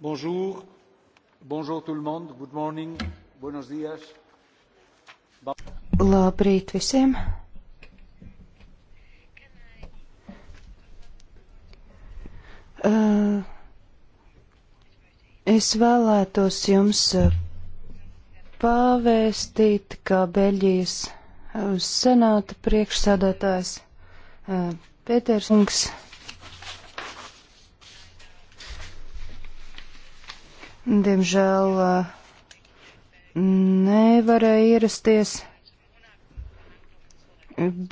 Bonjour. Bonjour tout le monde. Good morning. Buenos dias. Ba Labrīt visiem. Uh, es vēlētos jums eh, pavēstīt, ka Beļģijas eh, senāta priekšsādātājs uh, Pēters Kungs diemžēl eh, nevarēja ierasties.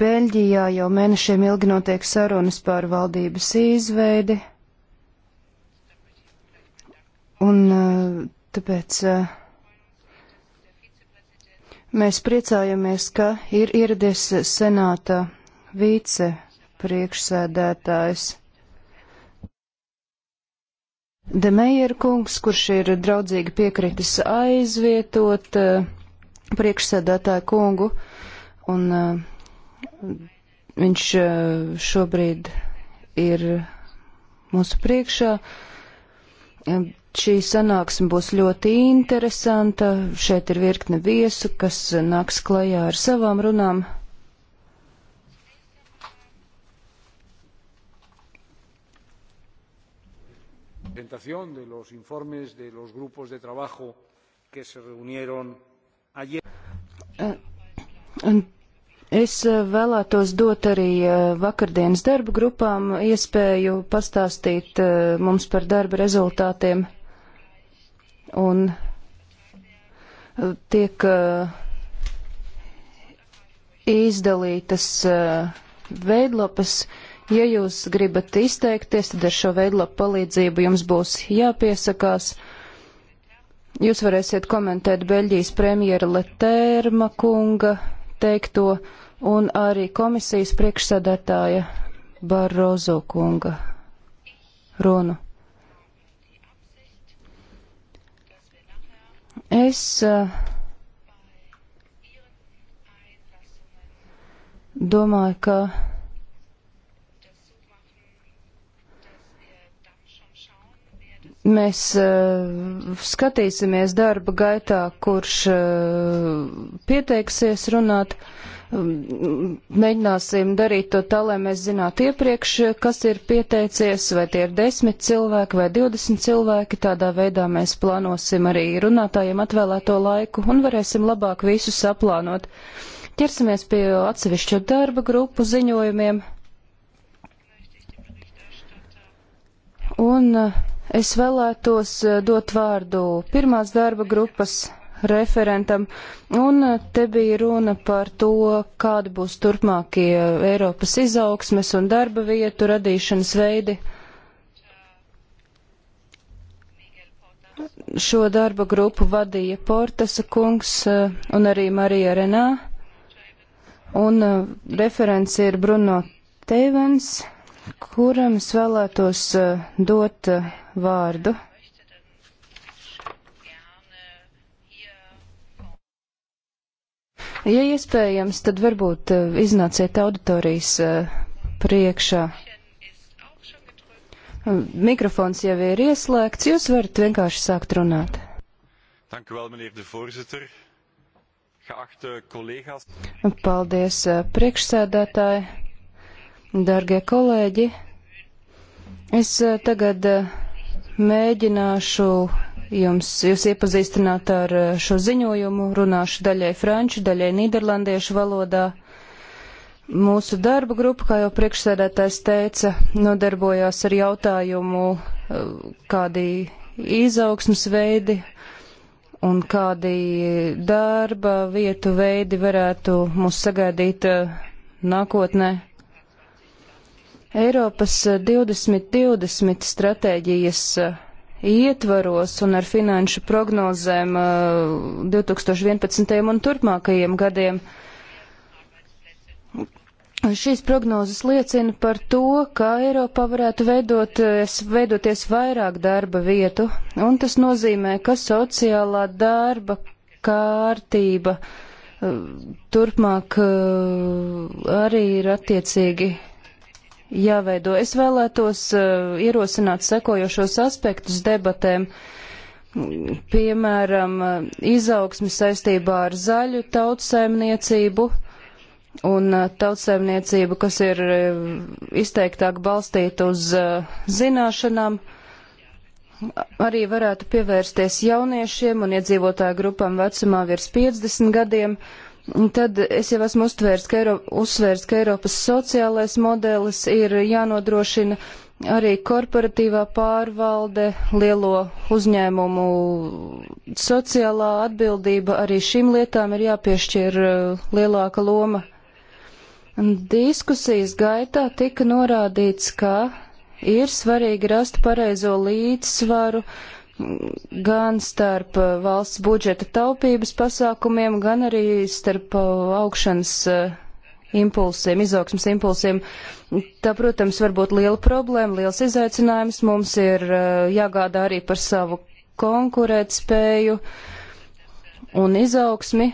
Beļģijā jau mēnešiem ilgi notiek sarunas par valdības izveidi, un eh, tāpēc eh, mēs priecājamies, ka ir ieradies senāta vice priekšsēdētājs. Demejer kungs, kurš ir draudzīgi piekritis aizvietot uh, priekšsēdētāju kungu, un uh, viņš uh, šobrīd ir mūsu priekšā. Šī sanāksme būs ļoti interesanta. Šeit ir virkne viesu, kas nāks klajā ar savām runām. presentación de los informes de los grupos de trabajo que se reunieron ayer. Eh, es eh, vēlētos dot arī eh, vakardienas darba grupām iespēju pastāstīt mums par darba rezultātiem. Un tiek izdalītas veidlapas, uh, Ja jūs gribat izteikties, tad ar šo veidlapu palīdzību jums būs jāpiesakās. Jūs varēsiet komentēt Beļģijas premjera Letērma kunga teikto un arī komisijas priekšsēdētāja Barrozo kunga runu. Es uh, domāju, ka Mēs uh, skatīsimies darba gaitā, kurš uh, pieteiksies runāt. Um, mēģināsim darīt to tā, lai mēs zinātu iepriekš, kas ir pieteicies, vai tie ir desmit cilvēki vai divdesmit cilvēki. Tādā veidā mēs plānosim arī runātājiem atvēlēto laiku un varēsim labāk visu saplānot. Ķersimies pie atsevišķu darba grupu ziņojumiem. Un, uh, Es vēlētos eh, dot vārdu pirmās darba grupas referentam, un eh, te bija runa par to, kāda būs turpmākie eh, Eiropas izaugsmes un darba vietu radīšanas veidi. Šo darba grupu vadīja Portasa kungs un arī Marija Renā, un referents ir Bruno Teivens kuram es vēlētos eh, dot eh, vārdu. Ja iespējams, tad varbūt eh, iznāciet auditorijas priekšā. Mikrofons jau ir ieslēgts, jūs varat vienkārši sākt runāt. Dank u wel, meneer de voorzitter. Geachte collega's. Paldies, priekšsēdētāji Dargie kolēģi, es eh, tagad eh, mēģināšu jums, jūs iepazīstināt ar eh, šo ziņojumu, runāšu daļai franču, daļai nīderlandiešu valodā. Mūsu darba grupa, kā jau priekšsēdētājs teica, nodarbojās ar jautājumu, kādi izaugsmas veidi un kādi darba vietu veidi varētu mūs sagaidīt nākotnē. Eiropas 2020 eh, stratēģijas eh, ietvaros un ar finanšu prognozēm 2011. Eh, un turpmākajiem gadiem. Šīs prognozes liecina par to, ka Eiropā varētu veidoties, veidoties vairāk darba vietu, un tas nozīmē, ka sociālā darba kārtība turpmāk arī ir attiecīgi jāveido. Es vēlētos uh, ierosināt sekojošos aspektus debatēm, piemēram, eh, izaugsmi saistībā ar zaļu tautsaimniecību un eh, tautsaimniecību, kas ir izteiktāk balstīta uz zināšanām, arī varētu pievērsties jauniešiem un iedzīvotāju grupām vecumā virs 50 gadiem. Uh, tad es jau esmu uztvērs, ka Eiro, uzsvērs, ka Eiropas sociālais modelis ir jānodrošina arī korporatīvā pārvalde, lielo uzņēmumu sociālā atbildība, arī šīm lietām ir jāpiešķir uh, lielāka loma. Diskusijas gaitā tika norādīts, ka ir svarīgi rast pareizo līdzsvaru uh, gan starp uh, valsts budžeta taupības pasākumiem, gan arī starp uh, augšanas uh, impulsiem, izaugsmas impulsiem. Tā, protams, var būt liela problēma, liels izaicinājums. Mums ir jāgādā arī par savu konkurētspēju un izaugsmi.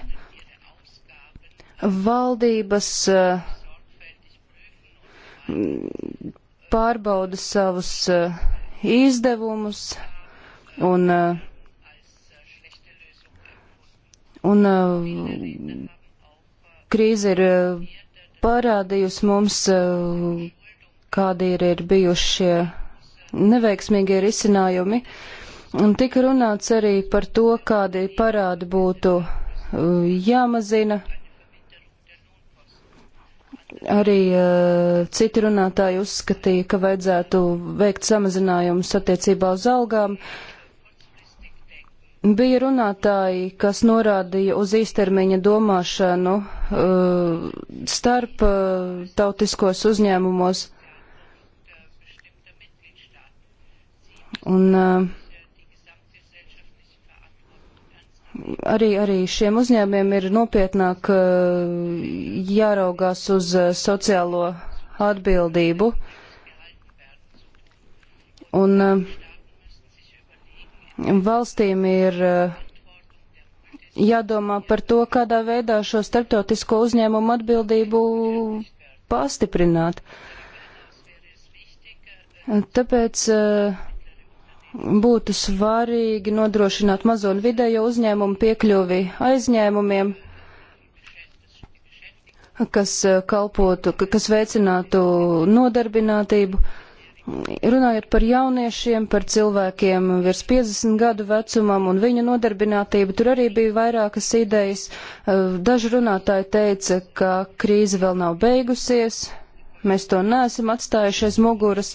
Valdības pārbauda savus izdevumus, Un, uh, un uh, krīze ir uh, parādījusi mums, kādi ir, ir bijuši šie neveiksmīgie risinājumi. Un tika runāts arī par to, kādi parādi būtu jāmazina. Arī uh, citi runātāji uzskatīja, ka vajadzētu veikt samazinājumus attiecībā uz algām. Uh, Bija runātāji, kas norādīja uz īstermiņa domāšanu uh, starp uh, tautiskos uzņēmumos. Un uh, arī, arī šiem uzņēmiem ir nopietnāk uh, jāraugās uz uh, sociālo atbildību. Un, uh, valstīm ir eh, jādomā par to, kādā veidā šo starptautisko uzņēmumu atbildību pastiprināt. Tāpēc eh, būtu svarīgi nodrošināt mazo un vidējo uzņēmumu piekļuvi aizņēmumiem, kas eh, kalpotu, kas veicinātu nodarbinātību. Runājot par jauniešiem, par cilvēkiem virs 50 gadu vecumam un viņu nodarbinātību, tur arī bija vairākas idejas. Eh, daži runātāji teica, ka krīze vēl nav beigusies, mēs to neesam atstājuši aiz muguras.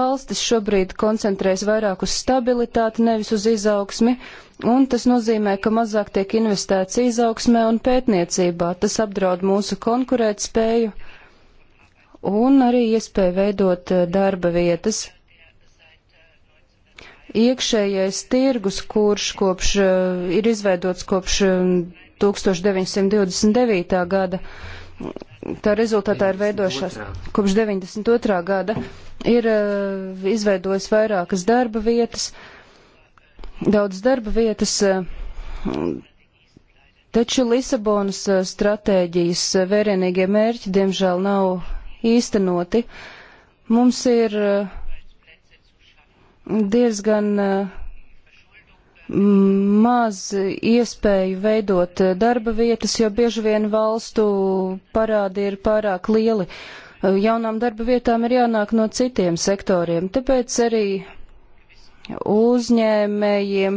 Valstis šobrīd koncentrējas vairāk uz stabilitāti, nevis uz izaugsmi, un tas nozīmē, ka mazāk tiek investēts izaugsmē un pētniecībā. Tas apdraud mūsu konkurētspēju. spēju un arī iespēja veidot eh, darba vietas. Iekšējais tirgus, kurš kopš, eh, ir izveidots kopš 1929. Mm, gada, tā rezultātā ir veidošās kopš 92. gada, ir eh, izveidojis vairākas darba vietas, daudz darba vietas, taču Lisabonas stratēģijas vērienīgie mērķi, diemžēl, nav īstenoti. Mums ir eh, diezgan eh, maz iespēju veidot eh, darba vietas, jo bieži vien valstu parādi ir pārāk lieli. Jaunām darba vietām ir jānāk no citiem sektoriem, tāpēc arī uzņēmējiem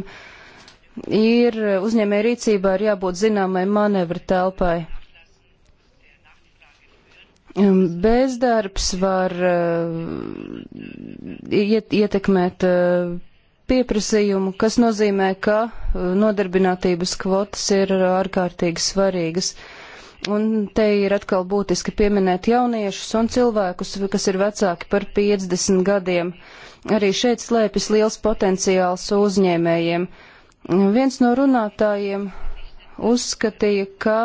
ir, uzņēmēju rīcībā ir jābūt zināmai manevra telpai. Um, bezdarbs var uh, iet, ietekmēt uh, pieprasījumu, kas nozīmē, ka uh, nodarbinātības kvotas ir ārkārtīgi svarīgas. Un te ir atkal būtiski pieminēt jauniešus un cilvēkus, kas ir vecāki par 50 gadiem. Arī šeit slēpjas liels potenciāls uzņēmējiem. Viens no runātājiem uzskatīja, ka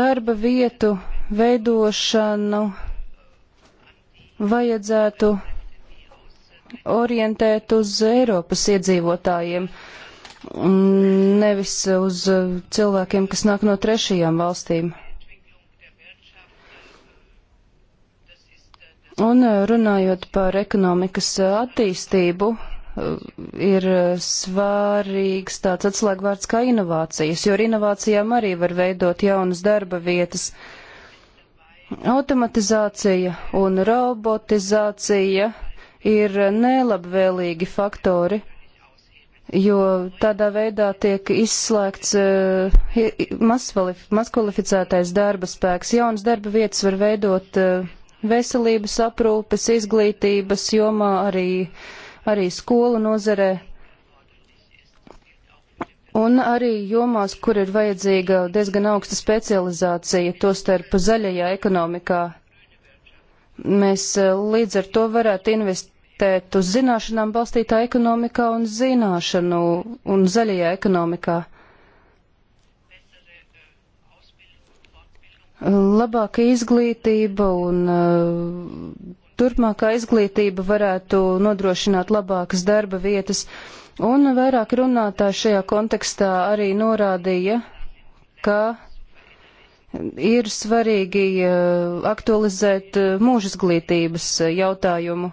darba vietu veidošanu vajadzētu orientēt uz Eiropas iedzīvotājiem, nevis uz cilvēkiem, kas nāk no trešajām valstīm. Un runājot par ekonomikas attīstību, ir svārīgs tāds atslēgvārds kā inovācijas, jo ar inovācijām arī var veidot jaunas darba vietas. Uh, Automatizācija un robotizācija ir nelabvēlīgi faktori, jo tādā veidā tiek izslēgts uh, eh, mazkvalificētais darba spēks. Jaunas darba vietas var veidot uh, veselības aprūpes, izglītības jomā, arī, arī skolu nozarē. Un arī jomās, kur ir vajadzīga diezgan augsta specializācija, tostarp zaļajā ekonomikā, mēs e, līdz ar to varētu investēt uz zināšanām balstītā ekonomikā un zināšanu un zaļajā ekonomikā. labāka izglītība un uh, turpmākā izglītība varētu nodrošināt labākas darba vietas. Uh, Un vairāk runātāji šajā kontekstā arī norādīja, ka ir svarīgi eh, aktualizēt eh, mūžizglītības eh, jautājumu.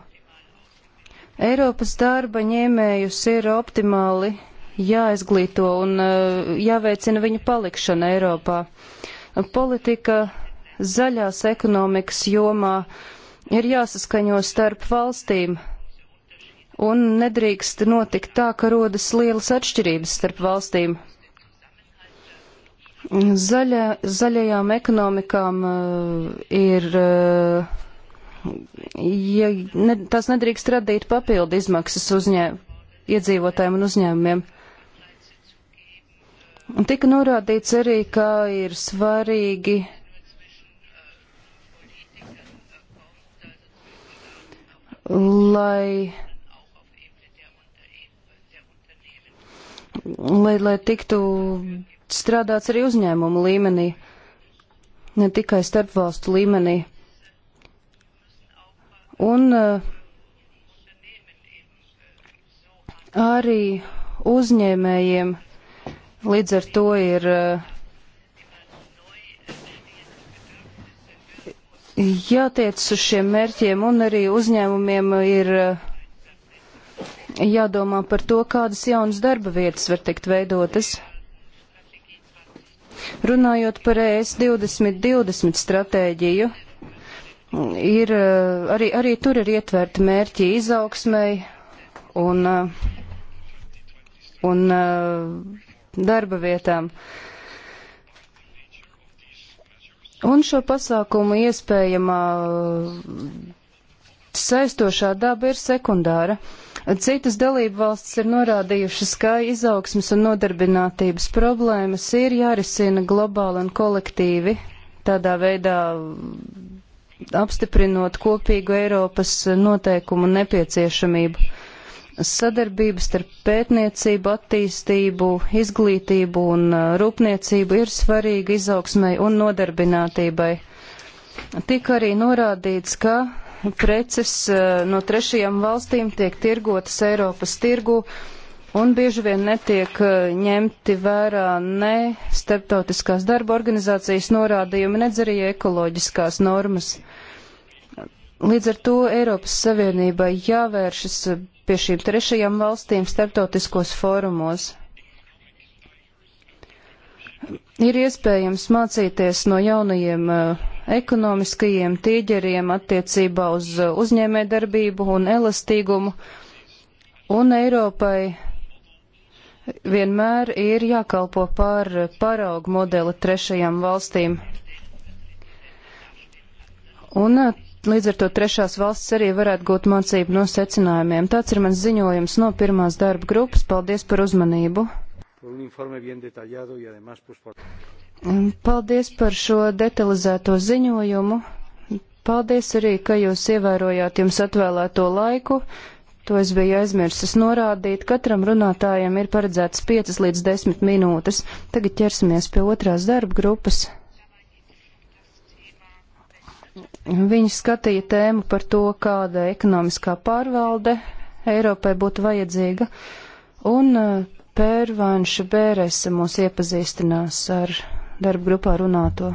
Eiropas darba ņēmējus ir optimāli jāizglīto un jāveicina viņu palikšana Eiropā. Politika zaļās ekonomikas jomā ir jāsaskaņo starp valstīm, un nedrīkst notikt tā, ka rodas lielas atšķirības starp valstīm. Zaļa, zaļajām ekonomikām uh, ir, uh, ja ne, tās nedrīkst radīt papildu izmaksas uzņē, iedzīvotājiem un uzņēmumiem. Un tika norādīts arī, ka ir svarīgi lai lai, lai tiktu strādāts arī uzņēmumu līmenī, ne tikai starpvalstu līmenī. Un uh, arī uzņēmējiem līdz ar to ir uh, jātiec uz šiem mērķiem, un arī uzņēmumiem ir uh, jādomā par to, kādas jaunas darba vietas var tikt veidotas. Runājot par e ES 2020 stratēģiju, ir, eh, arī, arī tur ir ietverti mērķi izaugsmai un, eh, un eh, darba vietām. Un šo pasākumu iespējamā saistošā daba ir sekundāra. Uh, Citas dalību valsts ir norādījušas, ka izaugsmas un nodarbinātības problēmas ir jārisina globāli un kolektīvi, tādā veidā apstiprinot kopīgu Eiropas noteikumu nepieciešamību sadarbības starp pētniecību, attīstību, izglītību un uh, rūpniecību ir svarīga izaugsmai un nodarbinātībai. Tik arī norādīts, ka preces eh, no trešajām valstīm tiek tirgotas Eiropas tirgu un bieži vien netiek eh, ņemti vērā ne starptautiskās darba organizācijas norādījumi, nedz arī ekoloģiskās normas. Līdz ar to Eiropas Savienībai jāvēršas pie šīm trešajām valstīm starptautiskos fórumos ir iespējams mācīties no jaunajiem uh, ekonomiskajiem tīģeriem attiecībā uz eh, uzņēmē darbību un elastīgumu, un Eiropai vienmēr ir jākalpo par paraugu modeli trešajām valstīm. Un uh, līdz ar to trešās valsts arī varētu gūt mācību no secinājumiem. Tāds ir mans ziņojums no pirmās darba grupas. Paldies par uzmanību! por un informe bien detallado y además pues por. Paldies par šo detalizēto ziņojumu. Paldies arī, ka jūs ievērojāt jums atvēlēto laiku. To es biju aizmirsis norādīt. Katram runātājam ir paredzētas 5 līdz 10 minūtes. Tagad ķersimies pie otrās darba grupas. Viņi skatīja tēmu par to, kāda ekonomiskā pārvalde Eiropai būtu vajadzīga. Un uh, Pērvanša Bērese mūs iepazīstinās ar darba grupā runāto.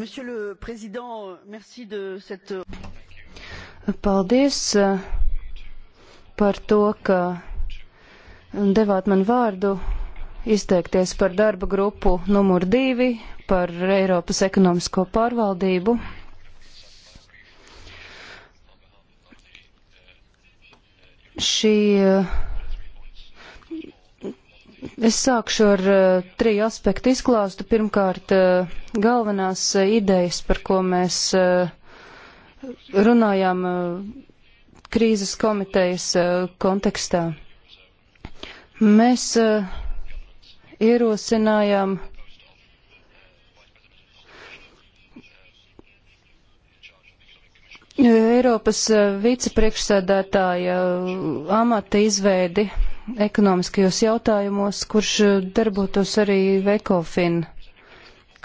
Monsieur le Président, merci de cette. Paldies eh, par to, ka devāt man vārdu izteikties par darba grupu numur divi par Eiropas ekonomisko pārvaldību šī. Eh, es sākšu ar uh, eh, triju aspektu izklāstu. Pirmkārt, uh, galvenās uh, idejas, par ko mēs uh, runājām uh, krīzes komitejas uh, kontekstā. Mēs uh, ierosinājām uh, Eiropas eh, vicepriekšsēdētāja eh, amata izveidi ekonomiskajos jautājumos, kurš eh, darbotos arī Vekofin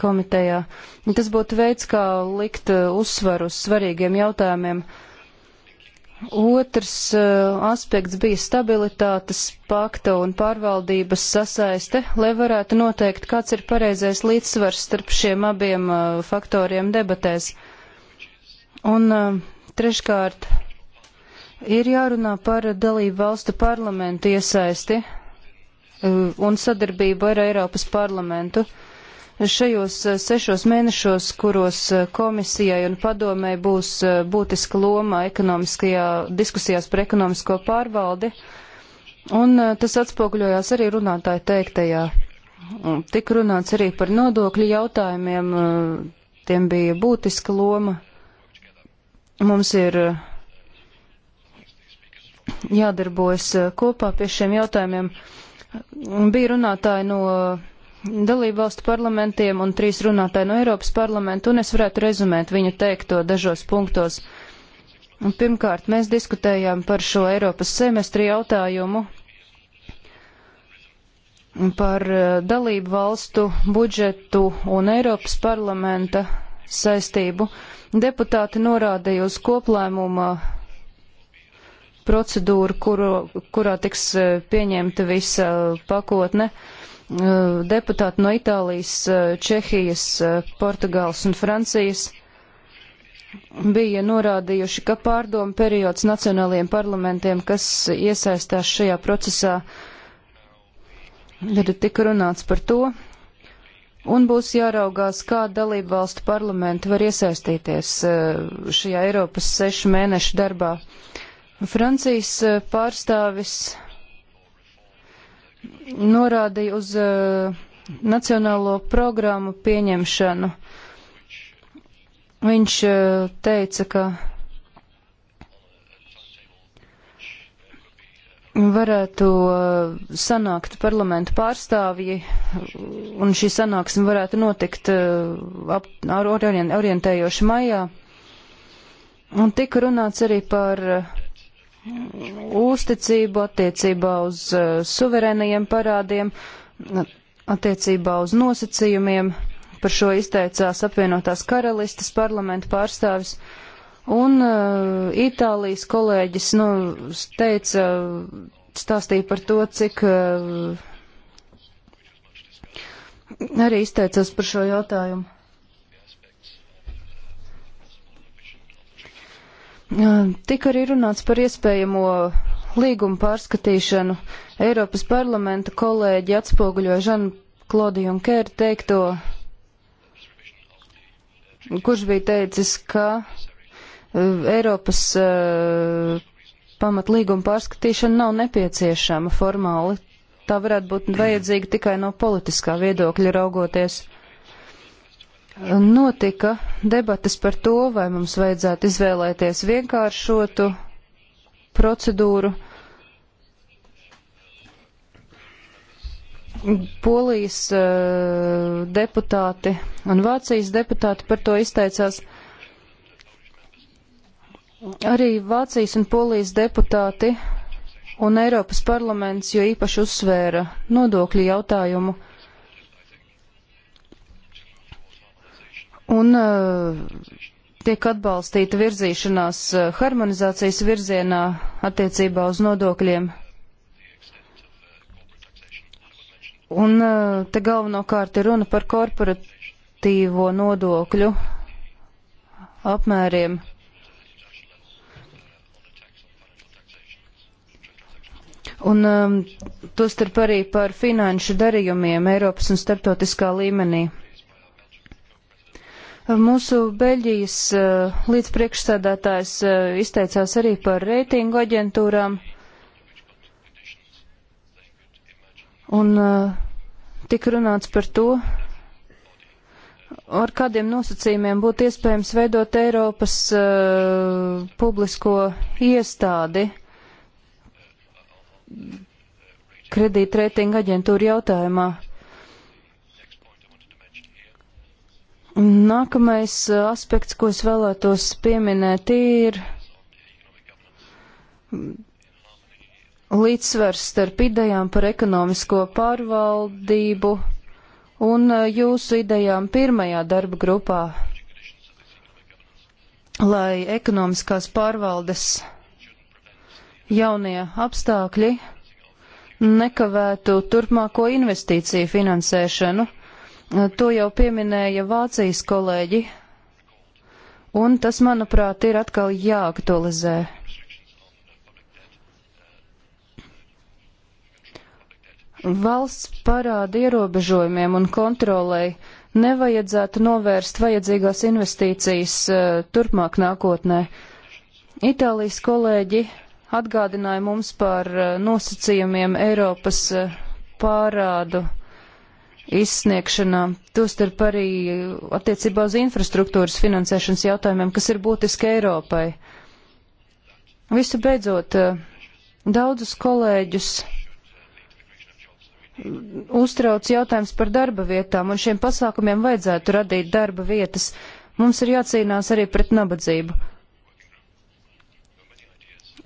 komitejā. Tas būtu veids, kā likt uzsvaru uz svarīgiem jautājumiem. Otrs uh, aspekts bija stabilitātes pakta un pārvaldības sasaiste, lai varētu noteikt, kāds ir pareizais līdzsvars starp šiem abiem uh, faktoriem debatēs. Uh, Un uh, treškārt ir jārunā par dalību valstu parlamentu iesaisti eh, un sadarbību ar Eiropas parlamentu. Šajos eh, sešos mēnešos, kuros komisijai un padomē būs būtiska loma ekonomiskajā diskusijās par ekonomisko pārvaldi, un tas atspoguļojās arī runātāju teiktajā. Tik runāts arī par nodokļu jautājumiem, tiem bija būtiska loma Mums ir eh, jādarbojas eh, kopā pie šiem jautājumiem. Bija runātāji no eh, dalību valstu parlamentiem un trīs runātāji no Eiropas parlamenta, un es varētu rezumēt viņu teikto dažos punktos. Un pirmkārt, mēs diskutējām par šo Eiropas semestri jautājumu, par dalību valstu budžetu un Eiropas parlamenta saistību. Deputāti norādīja uz koplēmuma procedūru, kuru, kurā tiks e, pieņemta visa e, pakotne. E, deputāti no Itālijas, Čehijas, Portugāles un Francijas bija norādījuši, ka pārdomu periods nacionālajiem parlamentiem, kas iesaistās šajā procesā, ir tik runāts par to, un būs jāraugās, kā dalību valstu parlamenti var iesaistīties eh, šajā Eiropas sešu mēnešu darbā. Francijas eh, pārstāvis norādīja uz eh, nacionālo programmu pieņemšanu. Viņš teica, ka varētu eh, sanākt parlamentu pārstāvji, un šī sanāksme varētu notikt eh, ap, ar orien, orientējoši maijā. Un tika runāts arī par eh, uzticību attiecībā uz suverēnajiem parādiem, attiecībā uz nosacījumiem. Par šo izteicās apvienotās karalistas parlamentu pārstāvis. Uh, Un uh, Itālijas kolēģis nu, teica, stāstīja par to, cik uh, arī izteicās par šo jautājumu. Uh, Tik arī runāts par iespējamo līgumu pārskatīšanu. Eiropas parlamenta kolēģi atspoguļoja Žanu Klodiju un Kēru teikto, kurš bija teicis, ka uh, Eiropas eh, pamatlīguma pārskatīšana nav nepieciešama formāli. Tā varētu būt vajadzīga tikai no politiskā viedokļa raugoties. Notika debatas par to, vai mums vajadzētu izvēlēties vienkāršotu procedūru. Polijas uh, deputāti un Vācijas deputāti par to izteicās. Uh, Arī Vācijas un Polijas deputāti un Eiropas parlaments jo īpaši uzsvēra nodokļu jautājumu. Un uh, tiek atbalstīta virzīšanās eh, harmonizācijas virzienā attiecībā uz nodokļiem. Un eh, te galvenokārt ir runa par korporatīvo nodokļu apmēriem. un um, tostarp arī par finanšu darījumiem Eiropas un starptautiskā līmenī. Mūsu Beļģijas uh, līdzpriekšsēdētājs uh, izteicās arī par reitingu aģentūrām. Un uh, tika runāts par to, ar kādiem nosacījumiem būtu iespējams veidot Eiropas uh, publisko iestādi. Uh, kredītreitinga aģentūra jautājumā. Nākamais aspekts, ko es vēlētos pieminēt, ir līdzsvers starp idejām par ekonomisko pārvaldību un jūsu idejām pirmajā darba grupā, lai ekonomiskās pārvaldes jaunie apstākļi nekavētu turpmāko investīciju finansēšanu. To jau pieminēja Vācijas kolēģi, un tas, manuprāt, ir atkal jāaktualizē. Valsts parāda ierobežojumiem un kontrolei nevajadzētu novērst vajadzīgās investīcijas eh, turpmāk nākotnē. Itālijas kolēģi atgādināja mums par eh, nosacījumiem Eiropas eh, pārādu izsniegšanā, tostarp arī attiecībā uz infrastruktūras finansēšanas jautājumiem, kas ir būtiski Eiropai. Visu beidzot, eh, daudzus kolēģus mm, uztrauc jautājums par darba vietām, un šiem pasākumiem vajadzētu radīt darba vietas. Mums ir jācīnās arī pret nabadzību.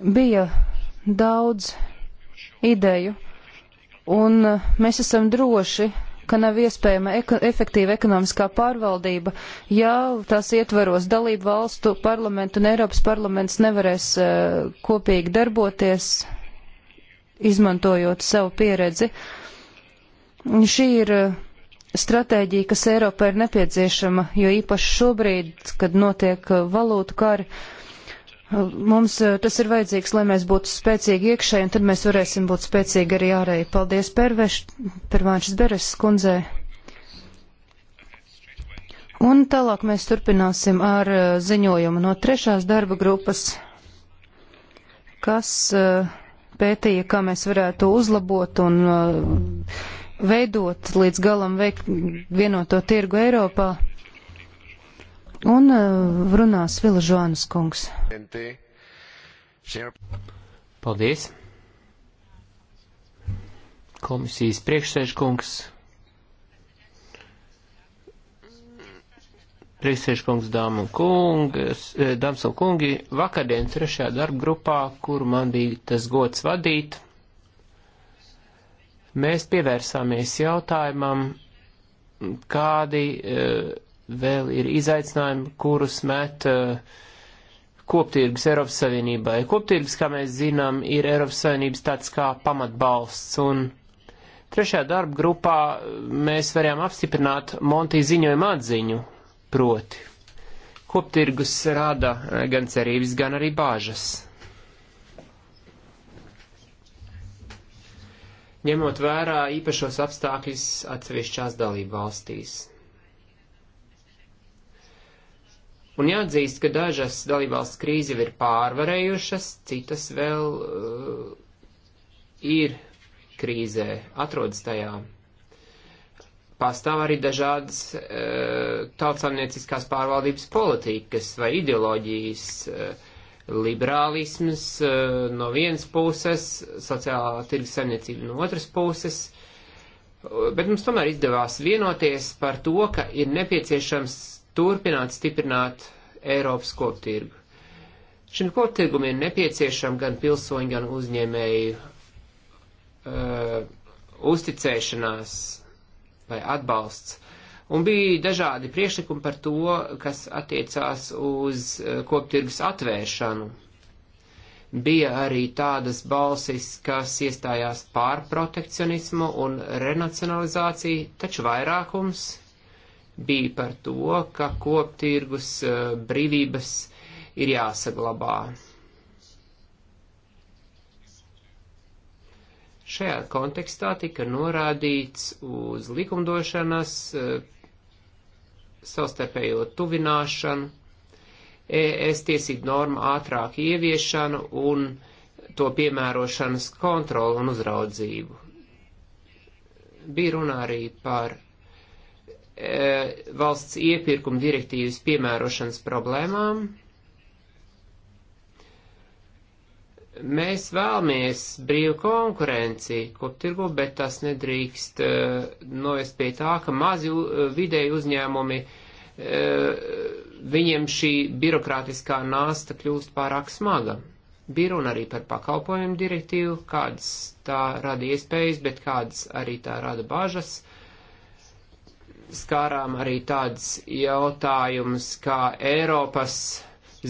Bija daudz ideju, un mēs esam droši, ka nav iespējama eko efektīva ekonomiskā pārvaldība, ja tās ietveros dalību valstu parlamentu un Eiropas parlaments nevarēs uh, kopīgi darboties, izmantojot savu pieredzi. Un šī ir uh, stratēģija, kas Eiropai ir nepieciešama, jo īpaši šobrīd, kad notiek e, valūtu kari, uh, Mums eh, tas ir vajadzīgs, lai mēs būtu spēcīgi iekšēji, un tad mēs varēsim būt spēcīgi arī ārēji. Paldies perveš, pervāņšas beres skundzē. Un tālāk mēs turpināsim ar eh, ziņojumu no trešās darba grupas, kas eh, pētīja, kā mēs varētu uzlabot un veidot līdz galam veik, vienoto tirgu Eiropā. Un uh, runās Vila Žuanas kungs. Paldies. Komisijas priekšsēžkungs. Priekšsēžkungs dāmu kungas, eh, dāmas un kungi, vakardien trešajā darba grupā, kur man bija tas gods vadīt, mēs pievērsāmies jautājumam, kādi uh, vēl ir izaicinājumi, kurus met uh, koptirgus Eiropas Savienībai. Koptirgus, kā mēs zinām, ir Eiropas Savienības tāds kā pamatbalsts, un trešajā darba grupā uh, mēs varējām apstiprināt Monti ziņojumu atziņu, proti. Koptirgus rada gan cerības, gan arī bāžas. ņemot vērā īpašos apstākļus atsevišķās dalību valstīs. Un jāatzīst, ka dažas dalībvalsts krīzi jau ir pārvarējušas, citas vēl uh, ir krīzē, atrodas tajā. Pastāv arī dažādas uh, tautsamnieciskās pārvaldības politikas vai ideoloģijas. Uh, liberālisms uh, no vienas puses, sociālā tirgus saimniecība no otras puses, uh, bet mums tomēr izdevās vienoties par to, ka ir nepieciešams turpināt stiprināt Eiropas koptirgu. Šim koptirgum ir nepieciešama gan pilsoņu, gan uzņēmēju uh, uzticēšanās vai atbalsts. Un bija dažādi priekšlikumi par to, kas attiecās uz uh, koptirgus atvēršanu. Bija arī tādas balsis, kas iestājās pār protekcionismu un renacionalizāciju, taču vairākums bija par to, ka koptirgus eh, brīvības ir jāsaglabā. Šajā kontekstā tika norādīts uz likumdošanas eh, savstarpējo tuvināšanu, ES tiesību normu ātrāk ieviešanu un to piemērošanas kontroli un uzraudzību. Bija runa arī par Eh, valsts iepirkuma direktīvas piemērošanas problēmām. Mēs vēlamies brīvu konkurenci koptirgu, bet tas nedrīkst uh, novest pie tā, ka mazi uh, vidēji uzņēmumi, uh, viņiem šī birokrātiskā nāsta kļūst pārāk smaga. Bija runa arī par pakalpojumu direktīvu, kādas tā rada iespējas, bet kādas arī tā rada bažas. Uh, skārām arī tādas jautājumas kā Eiropas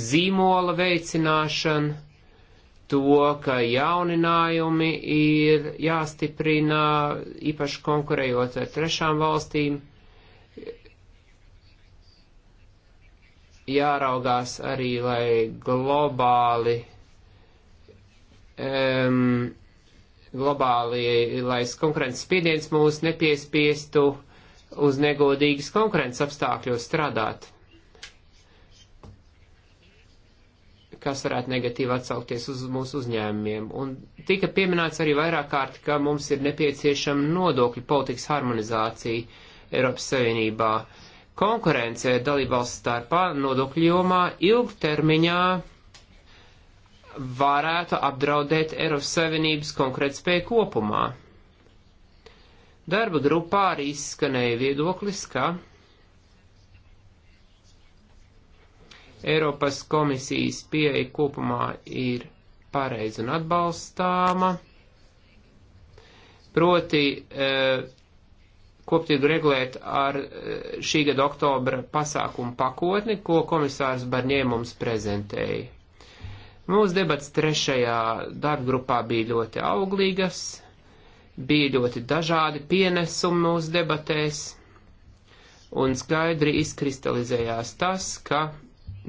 zīmola veicināšana, to, ka jauninājumi ir jāstiprina, īpaši konkurējot ar trešām valstīm, jāraugās arī, lai globāli, um, globāli, lai konkurences spiediens mūs nepiespiestu uh, uz negodīgas konkurences apstākļos strādāt, kas varētu negatīvi atsaukties uz mūsu uzņēmumiem. Un tika pieminēts arī vairāk kārt, ka mums ir nepieciešama nodokļu politikas harmonizācija Eiropas Savienībā. Konkurence dalībvalsts starpā nodokļu jomā ilgtermiņā varētu apdraudēt Eiropas Savienības konkurētspēju kopumā. Darba grupā arī izskanēja viedoklis, ka Eiropas komisijas pieeja kopumā ir pareiza un atbalstāma. Proti, eh, koptīgu regulēt ar eh, šī gada oktobra pasākumu pakotni, ko komisārs Barņē mums prezentēja. Mūsu debats trešajā darbgrupā bija ļoti auglīgas. Bija ļoti dažādi pienesumi mūsu debatēs, un skaidri izkristalizējās tas, ka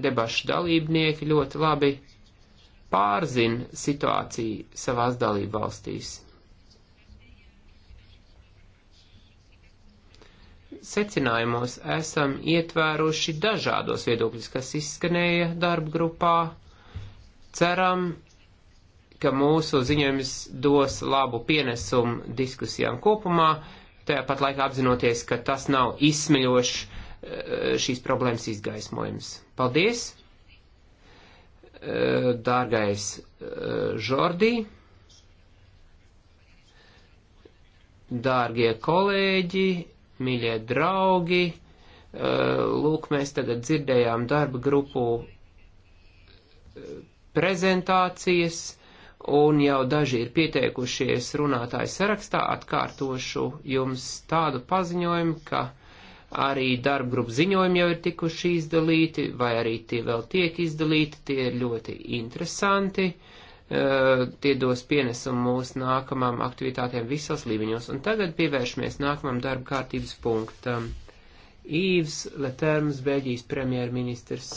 debašu dalībnieki ļoti labi pārzina situāciju savās dalību valstīs. Secinājumos esam ietvēruši dažādos viedokļus, kas izskanēja darba grupā. Ceram, ka mūsu ziņojums dos labu pienesumu diskusijām kopumā, tāpat laikā apzinoties, ka tas nav izsmeļošs eh, šīs problēmas izgaismojums. Paldies! Eh, dārgais Žordī, eh, dārgie kolēģi, mīļie draugi, lūk, mēs tagad dzirdējām darba grupu prezentācijas un jau daži ir pieteikušies runātāju sarakstā, atkārtošu jums tādu paziņojumu, ka arī darbgrupu ziņojumi jau ir tikuši izdalīti, vai arī tie vēl tiek izdalīti, tie ir ļoti interesanti, uh, tie dos pienesumu mūsu nākamām aktivitātēm visos līmeņos. Un tagad pievēršamies nākamam darba kārtības punktam. Īvs Leterms, Beļģijas premjerministrs.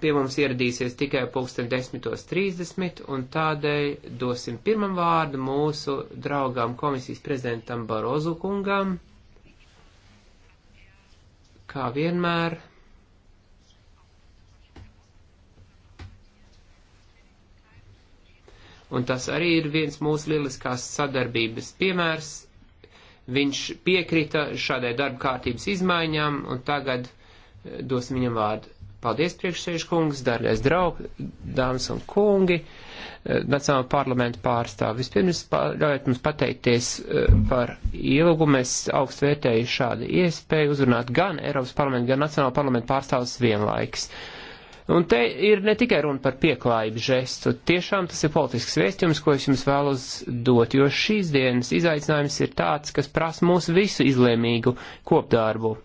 pie mums ieradīsies tikai pulksten 10.30 un tādēļ dosim pirmam vārdu mūsu draugām komisijas prezidentam Barozu kungam. Kā vienmēr. Un tas arī ir viens mūsu lieliskās sadarbības piemērs. Viņš piekrita šādai darba kārtības izmaiņām un tagad eh, dosim viņam vārdu. Paldies, priekšsēžkungs, dargais draugs, dāmas un kungi, eh, Nacionāla parlamenta pārstāv. Vispirms ļaujiet mums pateikties eh, par ielūgumu. Mēs augstu vērtēju šādu iespēju uzrunāt gan Eiropas parlamentu, gan Nacionāla parlamenta pārstāvus vienlaiks. Un te ir ne tikai runa par pieklājību žestu, tiešām tas ir politisks vēstījums, ko es jums vēlos dot, jo šīs dienas izaicinājums ir tāds, kas prasa mūsu visu izlēmīgu kopdarbu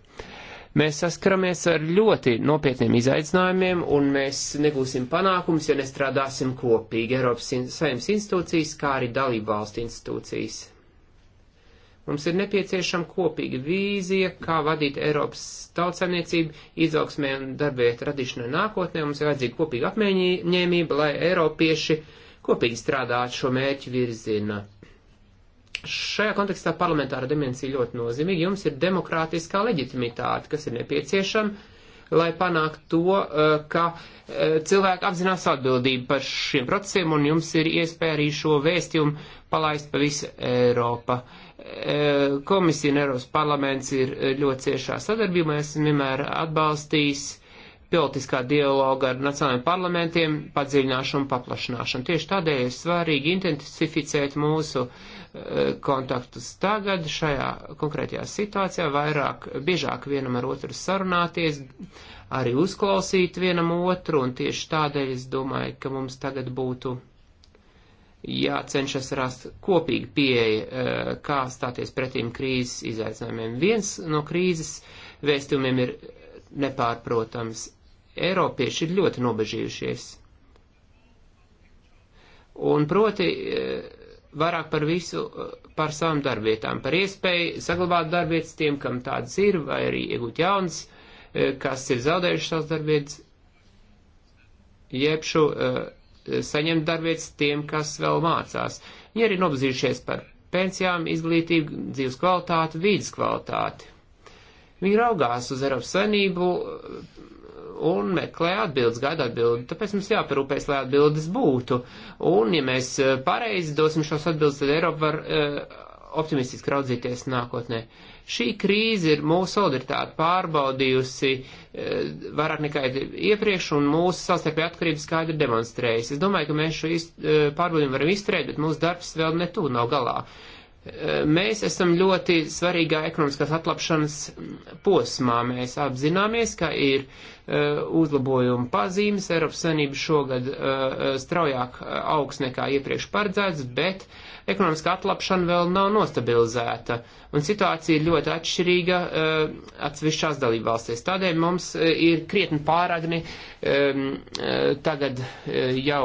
Mēs saskaramies ar ļoti nopietniem izaicinājumiem, un mēs negūsim panākums, ja nestrādāsim kopīgi Eiropas saimnes institūcijas, kā arī dalību valstu institūcijas. Mums ir nepieciešama kopīga vīzija, kā vadīt Eiropas tautsēmniecību, izaugsmē un darbvietu radīšanai nākotnē. Mums ir vajadzīga kopīga apmēņēmība, lai Eiropieši kopīgi strādātu šo mērķu virzienā. Šajā kontekstā parlamentāra dimensija ļoti nozīmīga. Jums ir demokrātiskā leģitimitāte, kas ir nepieciešama, lai panāktu to, eh, ka eh, cilvēki apzinās atbildību par šiem procesiem, un jums ir iespēja arī šo vēstījumu palaist pa visu Eiropu. Eh, komisija un Eiropas parlaments ir ļoti ciešā sadarbībā. Es vienmēr atbalstījis politiskā dialoga ar nacionālajiem parlamentiem, padziļināšanu un paplašināšanu. Tieši tādēļ ir svarīgi intensificēt mūsu uh, kontaktus tagad, šajā konkrētajā situācijā, vairāk, biežāk vienam ar otru sarunāties, arī uzklausīt vienam otru, un tieši tādēļ es domāju, ka mums tagad būtu jācenšas rast kopīgi pieeja, eh, kā stāties pretīm krīzes izaicinājumiem. Viens no krīzes vēstījumiem ir nepārprotams. Eiropieši ir ļoti nobežījušies. Un proti, eh, vairāk par visu, par savām darbietām, par iespēju saglabāt darbietas tiem, kam tādas ir, vai arī iegūt jaunas, e, kas ir zaudējuši savas darbietas, jeb šo e, saņemt darbietas tiem, kas vēl mācās. Viņi arī nobazījušies par pensijām, izglītību, dzīves kvalitāti, vīdes kvalitāti. Viņi raugās uz Eiropas savinību un meklē atbildes, gaida atbildi. Tāpēc mums jāparūpēs, lai atbildes būtu. Un, ja mēs eh, pareizi dosim šos atbildes, tad Eiropa var uh, optimistiski raudzīties nākotnē. Šī krīze ir mūsu solidaritāti pārbaudījusi uh, vairāk nekā iepriekš, un mūsu savstarpēja atkarība skaidri demonstrējas. Es domāju, ka mēs šo uh, pārbaudījumu varam izturēt, bet mūsu darbs vēl netu nav galā. Uh, Mēs esam ļoti svarīgā ekonomiskās atlapšanas posmā. Mēs apzināmies, ka ir e, uzlabojuma pazīmes. Eiropas Savienība šogad e, e, straujāk augs nekā iepriekš paredzēts, bet ekonomiskā atlapšana vēl nav nostabilizēta. Un situācija ir ļoti atšķirīga atsevišķās dalībvalstīs. Tādēļ mums ir krietni pāragni tagad jau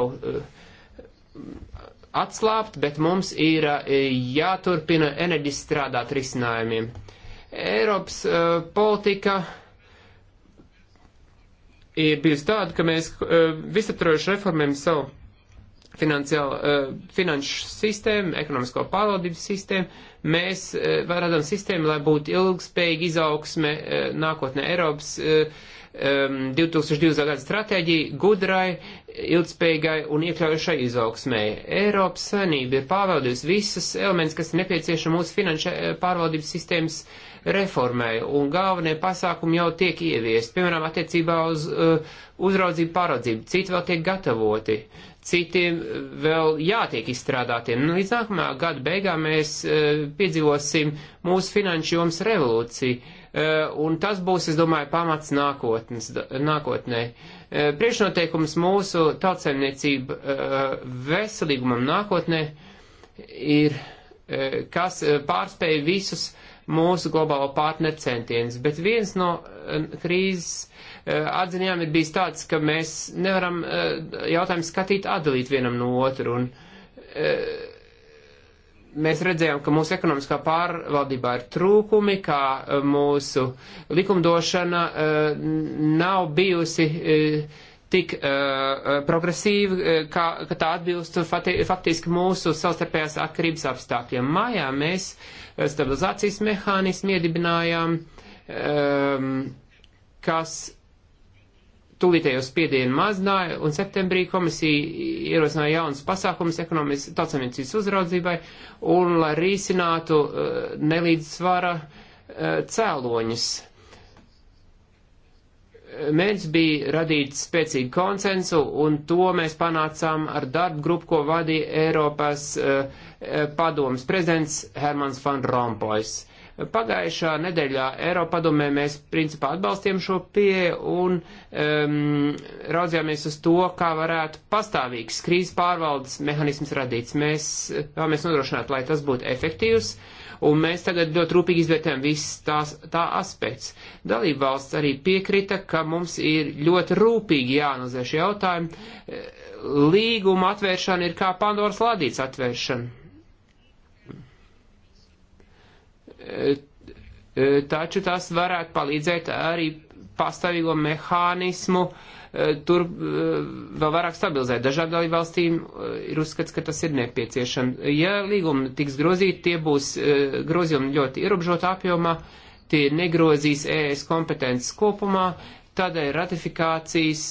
atslābt, bet mums ir e, jāturpina enerģiski strādāt risinājumiem. Eiropas uh, politika ir bijusi tāda, ka mēs uh, e, visaptvarojuši reformējam savu uh, finanšu sistēmu, ekonomisko pārvaldības sistēmu. Mēs uh, radām sistēmu, lai būtu ilgspējīga izaugsme uh, nākotnē Eiropas. Uh, um, 2020. gada stratēģiju gudrai, ilgspējīgai un iekļaujušai izaugsmai. Eiropas Savienība ir pārvaldījusi visas elements, kas ir nepieciešami mūsu finanšu eh, pārvaldības sistēmas reformai, un galvenie pasākumi jau tiek ieviesti, piemēram, attiecībā uz uh, uzraudzību pāraudzību. Citi vēl tiek gatavoti, citiem vēl jātiek izstrādātiem. Nu, līdz nākamā gada beigām mēs uh, piedzīvosim mūsu finanšu jomas revolūciju Eh, un tas būs, es domāju, pamats nākotnes, nākotnē. Eh, priekšnoteikums mūsu tautsēmniecība eh, veselīgumam nākotnē ir, kas pārspēj visus mūsu globālo partneru centienus. Bet viens no krīzes atziņām ir bijis tāds, ka mēs nevaram jautājumu skatīt atdalīt vienam no otru. Un, mēs redzējām, ka mūsu ekonomiskā pārvaldībā ir trūkumi, ka e, mūsu likumdošana e, nav bijusi e, tik progresīva, ka, ka tā atbilst faktiski mūsu savstarpējās atkarības apstākļiem. Mājā mēs stabilizācijas mehānismu iedibinājām, kas tūlītējo spiedienu mazināja, un septembrī komisija ierosināja jaunas pasākumas ekonomijas tautsamniecības uzraudzībai, un lai risinātu eh, nelīdzsvara eh, cēloņus. Mērķis bija radīt spēcīgu konsensu, un to mēs panācām ar darbu grupu, ko vadīja Eiropas eh, padomas prezidents Hermans van Rompojs Pagājušā nedēļā Eiropadomē mēs principā atbalstījām šo pieeju un um, raudzījāmies uz to, kā varētu pastāvīgs krīzes pārvaldes mehānisms radīts. Mēs vēlamies nodrošināt, lai tas būtu efektīvs. Un mēs tagad ļoti rūpīgi izvērtējam visas tās tā aspekts. Dalība valsts arī piekrita, ka mums ir ļoti rūpīgi jāanalizē šie jautājumi. Līguma atvēršana ir kā Pandoras ladīts atvēršana E, e, taču tas varētu palīdzēt arī pastāvīgo mehānismu e, tur vēl vairāk stabilizēt. Dažām dalībvalstīm ir uzskats, ka tas ir nepieciešams. Ja līgumi tiks grozīti, tie būs grozījumi ļoti ierobežotā apjomā, tie negrozīs ES kompetences kopumā, tādēļ ratifikācijas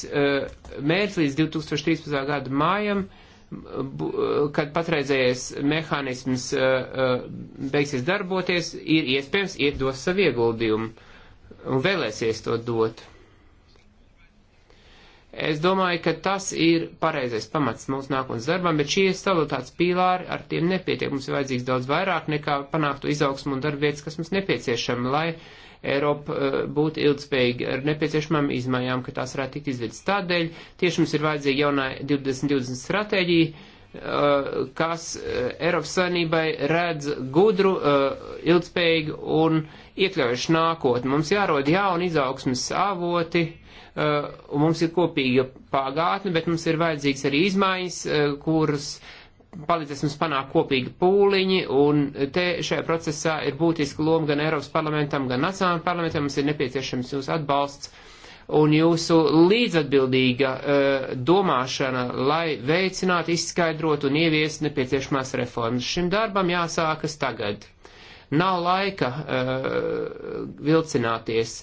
mērķis līdz 2013. gada mājam Eh, kad patreizējais mehānisms eh, eh, beigsies darboties, ir iespējams iedos savu ieguldījumu un vēlēsies to dot. Es domāju, ka tas ir pareizais pamats mūsu nākotnes darbam, bet šie stabilitātes pīlāri ar tiem nepietiek. Mums ir vajadzīgs daudz vairāk nekā panāktu izaugsmu un darbvietas, kas mums nepieciešama, lai uh, Eiropa eh, būtu ilgspējīga ar nepieciešamām izmaiņām, ka tās varētu tikt izvedis. Tādēļ tieši mums ir vajadzīga jaunā 2020 stratēģija, eh, kas eh, Eiropas Savienībai redz gudru, ilgspējīgu un iekļaujušu nākotni. Mums jārod jauni izaugsmes avoti, un mums ir kopīga pagātne, bet mums ir vajadzīgs arī izmaiņas, kuras uh, palīdzēs mums panākt kopīgi pūliņi, un te šajā procesā ir būtiska loma gan Eiropas parlamentam, gan Nacionālajiem parlamentam. Mums ir nepieciešams jūsu atbalsts un jūsu līdzatbildīga uh, domāšana, lai veicinātu, izskaidrotu un ieviestu nepieciešamās reformas. Šim darbam jāsākas tagad. Nav laika uh, vilcināties.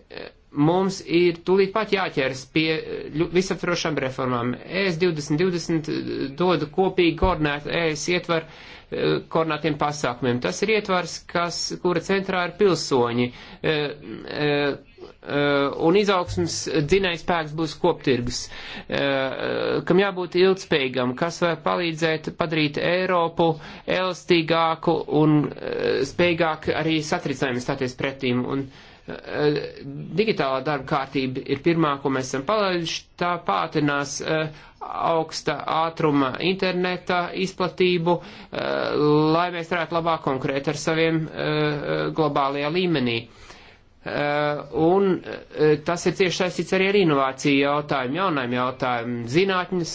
Uh, mums ir tūlīt pat jāķers pie eh, visaptrošām reformām. ES 2020 eh, dod kopīgi koordinētu ES ietvaru eh, koordinātiem pasākumiem. Tas ir ietvars, kas, kura centrā ir pilsoņi, un izaugsmas dzinējs spēks būs koptirgs, kam jābūt ilgspējīgam, kas var palīdzēt padarīt Eiropu elastīgāku un spējīgāk arī satricinājumi stāties pretīm. Un, uh, Eh, digitālā darba kārtība ir pirmā, ko mēs esam palaiduši, tā pātrinās eh, augsta ātruma interneta izplatību, eh, lai mēs varētu labāk konkrēt ar saviem globālajā līmenī. Un tas ir cieši saistīts arī ar inovāciju jautājumu, jaunajiem jautājumiem, zinātnes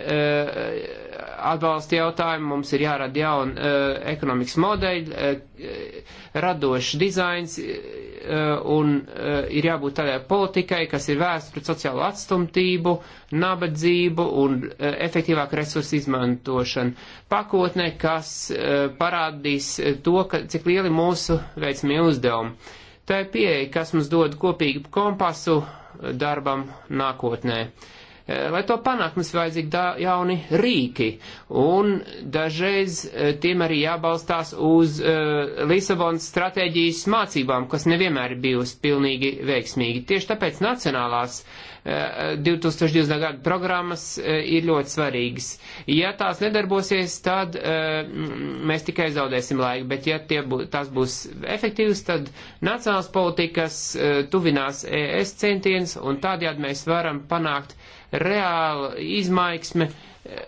Eh, atbalsta jautājumu, mums ir jārada jauna uh, eh, ekonomikas modeļa, uh, eh, radošs dizains uh, un uh, ir jābūt tādai politikai, kas ir vērsta pret sociālo atstumtību, nabadzību un uh, efektīvāku resursu izmantošanu. Pakotne, kas uh, parādīs to, ka, cik lieli mūsu veicamie uzdevumi. Tā ir pieeja, kas mums dod kopīgu kompasu darbam nākotnē. Uh, Eh, lai to panākt, mums ir vajadzīgi da, jauni rīki, un dažreiz eh, tiem arī jābalstās uz uh, Lisabonas stratēģijas mācībām, kas nevienmēr ir bijusi pilnīgi veiksmīgi. Tieši tāpēc nacionālās uh, 2020. gada programmas uh, ir ļoti svarīgas. Ja tās nedarbosies, tad mēs tikai zaudēsim laiku, bet ja bū, tās būs efektīvas, tad nacionāls politikas tuvinās ES centiens, un tādējādi mēs varam panākt uh, reāla izmaiksme, e,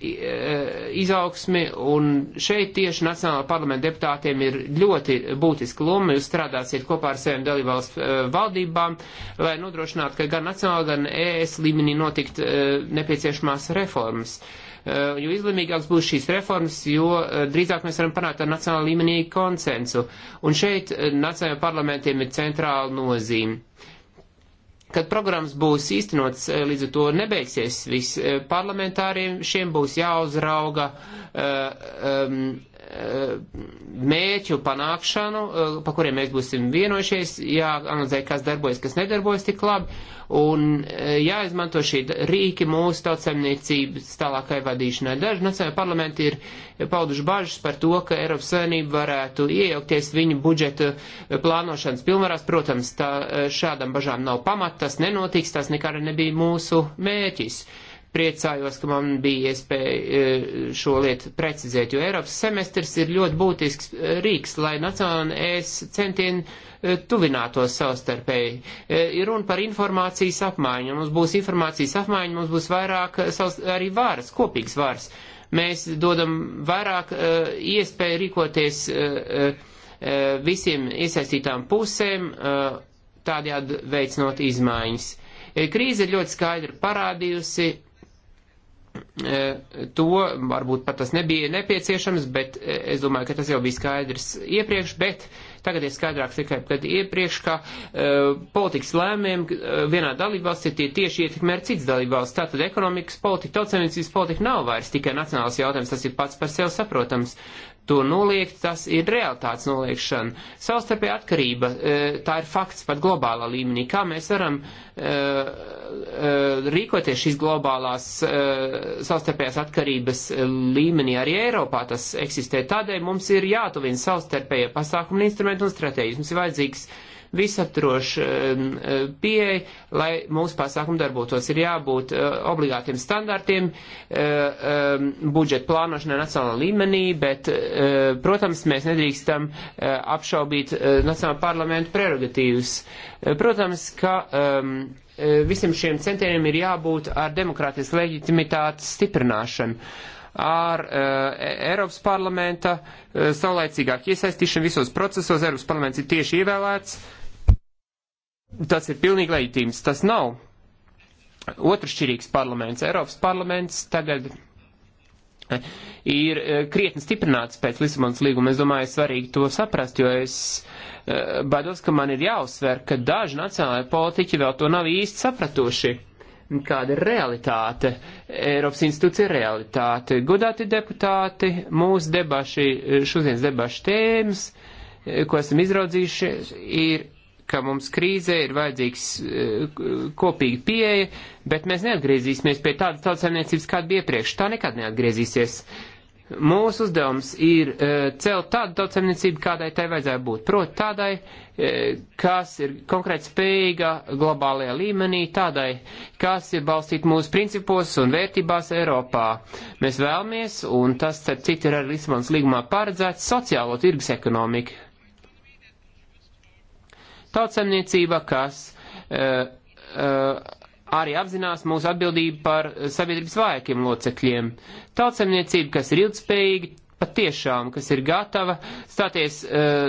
e, izaugsmi, un šeit tieši Nacionālā parlamenta deputātiem ir ļoti būtiska loma. Jūs strādāsiet kopā ar saviem dalībvalstu e, valdībām, lai nodrošinātu, ka gan nacionāla, gan ES līmenī notikt nepieciešamās reformas jo izlēmīgāks būs šīs reformas, jo drīzāk mēs varam panākt ar nacionālu līmenī konsensu. Un šeit nacionālajiem parlamentiem ir centrāla nozīme kad programmas būs īstenots, eh, līdz ar to nebeigsies viss. Eh, parlamentāriem šiem būs jāuzrauga uh, um, Eh, mēķu panākšanu, eh, pa kuriem mēs būsim vienojušies, jāanalizē, kas darbojas, kas nedarbojas tik labi, un eh, jāizmanto šī rīki mūsu tautsemniecības tālākai vadīšanai. Daži nacionālai parlamenti ir pauduši bažas par to, ka Eiropas Savienība varētu iejaukties viņu budžeta plānošanas pilnvarās. Protams, tā, šādam bažām nav pamata, tas nenotiks, tas nekad nebija mūsu mēķis. Uh, priecājos, ka man bija iespēja eh, šo lietu precizēt, jo Eiropas semestrs ir ļoti būtisks eh, rīks, lai nacionālajā es centienu eh, tuvinātos savstarpēji. Ir runa par informācijas apmaiņu, mums būs informācijas apmaiņa, mums būs vairāk savs, arī vāras, kopīgs vāras. Mēs dodam vairāk iespēju rīkoties visiem iesaistītām pusēm, tādējādi veicinot izmaiņas. Krīze ļoti skaidri parādījusi, E, to, varbūt pat tas nebija nepieciešams, bet e, es domāju, ka tas jau bija skaidrs iepriekš, bet tagad ir skaidrāks tikai, kad iepriekš, ka uh, politikas lēmiem vienā dalībvalsts ir tie tieši ietekmē ar cits dalībvalsts. Tātad ekonomikas politika, tautsēmniecības politika nav vairs tikai nacionāls jautājums, tas ir pats par sevi saprotams. Uh, to noliegt, tas ir realitātes noliekšana. Savstarpēja atkarība, e, tā ir fakts pat globālā līmenī. Kā mēs varam e, e, rīkoties šīs globālās savstarpējās atkarības līmenī, arī Eiropā tas eksistē. Tādēļ mums ir jātuvina savstarpējie pasākumi un instrumenti un stratēģis. Mums ir vajadzīgs uh, visaptroša um, uh, pieeja, lai mūsu pasākumu darbotos. Ir jābūt uh, obligātiem standartiem uh, um, budžeta plānošanai nacionālā līmenī, bet, protams, mēs nedrīkstam apšaubīt nacionālā parlamentu prerogatīvas. Protams, ka um, visiem šiem centieniem ir jābūt ar demokrātijas leģitimitātes stiprināšanu ar uh, e- Eiropas parlamenta uh, saulaicīgāk iesaistīšanu visos procesos. Eiropas parlaments ir tieši ievēlēts uh, Tas ir pilnīgi leģitīms. Tas nav otršķirīgs parlaments. Eiropas parlaments tagad eh, ir eh, krietni stiprināts pēc Lisabonas līguma. Es domāju, svarīgi to saprast, jo es eh, baidos, ka man ir jāuzsver, ka daži nacionālai politiķi vēl to nav īsti sapratuši. Kāda ir realitāte? Eiropas institūcija ir realitāte. Godāti deputāti, mūsu debaši, šodienas debaši tēmas, ko esam izraudzījuši, ir ka mums krīzē ir vajadzīgs eh, kopīga pieeja, bet mēs neatgriezīsimies pie tādas tautsaimniecības, kāda bija iepriekš. Tā nekad neatgriezīsies. Mūsu uzdevums ir eh, celt tādu tautsaimniecību, kādai tai vajadzēja būt. Proti tādai, eh, kas ir konkrēti spējīga globālajā līmenī, tādai, kas ir balstīta mūsu principos un vērtībās Eiropā. Mēs vēlamies, un tas, starp citu, ir arī Lisbonas līgumā paredzēts, sociālo tirgus ekonomiku, Tautsemniecība, kas uh, uh, arī apzinās mūsu atbildību par sabiedrības vājākiem locekļiem. Tautsemniecība, kas ir ilgspējīga, patiešām, kas ir gatava stāties uh,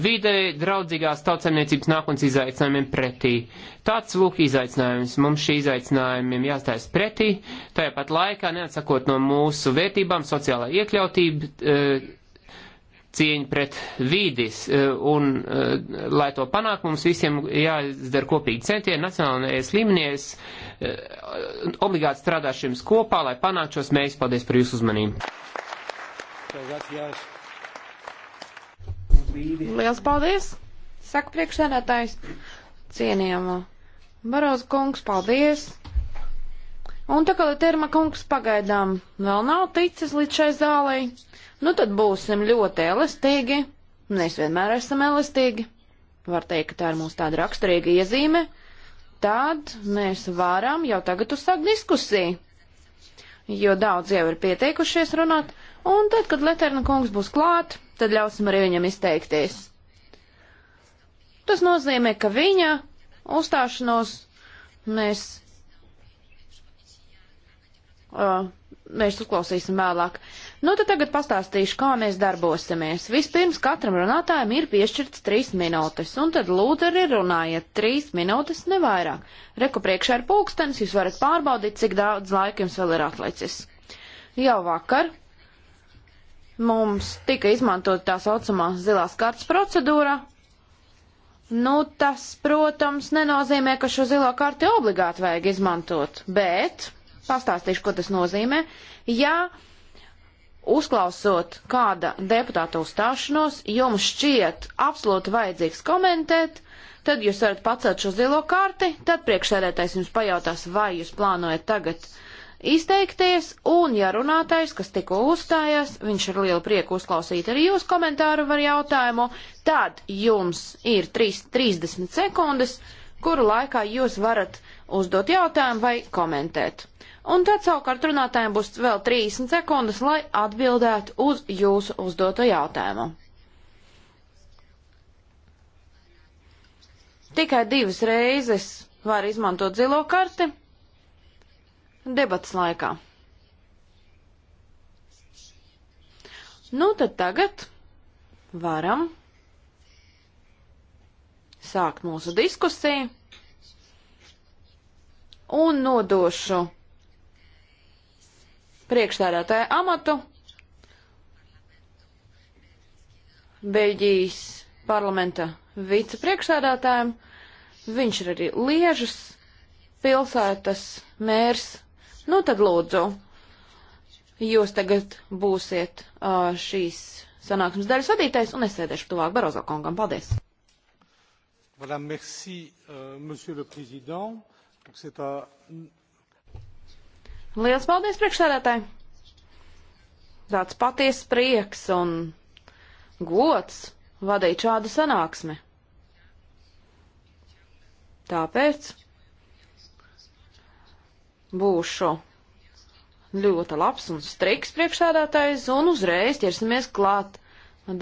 vidē draudzīgās tautsemniecības nākotnes izaicinājumiem pretī. Tāds lūk izaicinājums. Mums šī izaicinājumiem jāstājas pretī, tāpat laikā neatsakot no mūsu vērtībām sociālā iekļautība. Uh, cieņu pret vīdis, e, un, e, lai to panāk, mums visiem jāizdara kopīgi centieni nacionālajās līmenies, e, obligāti strādāšiem kopā, lai panāk šos mērķus. Paldies par jūsu uzmanību! Liels paldies! Saka priekšsēdētājs, cienījamo Barozu kungs, paldies! Un tā kā Terma kungs pagaidām vēl nav ticis līdz šai zālei nu tad būsim ļoti elastīgi, mēs vienmēr esam elastīgi, var teikt, ka tā ir mūsu tāda raksturīga iezīme, tad mēs varam jau tagad uzsākt diskusiju, jo daudz jau ir pieteikušies runāt, un tad, kad Leterna kungs būs klāt, tad ļausim arī viņam izteikties. Tas nozīmē, ka viņa uzstāšanos mēs, uh, mēs uzklausīsim vēlāk. Nu, tad tagad pastāstīšu, kā mēs darbosimies. Vispirms katram runātājam ir piešķirts trīs minūtes, un tad lūdzu arī runājiet trīs minūtes nevairāk. Reku priekšā ir pulkstenis, jūs varat pārbaudīt, cik daudz laika jums vēl ir atlicis. Jau vakar mums tika izmantot tā saucamā zilās kartas procedūra. Nu, tas, protams, nenozīmē, ka šo zilo karti obligāti vajag izmantot, bet pastāstīšu, ko tas nozīmē. Ja uzklausot kāda deputāta uzstāšanos, jums šķiet absolūti vajadzīgs komentēt, tad jūs varat pacelt šo zilo karti, tad priekšsēdētājs jums pajautās, vai jūs plānojat tagad izteikties, un ja runātais, kas tikko uzstājās, viņš ar lielu prieku uzklausīt arī jūsu komentāru var jautājumu, tad jums ir 3, 30 sekundes, kuru laikā jūs varat uzdot jautājumu vai komentēt. Un tad savukārt runātājiem būs vēl 30 sekundes, lai atbildētu uz jūsu uzdoto jautājumu. Tikai divas reizes var izmantot zilo karti debatas laikā. Nu tad tagad varam sākt mūsu diskusiju un nodošu priekšstādātāja amatu Beļģijas parlamenta vicepriekšstādātājiem. Viņš ir arī Liežas pilsētas mērs. Nu tad lūdzu, jūs tagad būsiet uh, šīs sanāksmes daļas vadītājs un es sēdēšu tuvāk Barozo kungam. Paldies! Voilà, merci, euh, monsieur le président. Donc c'est un Liels paldies priekšsēdētāji! Tāds paties prieks un gods vadīt šādu sanāksmi. Tāpēc būšu ļoti labs un striks priekšsēdētājs un uzreiz ķersimies klāt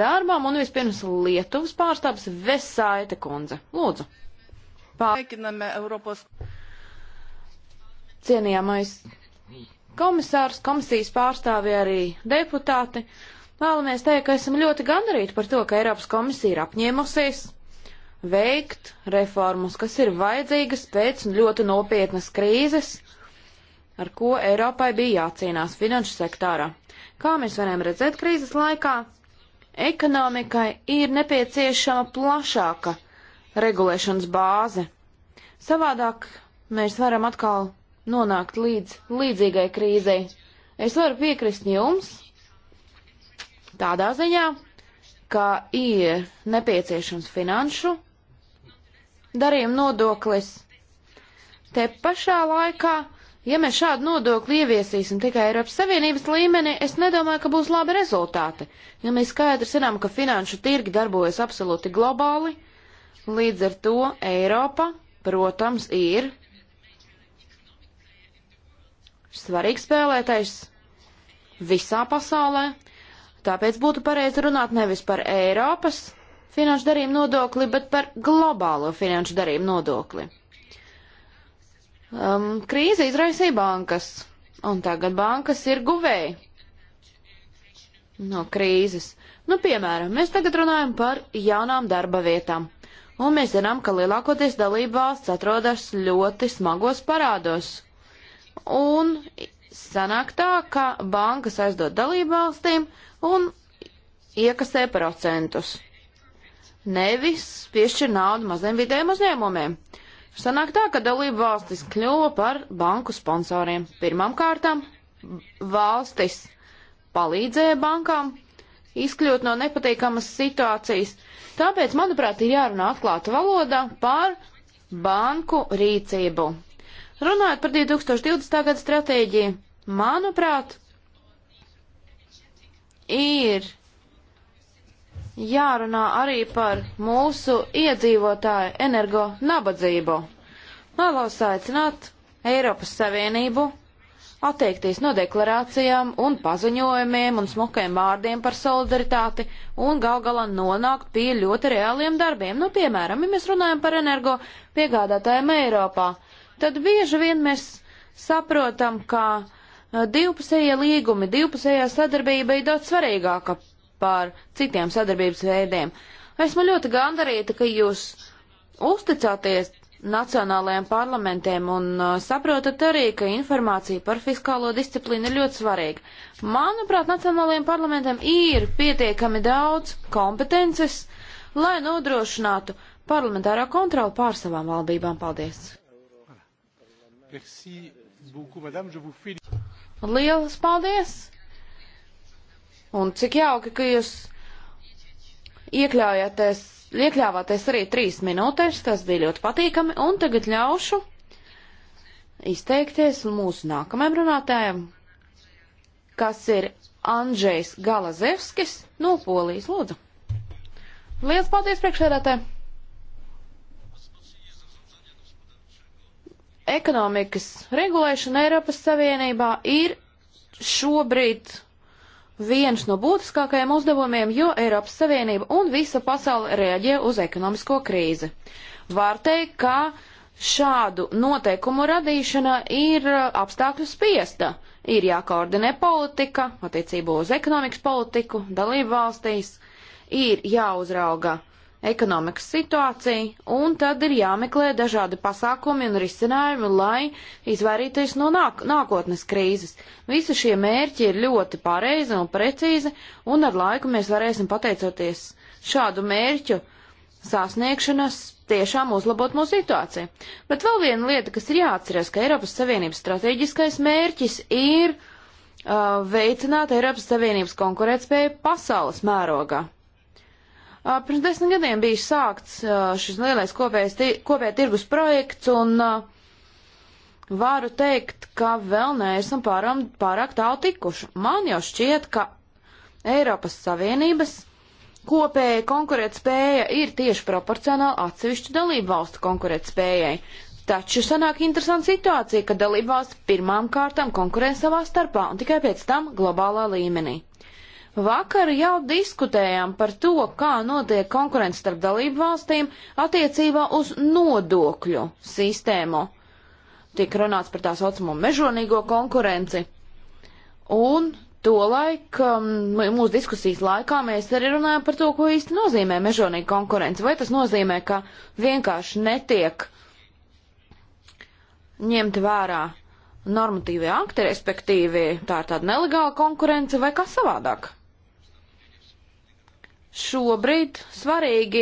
darbām un vispirms Lietuvas pārstāvs Vesaita kundze. Lūdzu. Pār... Cienījamais komisārs, komisijas pārstāvi arī deputāti. Vēlamies teikt, ka esam ļoti gandarīti par to, ka Eiropas komisija ir apņēmusies veikt reformas, kas ir vajadzīgas pēc ļoti nopietnas krīzes, ar ko Eiropai bija jācīnās finanšu sektārā. Kā mēs varam redzēt krīzes laikā, ekonomikai ir nepieciešama plašāka regulēšanas bāze. Savādāk mēs varam atkal nonākt līdz līdzīgai krīzei. Es varu piekrist jums tādā ziņā, ka ir nepieciešams finanšu darījuma nodoklis. Te pašā laikā, ja mēs šādu nodokli ieviesīsim tikai Eiropas Savienības līmenī, es nedomāju, ka būs labi rezultāti, jo ja mēs skaidri zinām, ka finanšu tirgi darbojas absolūti globāli, līdz ar to Eiropa, protams, ir svarīgs spēlētājs visā pasaulē, tāpēc būtu pareizi runāt nevis par Eiropas finanšu darījumu nodokli, bet par globālo finanšu darījumu nodokli. Um, krīze izraisīja bankas, un tagad bankas ir guvēji no krīzes. Nu, piemēram, mēs tagad runājam par jaunām darba vietām, un mēs zinām, ka lielākoties dalība valsts atrodas ļoti smagos parādos. Un Sanāk tā, ka bankas aizdod dalību valstīm un iekasē procentus. Nevis piešķir naudu maziem vidējiem uzņēmumiem. Sanāk tā, ka dalību valstis kļuva par banku sponsoriem. Pirmām kārtām valstis palīdzēja bankām izkļūt no nepatīkamas situācijas. Tāpēc, manuprāt, ir jārunā atklāta valoda par banku rīcību. Runājot par 2020. gada stratēģiju, Manuprāt, ir jārunā arī par mūsu iedzīvotāju energo nabadzību. Vēlos aicināt Eiropas Savienību atteikties no deklarācijām un paziņojumiem un smukajiem vārdiem par solidaritāti un gal galā nonākt pie ļoti reāliem darbiem. Nu, piemēram, ja mēs runājam par energo piegādātājiem Eiropā, tad bieži vien mēs saprotam, ka Uh, divpusējie līgumi, divpusējā sadarbība ir daudz svarīgāka par citiem sadarbības veidiem. Esmu ļoti gandarīta, ka jūs uzticāties nacionālajiem parlamentiem un uh, saprotat arī, ka informācija par fiskālo disciplīnu ir ļoti svarīga. Manuprāt, nacionālajiem parlamentiem ir pietiekami daudz kompetences, lai nodrošinātu parlamentārā kontrola pār savām valdībām. Paldies! Merci beaucoup, madame. Je vous félicite. Lielas paldies! Un cik jauki, ka jūs iekļaujāties, iekļāvāties arī trīs minūtēs, tas bija ļoti patīkami, un tagad ļaušu izteikties mūsu nākamajam runātājam, kas ir Andžejs Galazevskis no Polijas. Lūdzu! Lielas paldies priekšsēdētājai! ekonomikas regulēšana Eiropas Savienībā ir šobrīd viens no būtiskākajiem uzdevumiem, jo Eiropas Savienība un visa pasaule reaģē uz ekonomisko krīzi. Var teikt, ka šādu noteikumu radīšana ir uh, apstākļu spiesta. Ir jākoordinē politika attiecībā uz ekonomikas politiku dalību valstīs, ir jāuzrauga ekonomikas situācija, un tad ir jāmeklē dažādi pasākumi un risinājumi, lai izvairīties no nāk nākotnes krīzes. Visi šie mērķi ir ļoti pareizi un precīzi, un ar laiku mēs varēsim pateicoties šādu mērķu sasniegšanas tiešām uzlabot mūsu situāciju. Bet vēl viena lieta, kas ir jāatcerās, ka Eiropas Savienības strateģiskais mērķis ir uh, veicināt Eiropas Savienības konkurētspēju pasaules mērogā. Pirms desmit gadiem bija sākts šis lielais kopējais tirgus projekts, un varu teikt, ka vēl neesam pāram, pārāk tālu tikuši. Man jau šķiet, ka Eiropas Savienības kopēja konkurētspēja ir tieši proporcionāla atsevišķu dalību valstu konkurētspējai. Taču sanāk interesanta situācija, ka dalībvalsts pirmām kārtām konkurē savā starpā un tikai pēc tam globālā līmenī. Vakar jau diskutējām par to, kā notiek konkurence starp dalību valstīm attiecībā uz nodokļu sistēmu. Tiek runāts par tā saucamo mežonīgo konkurenci. Un tolaik um, mūsu diskusijas laikā mēs arī runājam par to, ko īsti nozīmē mežonīga konkurence. Vai tas nozīmē, ka vienkārši netiek ņemti vērā normatīvie akti, respektīvi tā ir tāda nelegāla konkurence vai kas savādāk? šobrīd svarīgi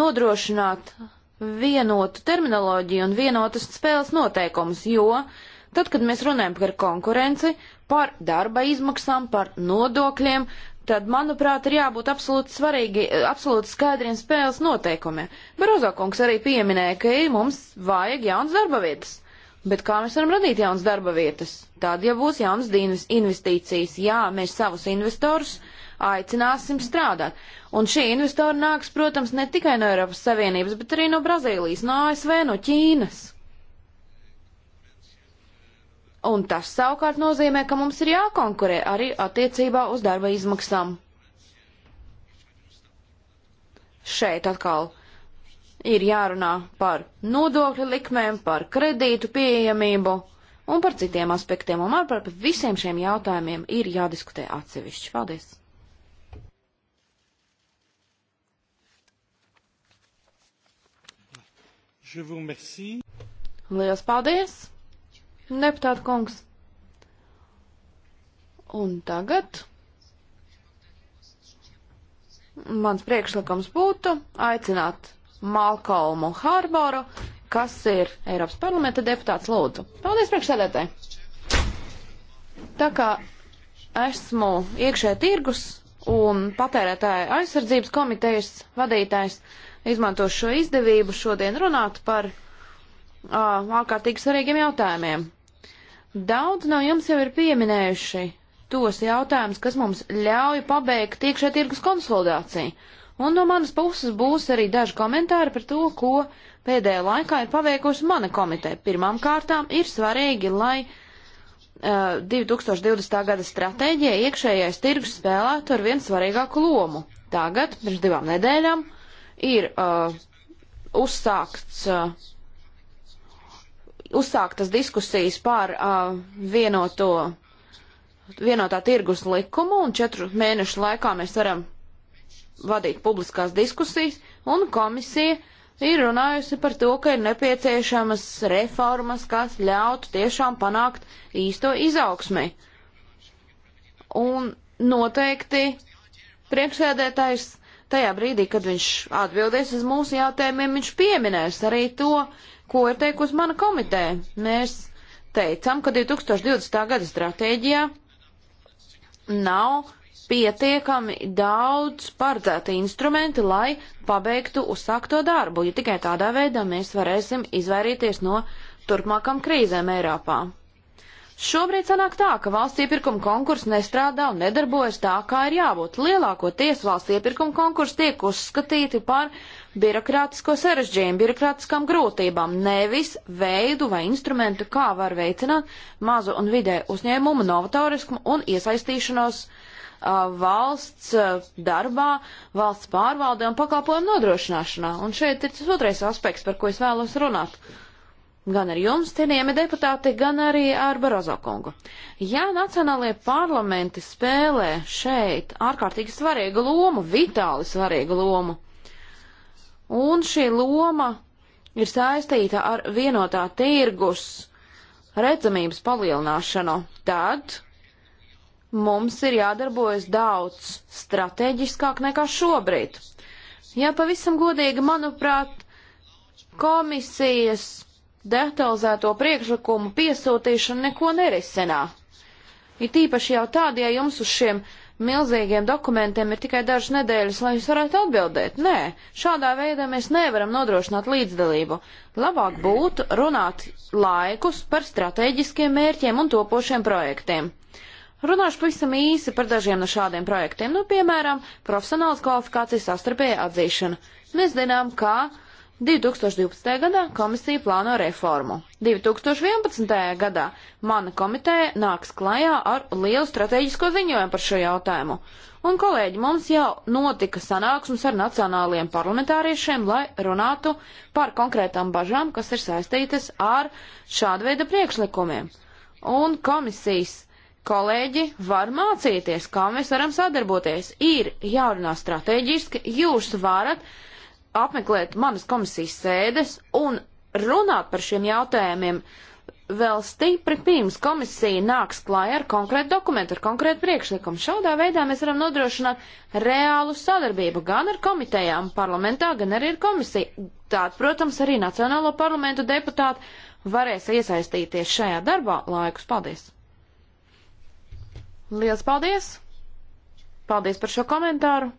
nodrošināt vienotu terminoloģiju un vienotas spēles noteikumus, jo tad, kad mēs runājam par konkurenci, par darba izmaksām, par nodokļiem, tad, manuprāt, ir jābūt absolūti svarīgi, absolūti skaidriem spēles noteikumiem. Barozo kungs arī pieminēja, ka mums vajag jauns darba vietas. Bet kā mēs varam radīt jaunas darba vietas? Tad, ja būs jaunas investīcijas, jā, mēs savus investorus uh, aicināsim strādāt. Un šie investori nāks, protams, ne tikai no Eiropas Savienības, bet arī no Brazīlijas, no ASV, no Ķīnas. Un tas savukārt nozīmē, ka mums ir jākonkurē arī attiecībā uz darba izmaksām. Šeit atkal ir jārunā par nodokļu likmēm, par kredītu pieejamību un par citiem aspektiem, un man par visiem šiem jautājumiem ir jādiskutē atsevišķi. Paldies! Lielas paldies, deputāta kungs! Un tagad mans priekšlikums būtu aicināt Malkolmu Harboru, kas ir Eiropas parlamenta deputāts lūdzu. Paldies priekšsēdētāji! Tā kā esmu iekšē tirgus un patērētāja aizsardzības komitejas vadītājs, uh, izmantošu šo izdevību šodien runāt par uh, ārkārtīgi svarīgiem jautājumiem. Daudz no jums jau ir pieminējuši tos jautājumus, kas mums ļauj pabeigt iekšē tirgus konsolidāciju. Un no manas puses būs arī daži komentāri par to, ko pēdējā laikā ir paveikusi mana komiteja. Pirmām kārtām ir svarīgi, lai uh, 2020. gada stratēģija iekšējais tirgus spēlētu ar vien svarīgāku lomu. Tagad, pirms divām nedēļām, uh, ir uh, uzsākts. Uh, Uzsāktas diskusijas par uh, vienoto, vienotā tirgus likumu, un četru mēnešu laikā mēs varam vadīt publiskās diskusijas, un komisija ir runājusi par to, ka ir nepieciešamas reformas, kas ļautu tiešām panākt īsto izaugsmi. Un noteikti priekšsēdētājs tajā brīdī, kad viņš atbildēs uz mūsu jautājumiem, viņš pieminēs arī to, ko ir teikusi mana komiteja. Mēs teicam, ka 2020. gada stratēģijā nav pietiekami daudz paredzēti instrumenti, lai pabeigtu uzsākto darbu, ja tikai tādā veidā mēs varēsim izvairīties no turpmākam krīzēm Eiropā. Šobrīd sanāk tā, ka valsts iepirkuma konkurss nestrādā un nedarbojas tā, kā ir jābūt. Lielākoties valsts iepirkuma konkurss tiek uzskatīti par birokrātisko sarežģījumu, birokrātiskām grūtībām, nevis veidu vai instrumentu, kā var veicināt mazu un vidē uzņēmumu novatorismu un iesaistīšanos uh, valsts uh, darbā, valsts pārvaldē un pakalpojumu nodrošināšanā. Un šeit ir tas otrais aspekts, par ko es vēlos runāt. Uh, gan ar jums, cienījami deputāti, gan arī ar Barozo kungu. Ja nacionālajie parlamenti spēlē šeit ārkārtīgi svarīgu lomu, vitāli svarīgu lomu, un šī loma ir saistīta ar vienotā tirgus redzamības palielināšanu, tad mums ir jādarbojas daudz strateģiskāk nekā šobrīd. Ja pavisam godīgi, manuprāt, komisijas detalizēto priekšlikumu piesūtīšana neko nerisinā. Ir tīpaši jau tādi, ja jums uz šiem milzīgiem dokumentiem ir tikai dažas nedēļas, lai jūs varētu atbildēt. Nē, šādā veidā mēs nevaram nodrošināt līdzdalību. Labāk būtu runāt laikus par strateģiskiem mērķiem un topošiem projektiem. Runāšu pavisam īsi par dažiem no šādiem projektiem, nu, piemēram, profesionāls kvalifikācijas sastarpēja atzīšana. Mēs zinām, ka 2012. gadā komisija plāno reformu. 2011. gadā mana komiteja nāks klajā ar lielu strateģisko ziņojumu par šo jautājumu. Un, kolēģi, mums jau notika sanāksmes ar nacionālajiem parlamentāriešiem, lai runātu par konkrētām bažām, kas ir saistītas ar šādu veidu priekšlikumiem. Un komisijas kolēģi var mācīties, kā mēs varam sadarboties. Ir jārunā strateģiski, jūs varat apmeklēt manas komisijas sēdes un runāt par šiem jautājumiem vēl stipri pirms komisija nāks klājā ar konkrētu dokumentu, ar konkrētu priekšlikumu. Šādā veidā mēs varam nodrošināt reālu sadarbību gan ar komitejām parlamentā, gan arī ar komisiju. Tātad, protams, arī Nacionālo parlamentu deputāti varēs iesaistīties šajā darbā laikus. Paldies! Lielas paldies! Paldies par šo komentāru!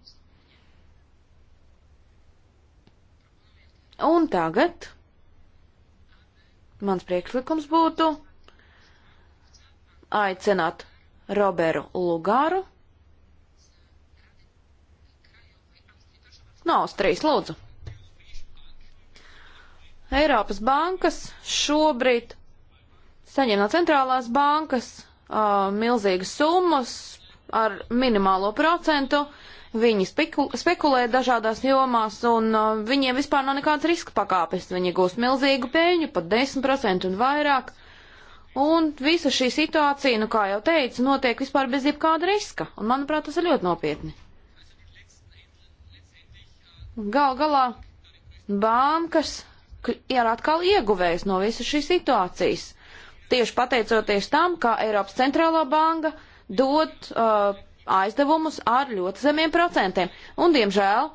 Un tagad mans priekšlikums būtu aicināt Roberu Lugāru no Austrijas, lūdzu. Eiropas bankas šobrīd saņem no centrālās bankas uh, milzīgas summas ar minimālo procentu. Uh, Viņi spekul spekulē dažādās jomās, un uh, viņiem vispār nav nekāds riska pakāpes. Viņi gūst milzīgu peļņu, pat 10% un vairāk. Un visa šī situācija, nu kā jau teicu, notiek vispār bez jebkāda riska, un manuprāt, tas ir ļoti nopietni. Gal galā bankas ir atkal ieguvējis no visas šīs situācijas. Tieši pateicoties tam, kā Eiropas centrālā banka dod uh, aizdevumus ar ļoti zemiem procentiem. Un, diemžēl,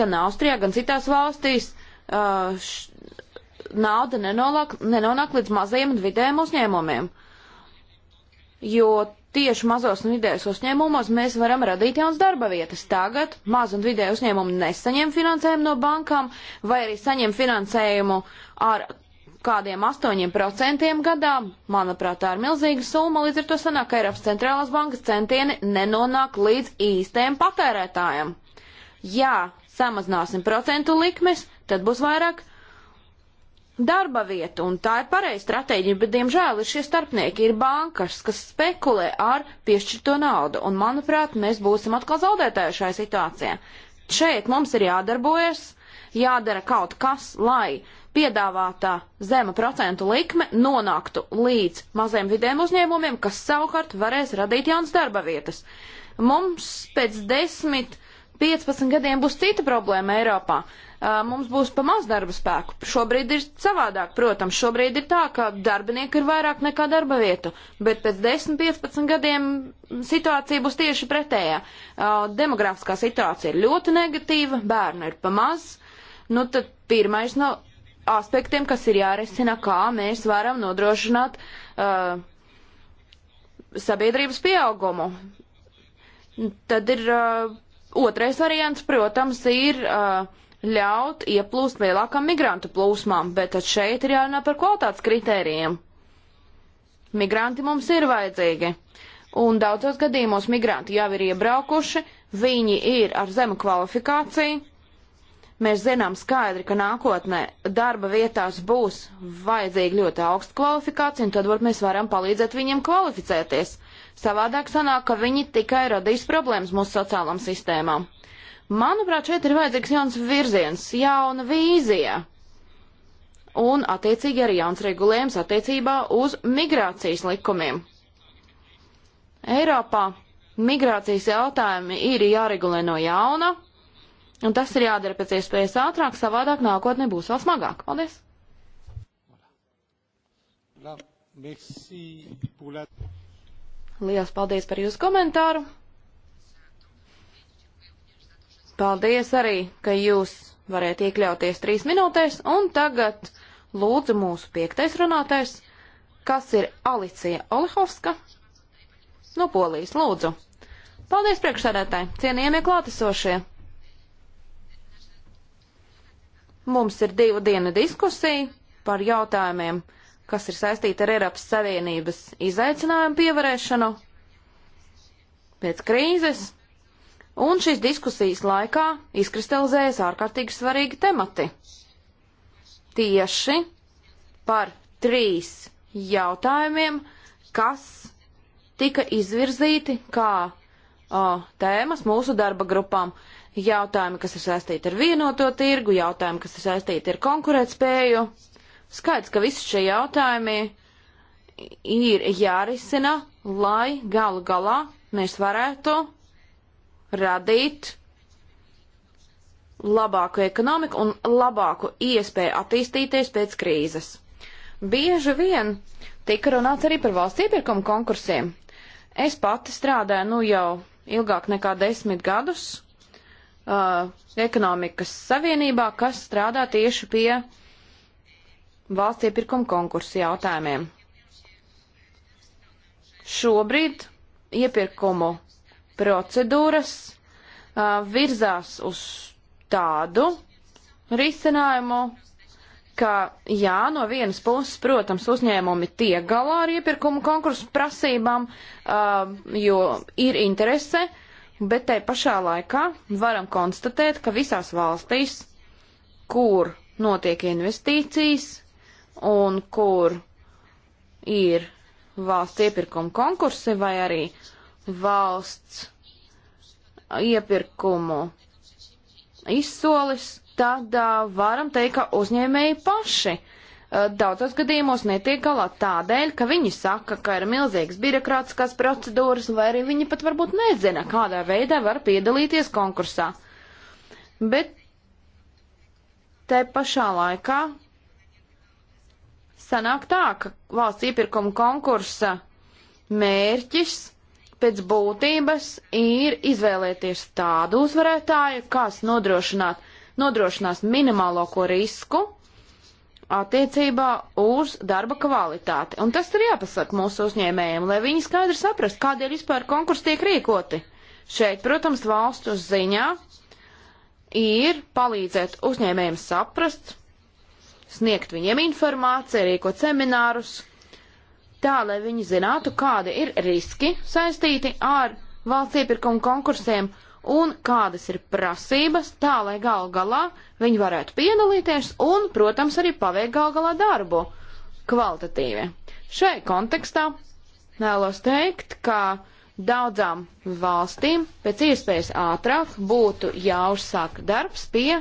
gan Austrijā, gan citās valstīs uh, š, nauda nenolak, nenonāk līdz mazajiem un vidējiem uzņēmumiem. Jo tieši mazos un vidējos uzņēmumos mēs varam radīt jaunas darba vietas. Tagad maz un vidēji uzņēmumi nesaņem finansējumu no bankām vai arī saņem finansējumu ar kādiem 8% gadā, manuprāt, tā ir milzīga summa, līdz ar to sanāk, ka Eiropas centrālās bankas centieni nenonāk līdz īstiem patērētājiem. Jā, samazināsim procentu likmes, tad būs vairāk darba vietu, un tā ir pareiza stratēģija, bet, diemžēl, ir šie starpnieki, ir bankas, kas spekulē ar piešķirto naudu, un, manuprāt, mēs būsim atkal zaudētāji šajā situācijā. Šeit mums ir jādarbojas, jādara kaut kas, lai piedāvātā zema procentu likme nonāktu līdz maziem vidiem uzņēmumiem, kas savukārt varēs radīt jaunas darba vietas. Mums pēc 10, 15 gadiem būs cita problēma Eiropā. Mums būs pa maz darba spēku. Šobrīd ir savādāk, protams, šobrīd ir tā, ka darbinieku ir vairāk nekā darba vietu, bet pēc 10, 15 gadiem situācija būs tieši pretējā. Demografiskā situācija ir ļoti negatīva, bērnu ir pa maz. Nu tad pirmais no aspektiem, kas ir jārisina, kā mēs varam nodrošināt uh, sabiedrības pieaugumu. Tad ir uh, otrais variants, protams, ir uh, ļaut ieplūst lielākam migrantu plūsmām, bet tad šeit ir jārunā par kvalitātes kritērijiem. Migranti mums ir vajadzīgi, un daudzos gadījumos migranti jau ir iebraukuši, viņi ir ar zemu kvalifikāciju, Mēs zinām skaidri, ka nākotnē darba vietās būs vajadzīga ļoti augsta kvalifikācija, un tad varbūt mēs varam palīdzēt viņiem kvalificēties. Savādāk sanāk, ka viņi tikai radīs problēmas mūsu sociālām sistēmām. Manuprāt, šeit ir vajadzīgs jauns virziens, jauna vīzija un attiecīgi arī jauns regulējums attiecībā uz migrācijas likumiem. Eiropā migrācijas jautājumi ir jāregulē no jauna, Un tas ir jādara pēc iespējas ātrāk, savādāk nākotnē būs vēl smagāk. Paldies! Lielas paldies par jūsu komentāru. Paldies arī, ka jūs varēt iekļauties trīs minūtēs, un tagad lūdzu mūsu piektais runātājs, kas ir Alicija Olihovska no Polijas. Lūdzu! Paldies priekšsēdētāji, cienījamie klātesošie! Mums ir divu dienu diskusija par jautājumiem, kas ir saistīti ar Eiropas Savienības izaicinājumu pievarēšanu pēc krīzes, un šīs diskusijas laikā izkristalizējas ārkārtīgi svarīgi temati. Tieši par trīs jautājumiem, kas tika izvirzīti kā o, tēmas mūsu darba grupām. Uh, jautājumi, kas ir saistīti ar vienoto tirgu, jautājumi, kas ir saistīti ar konkurētspēju. Skaidrs, ka visi šie jautājumi ir jārisina, lai galu galā mēs varētu radīt labāku ekonomiku un labāku iespēju attīstīties pēc krīzes. Bieži vien tika runāts arī par valsts iepirkuma konkursiem. Es pati strādāju nu jau ilgāk nekā desmit gadus uh, ekonomikas savienībā, kas strādā tieši pie valsts iepirkuma konkursu jautājumiem. Šobrīd iepirkumu procedūras uh, virzās uz tādu risinājumu, ka jā, no vienas puses, protams, uzņēmumi tiek galā ar iepirkumu konkursu prasībām, uh, jo ir interese uh, bet te pašā laikā varam konstatēt, ka visās valstīs, kur notiek investīcijas un kur ir valsts iepirkuma konkursi vai arī valsts iepirkumu izsolis, tad uh, varam teikt, ka uzņēmēji paši uh, Eh, daudzos gadījumos netiek galā tādēļ, ka viņi saka, ka ir milzīgas birokrātiskās procedūras, vai arī viņi pat varbūt nezina, kādā veidā var piedalīties konkursā. Bet te pašā laikā sanāk tā, ka valsts iepirkuma konkursa mērķis pēc būtības ir izvēlēties tādu uzvarētāju, kas nodrošināt, nodrošinās minimālāko risku attiecībā uz darba kvalitāti. Un tas ir jāpasaka mūsu uzņēmējiem, lai viņi skaidri saprast, kādēļ vispār konkursi tiek rīkoti. Šeit, protams, valsts ziņā ir palīdzēt uzņēmējiem saprast, sniegt viņiem informāciju, rīkot seminārus, tā, lai viņi zinātu, kādi ir riski saistīti ar valsts iepirkuma konkursiem un kādas ir prasības, tā lai gal galā viņi varētu piedalīties un, protams, arī paveikt gal galā darbu kvalitatīvi. Šai kontekstā vēlos teikt, ka daudzām valstīm pēc iespējas ātrāk būtu jāuzsāk darbs pie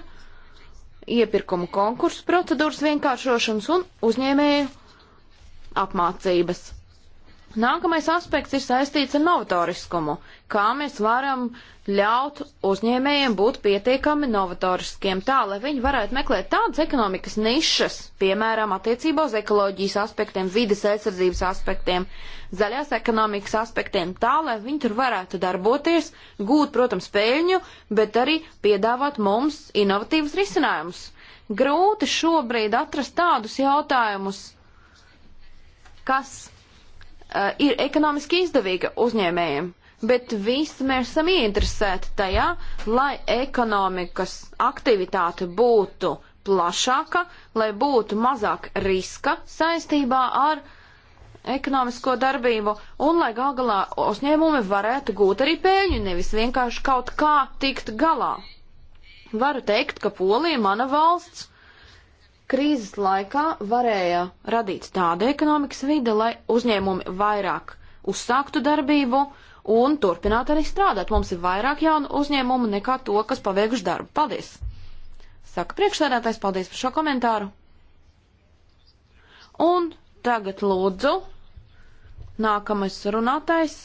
iepirkumu konkursu procedūras vienkāršošanas un uzņēmēju apmācības. Nākamais aspekts ir saistīts ar novatoriskumu. Kā mēs varam ļaut uzņēmējiem būt pietiekami novatoriskiem tā, lai viņi varētu meklēt tādas ekonomikas nišas, piemēram, attiecībā uz ekoloģijas aspektiem, vides aizsardzības aspektiem, zaļās ekonomikas aspektiem, tā, lai viņi tur varētu darboties, gūt, protams, peļņu, bet arī piedāvāt mums inovatīvas risinājumus. Grūti šobrīd atrast tādus jautājumus, kas uh, ir ekonomiski izdevīga uzņēmējiem, bet visi mēs esam ieinteresēti tajā, lai ekonomikas aktivitāte būtu plašāka, lai būtu mazāk riska saistībā ar ekonomisko darbību un lai gal galā uzņēmumi varētu gūt arī pēļņu, nevis vienkārši kaut kā tikt galā. Varu teikt, ka Polija, mana valsts, krīzes laikā varēja radīt tādu ekonomikas vidi, lai uzņēmumi vairāk uzsāktu darbību un turpinātu arī strādāt. Mums ir vairāk jaunu uzņēmumu nekā to, kas paveikuši darbu. Paldies! Saka priekšsēdētājs, paldies par šo komentāru. Un tagad lūdzu nākamais runātais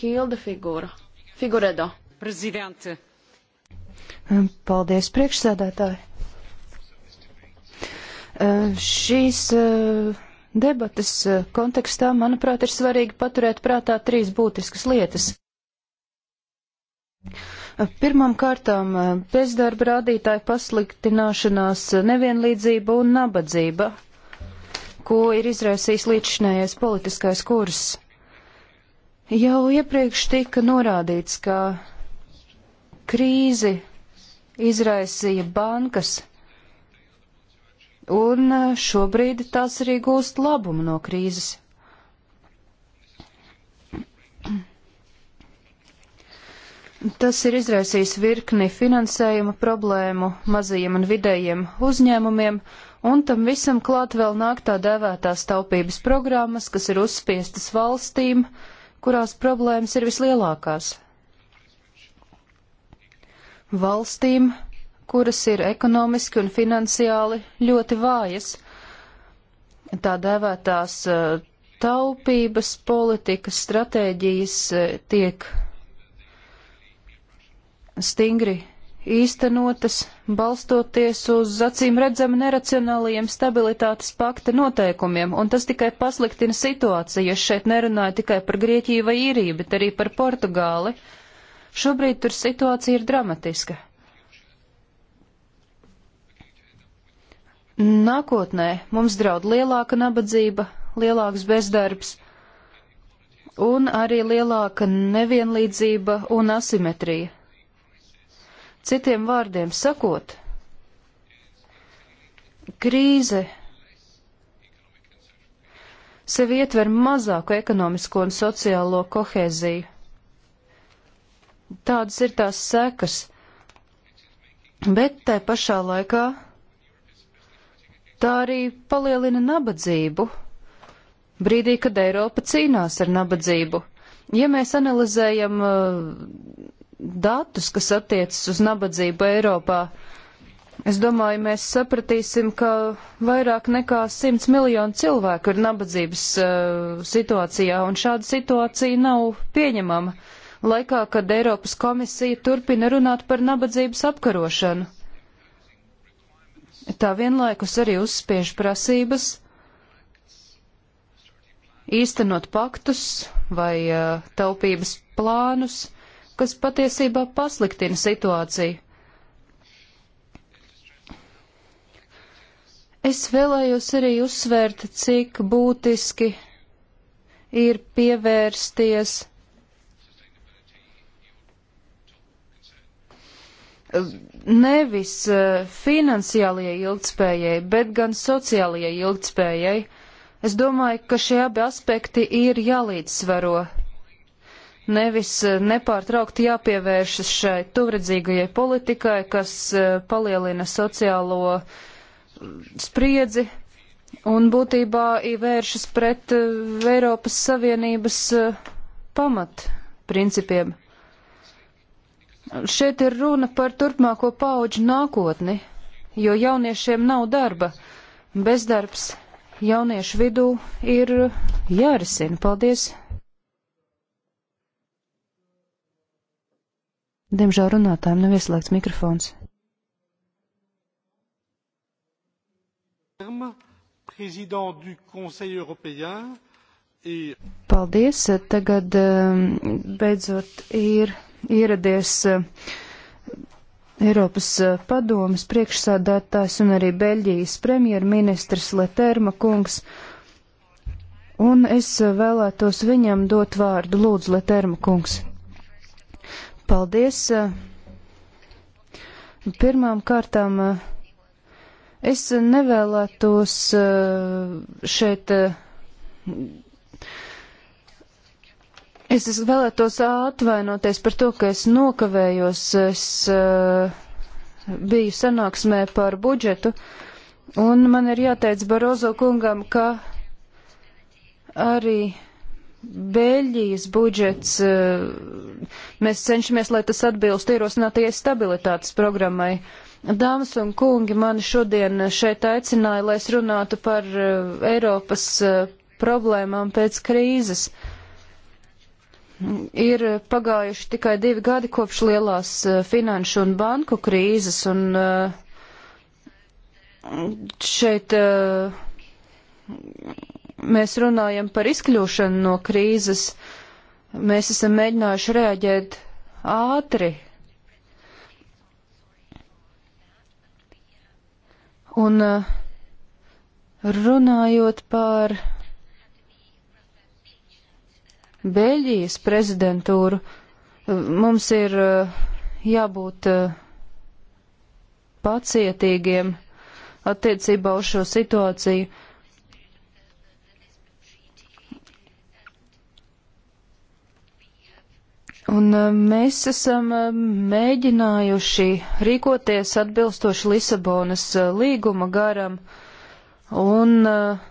Hilda figūra. Figuredo. Prezidente. Paldies priekšsēdētāji. Eh, šīs eh, debatas eh, kontekstā, manuprāt, ir svarīgi paturēt prātā trīs būtiskas lietas. Pirmām kārtām bezdarba rādītāja pasliktināšanās, nevienlīdzība un nabadzība, ko ir izraisījis līdzšinējais politiskais kurs. Jau iepriekš tika norādīts, ka krīzi izraisīja bankas, un eh, šobrīd tās arī gūst labumu no krīzes. Tas ir izraisījis virkni finansējuma problēmu mazajiem un vidējiem uzņēmumiem, un tam visam klāt vēl nāk tā dēvētās taupības programmas, kas ir uzspiestas valstīm, kurās problēmas ir vislielākās. Valstīm, kuras ir ekonomiski un finansiāli ļoti vājas. Tā dēvētās eh, taupības politikas stratēģijas eh, tiek stingri īstenotas, balstoties uz acīm redzami neracionālajiem stabilitātes pakta noteikumiem, un tas tikai pasliktina situāciju. Es šeit nerunāju tikai par Grieķiju vai Īriju, bet arī par Portugāli. Šobrīd tur situācija ir dramatiska. Nākotnē mums draud lielāka nabadzība, lielāks bezdarbs un arī lielāka nevienlīdzība un asimetrija. Citiem vārdiem sakot, krīze sevi ietver mazāku ekonomisko un sociālo kohēziju. Tādas ir tās sekas, bet tai pašā laikā Tā arī palielina nabadzību. Brīdī, kad Eiropa cīnās ar nabadzību, ja mēs analizējam uh, datus, kas attiecas uz nabadzību Eiropā, es domāju, mēs sapratīsim, ka vairāk nekā 100 miljonu cilvēku ir nabadzības uh, situācijā, un šāda situācija nav pieņemama laikā, kad Eiropas komisija turpina runāt par nabadzības apkarošanu tā vienlaikus arī uzspiež prasības īstenot paktus vai uh, taupības plānus, kas patiesībā pasliktina situāciju. Es vēlējos arī uzsvērt, cik būtiski ir pievērsties nevis eh, finansiālajai ilgtspējai, bet gan sociālajai ilgtspējai. Es domāju, ka šie abi aspekti ir jālīdzsvaro. Nevis eh, nepārtraukti jāpievēršas šai tuvredzīgajai politikai, kas eh, palielina sociālo spriedzi un būtībā vēršas pret Eiropas Savienības pamat principiem. Šeit ir runa par turpmāko pauģu nākotni, jo jauniešiem nav darba. Bezdarbs jauniešu vidū ir jārisina. Paldies! Diemžēl runātājiem nav ieslēgts mikrofons. Paldies! Tagad um, beidzot ir ieradies eh, Eiropas eh, padomas priekšsādātājs un arī Beļģijas premjerministrs Leterma kungs. Un es eh, vēlētos viņam dot vārdu, lūdzu, Leterma kungs. Paldies. Pirmām kārtām es nevēlētos šeit Es, es vēlētos atvainoties par to, ka es nokavējos. Es uh, biju sanāksmē par budžetu, un man ir jāteic Barozo kungam, ka arī Beļģijas budžets, uh, mēs cenšamies, lai tas atbilst ierosinātajai stabilitātes programmai. Dāmas un kungi mani šodien šeit aicināja, lai es runātu par uh, Eiropas problēmām pēc krīzes. Uh, Ir pagājuši tikai divi gadi kopš lielās eh, finanšu un banku krīzes, un eh, šeit eh, mēs runājam par izkļūšanu no krīzes. Mēs esam mēģinājuši reaģēt ātri. Un runājot par Beļģijas prezidentūru, eh, mums ir eh, jābūt eh, pacietīgiem attiecībā uz šo situāciju. Un mēs esam mēģinājuši rīkoties atbilstoši Lisabonas līguma garam un uh,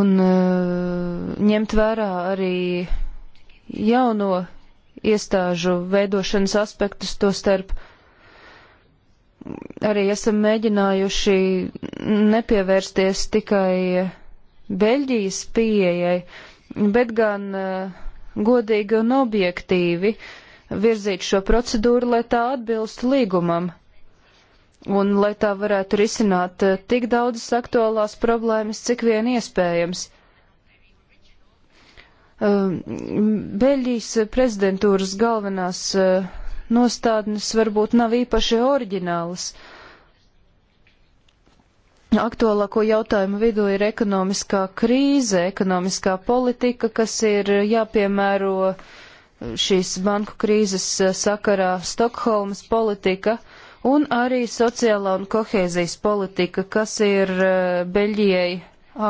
un uh, ņemt vērā arī jauno iestāžu veidošanas aspektus to starp. Arī esam mēģinājuši nepievērsties tikai Beļģijas pieejai, bet gan uh, godīgi un objektīvi virzīt šo procedūru, lai tā atbilstu līgumam un lai tā varētu risināt eh, tik daudzas aktuālās problēmas, cik vien iespējams. Ehm, Beļģijas prezidentūras galvenās eh, nostādnes varbūt nav īpaši oriģinālas. Aktuālāko jautājumu vidū ir ekonomiskā krīze, ekonomiskā politika, kas ir jāpiemēro eh, šīs banku krīzes sakarā Stokholmas politika. Uh, un arī sociālā un kohēzijas politika, kas ir eh, Beļģijai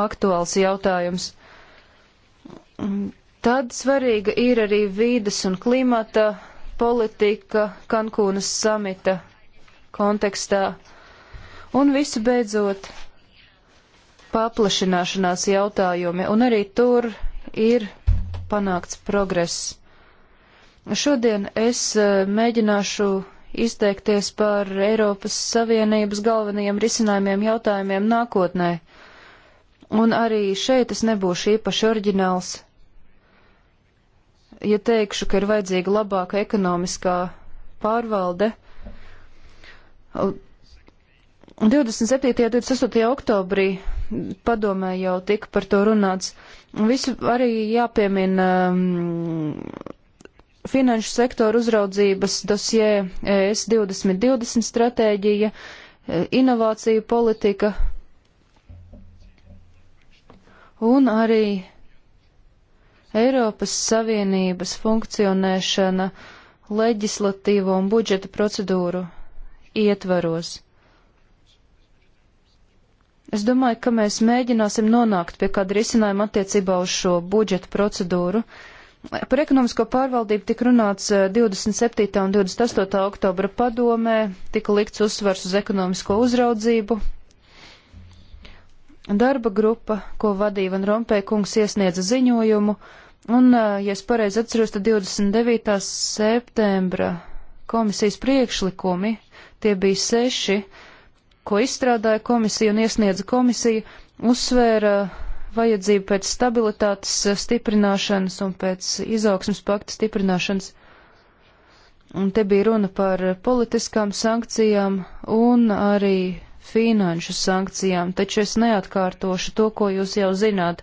aktuāls jautājums. Mm, tad svarīga ir arī vīdes un klimata politika Kankūnas samita kontekstā. Un visu beidzot paplašināšanās jautājumi, un arī tur ir panākts progress. Šodien es eh, mēģināšu izteikties par Eiropas Savienības galvenajiem risinājumiem jautājumiem nākotnē. Un arī šeit es nebūšu īpaši oriģināls, ja teikšu, ka ir vajadzīga labāka ekonomiskā pārvalde. 27. un 28. oktobrī padomē jau tika par to runāts. Visu arī jāpiemina um, finanšu sektoru uzraudzības dosjē ES 2020 stratēģija, e, inovāciju politika un arī Eiropas Savienības funkcionēšana leģislatīvo un budžeta procedūru ietvaros. Es domāju, ka mēs mēģināsim nonākt pie kāda risinājuma attiecībā uz šo budžeta procedūru. Uh, Par ekonomisko pārvaldību tika runāts 27. Eh, un 28. oktobra padomē, tika likts uzsvars uz ekonomisko uzraudzību. Darba grupa, ko vadīja Van Rompēkungs, iesniedza ziņojumu, un, eh, ja es pareizi atceros, tad 29. septembra komisijas priekšlikumi, tie bija seši, ko izstrādāja komisija un iesniedza komisija, uzsvēra uh, vajadzību pēc stabilitātes eh, stiprināšanas un pēc izaugsmas pakta stiprināšanas. Un te bija runa par politiskām sankcijām un arī finanšu sankcijām, taču es neatkārtošu to, ko jūs jau zināt.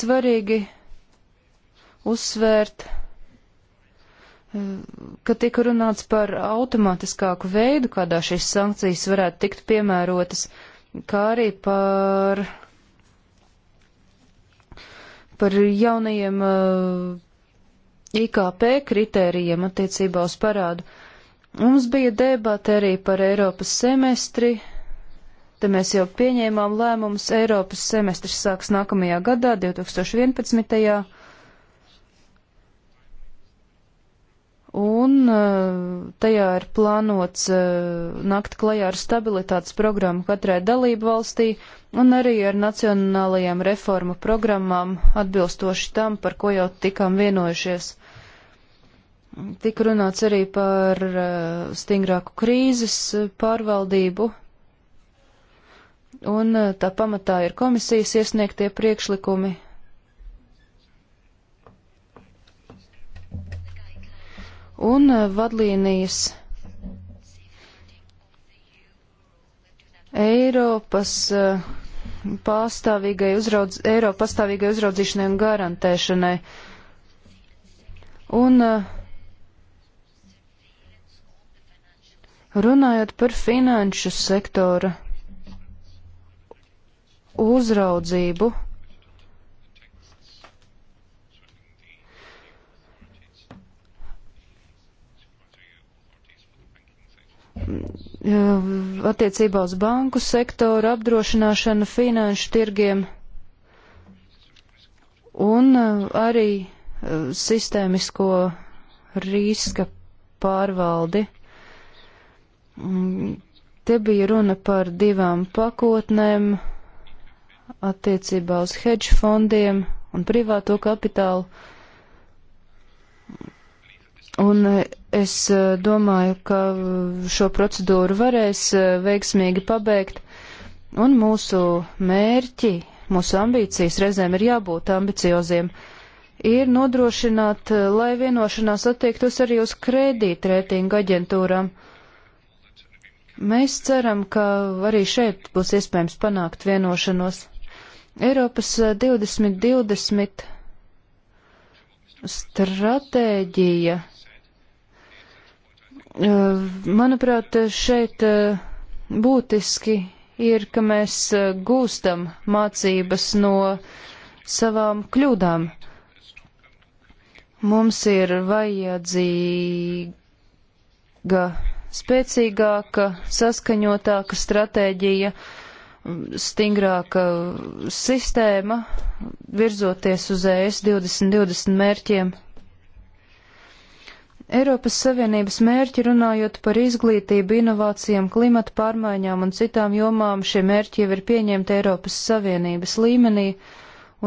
Svarīgi uzsvērt, eh, ka tika runāts par automātiskāku veidu, kādā šīs sankcijas varētu tikt piemērotas, kā arī par par jaunajiem eh, IKP kritērijiem attiecībā uz parādu. Mums bija debata arī par Eiropas semestri, te mēs jau pieņēmām lēmumus, Eiropas semestris sāks nākamajā gadā, 2011. un uh, tajā ir plānots uh, nakt klajā ar stabilitātes programmu katrai dalību valstī un arī ar nacionālajām reformu programmām atbilstoši tam, par ko jau tikām vienojušies. Tik runāts arī par uh, stingrāku krīzes pārvaldību, un tā pamatā ir komisijas iesniegtie priekšlikumi un eh, vadlīnijas Eiropas eh, pastāvīgai, uzraudz, Eiropa pastāvīgai uzraudzīšanai un garantēšanai. Un eh, runājot par finanšu sektora uzraudzību, attiecībā uz banku sektoru, apdrošināšanu, finanšu tirgiem un uh, arī uh, sistēmisko riska pārvaldi. Mm, te bija runa par divām pakotnēm attiecībā uz hedge fondiem un privāto kapitālu. Un e, es e, domāju, ka šo procedūru varēs e, veiksmīgi pabeigt, un mūsu mērķi, mūsu ambīcijas reizēm ir jābūt ambicioziem, ir nodrošināt, lai vienošanās attiektos arī uz kredītreitingu aģentūram. Mēs ceram, ka arī šeit būs iespējams panākt vienošanos. Eiropas 2020 stratēģija Eh, manuprāt, šeit eh, būtiski ir, ka mēs eh, gūstam mācības no savām kļūdām. Mums ir vajadzīga spēcīgāka, saskaņotāka stratēģija, stingrāka sistēma, virzoties uz e ES 2020 mērķiem. Eiropas Savienības mērķi runājot par izglītību, inovācijām, klimata pārmaiņām un citām jomām, šie mērķi jau ir pieņemti Eiropas Savienības līmenī,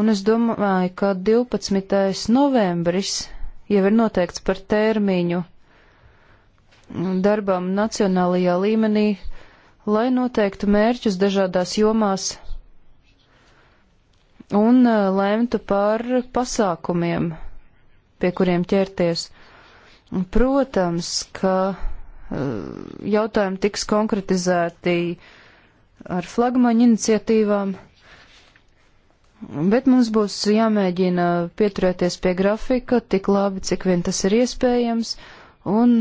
un es domāju, ka 12. novembris jau ir noteikts par termiņu darbam nacionālajā līmenī, lai noteiktu mērķus dažādās jomās un eh, lemtu par pasākumiem, pie kuriem ķerties. Protams, ka eh, jautājumi tiks konkretizēti ar flagmaņu iniciatīvām, bet mums būs jāmēģina pieturēties pie grafika tik labi, cik vien tas ir iespējams, un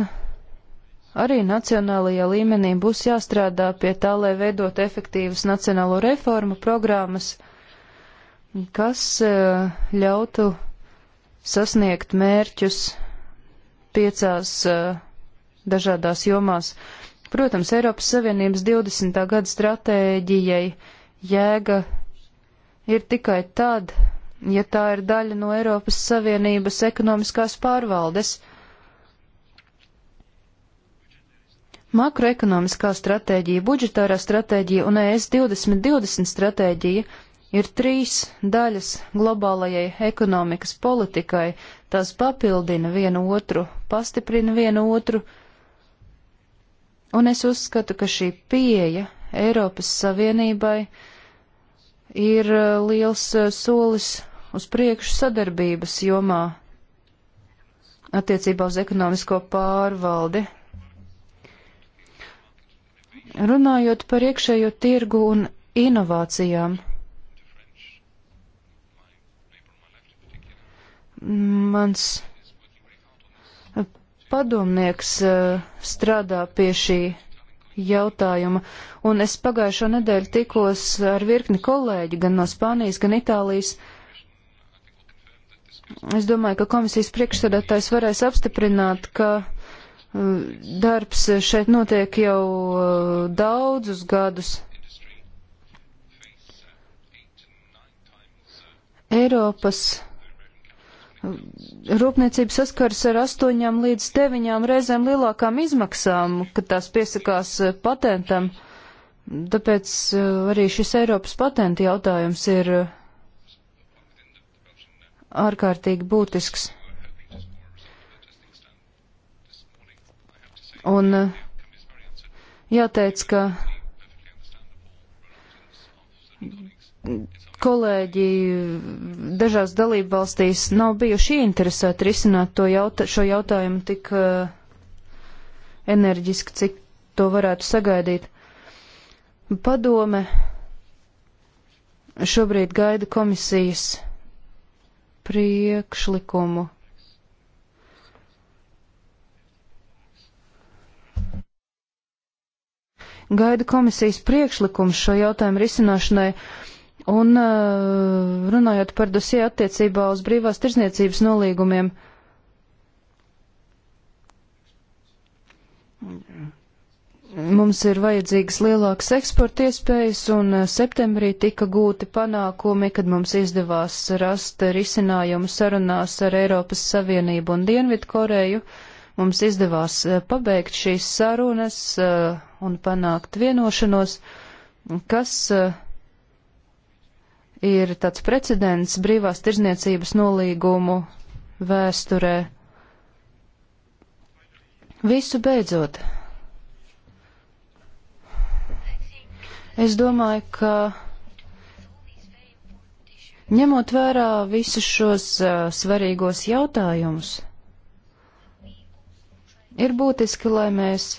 arī nacionālajā līmenī būs jāstrādā pie tā, lai veidot efektīvas nacionālo reformu programmas, kas eh, ļautu sasniegt mērķus piecās uh, dažādās jomās. Protams, Eiropas Savienības 20. gada stratēģijai jēga ir tikai tad, ja tā ir daļa no Eiropas Savienības ekonomiskās pārvaldes. Makroekonomiskā stratēģija, budžetārā stratēģija un e ES 2020 stratēģija Ir trīs daļas globālajai ekonomikas politikai, tās papildina vienu otru, pastiprina vienu otru, un es uzskatu, ka šī pieeja Eiropas Savienībai ir uh, liels uh, solis uz priekšu sadarbības jomā attiecībā uz ekonomisko pārvaldi. Runājot par iekšējo tirgu un inovācijām, Mans padomnieks eh, strādā pie šī jautājuma, un es pagājušo nedēļu tikos ar virkni kolēģi gan no Spānijas, gan Itālijas. Es domāju, ka komisijas priekšsēdētājs varēs apstiprināt, ka eh, darbs šeit notiek jau eh, daudzus gadus. Eiropas Rūpniecība saskaras ar astoņām līdz deviņām reizēm lielākām izmaksām, kad tās piesakās eh, patentam. Tāpēc eh, arī šis Eiropas patenta jautājums ir eh, ārkārtīgi būtisks. Un jāteic, ka kolēģi dažās dalību valstīs nav bijuši ieinteresēti risināt jautā, šo jautājumu tik uh, enerģiski, cik to varētu sagaidīt. Padome šobrīd gaida komisijas priekšlikumu. Gaida komisijas priekšlikums šo jautājumu risināšanai. Uh, Un uh, runājot par dosie attiecībā uz brīvās tirzniecības nolīgumiem, mums ir vajadzīgas lielākas eksporta iespējas, un uh, septembrī tika gūti panākumi, kad mums izdevās rast risinājumu sarunās ar Eiropas Savienību un Dienvidkoreju. Mums izdevās uh, pabeigt šīs sarunas un panākt vienošanos, kas uh, ir tāds precedents brīvās tirzniecības nolīgumu vēsturē. Visu beidzot. Es domāju, ka ņemot vērā visus šos uh, svarīgos jautājumus, ir būtiski, lai mēs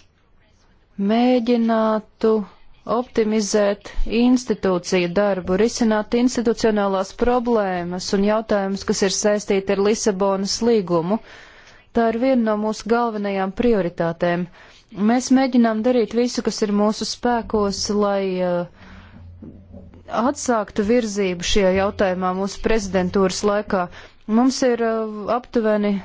mēģinātu optimizēt institūciju darbu, risināt institucionālās problēmas un jautājumus, kas ir saistīti ar Lisabonas līgumu. Tā ir viena no mūsu galvenajām prioritātēm. Mēs mēģinām darīt visu, kas ir mūsu spēkos, lai uh, atsāktu virzību šajā jautājumā mūsu prezidentūras laikā. Mums ir uh, aptuveni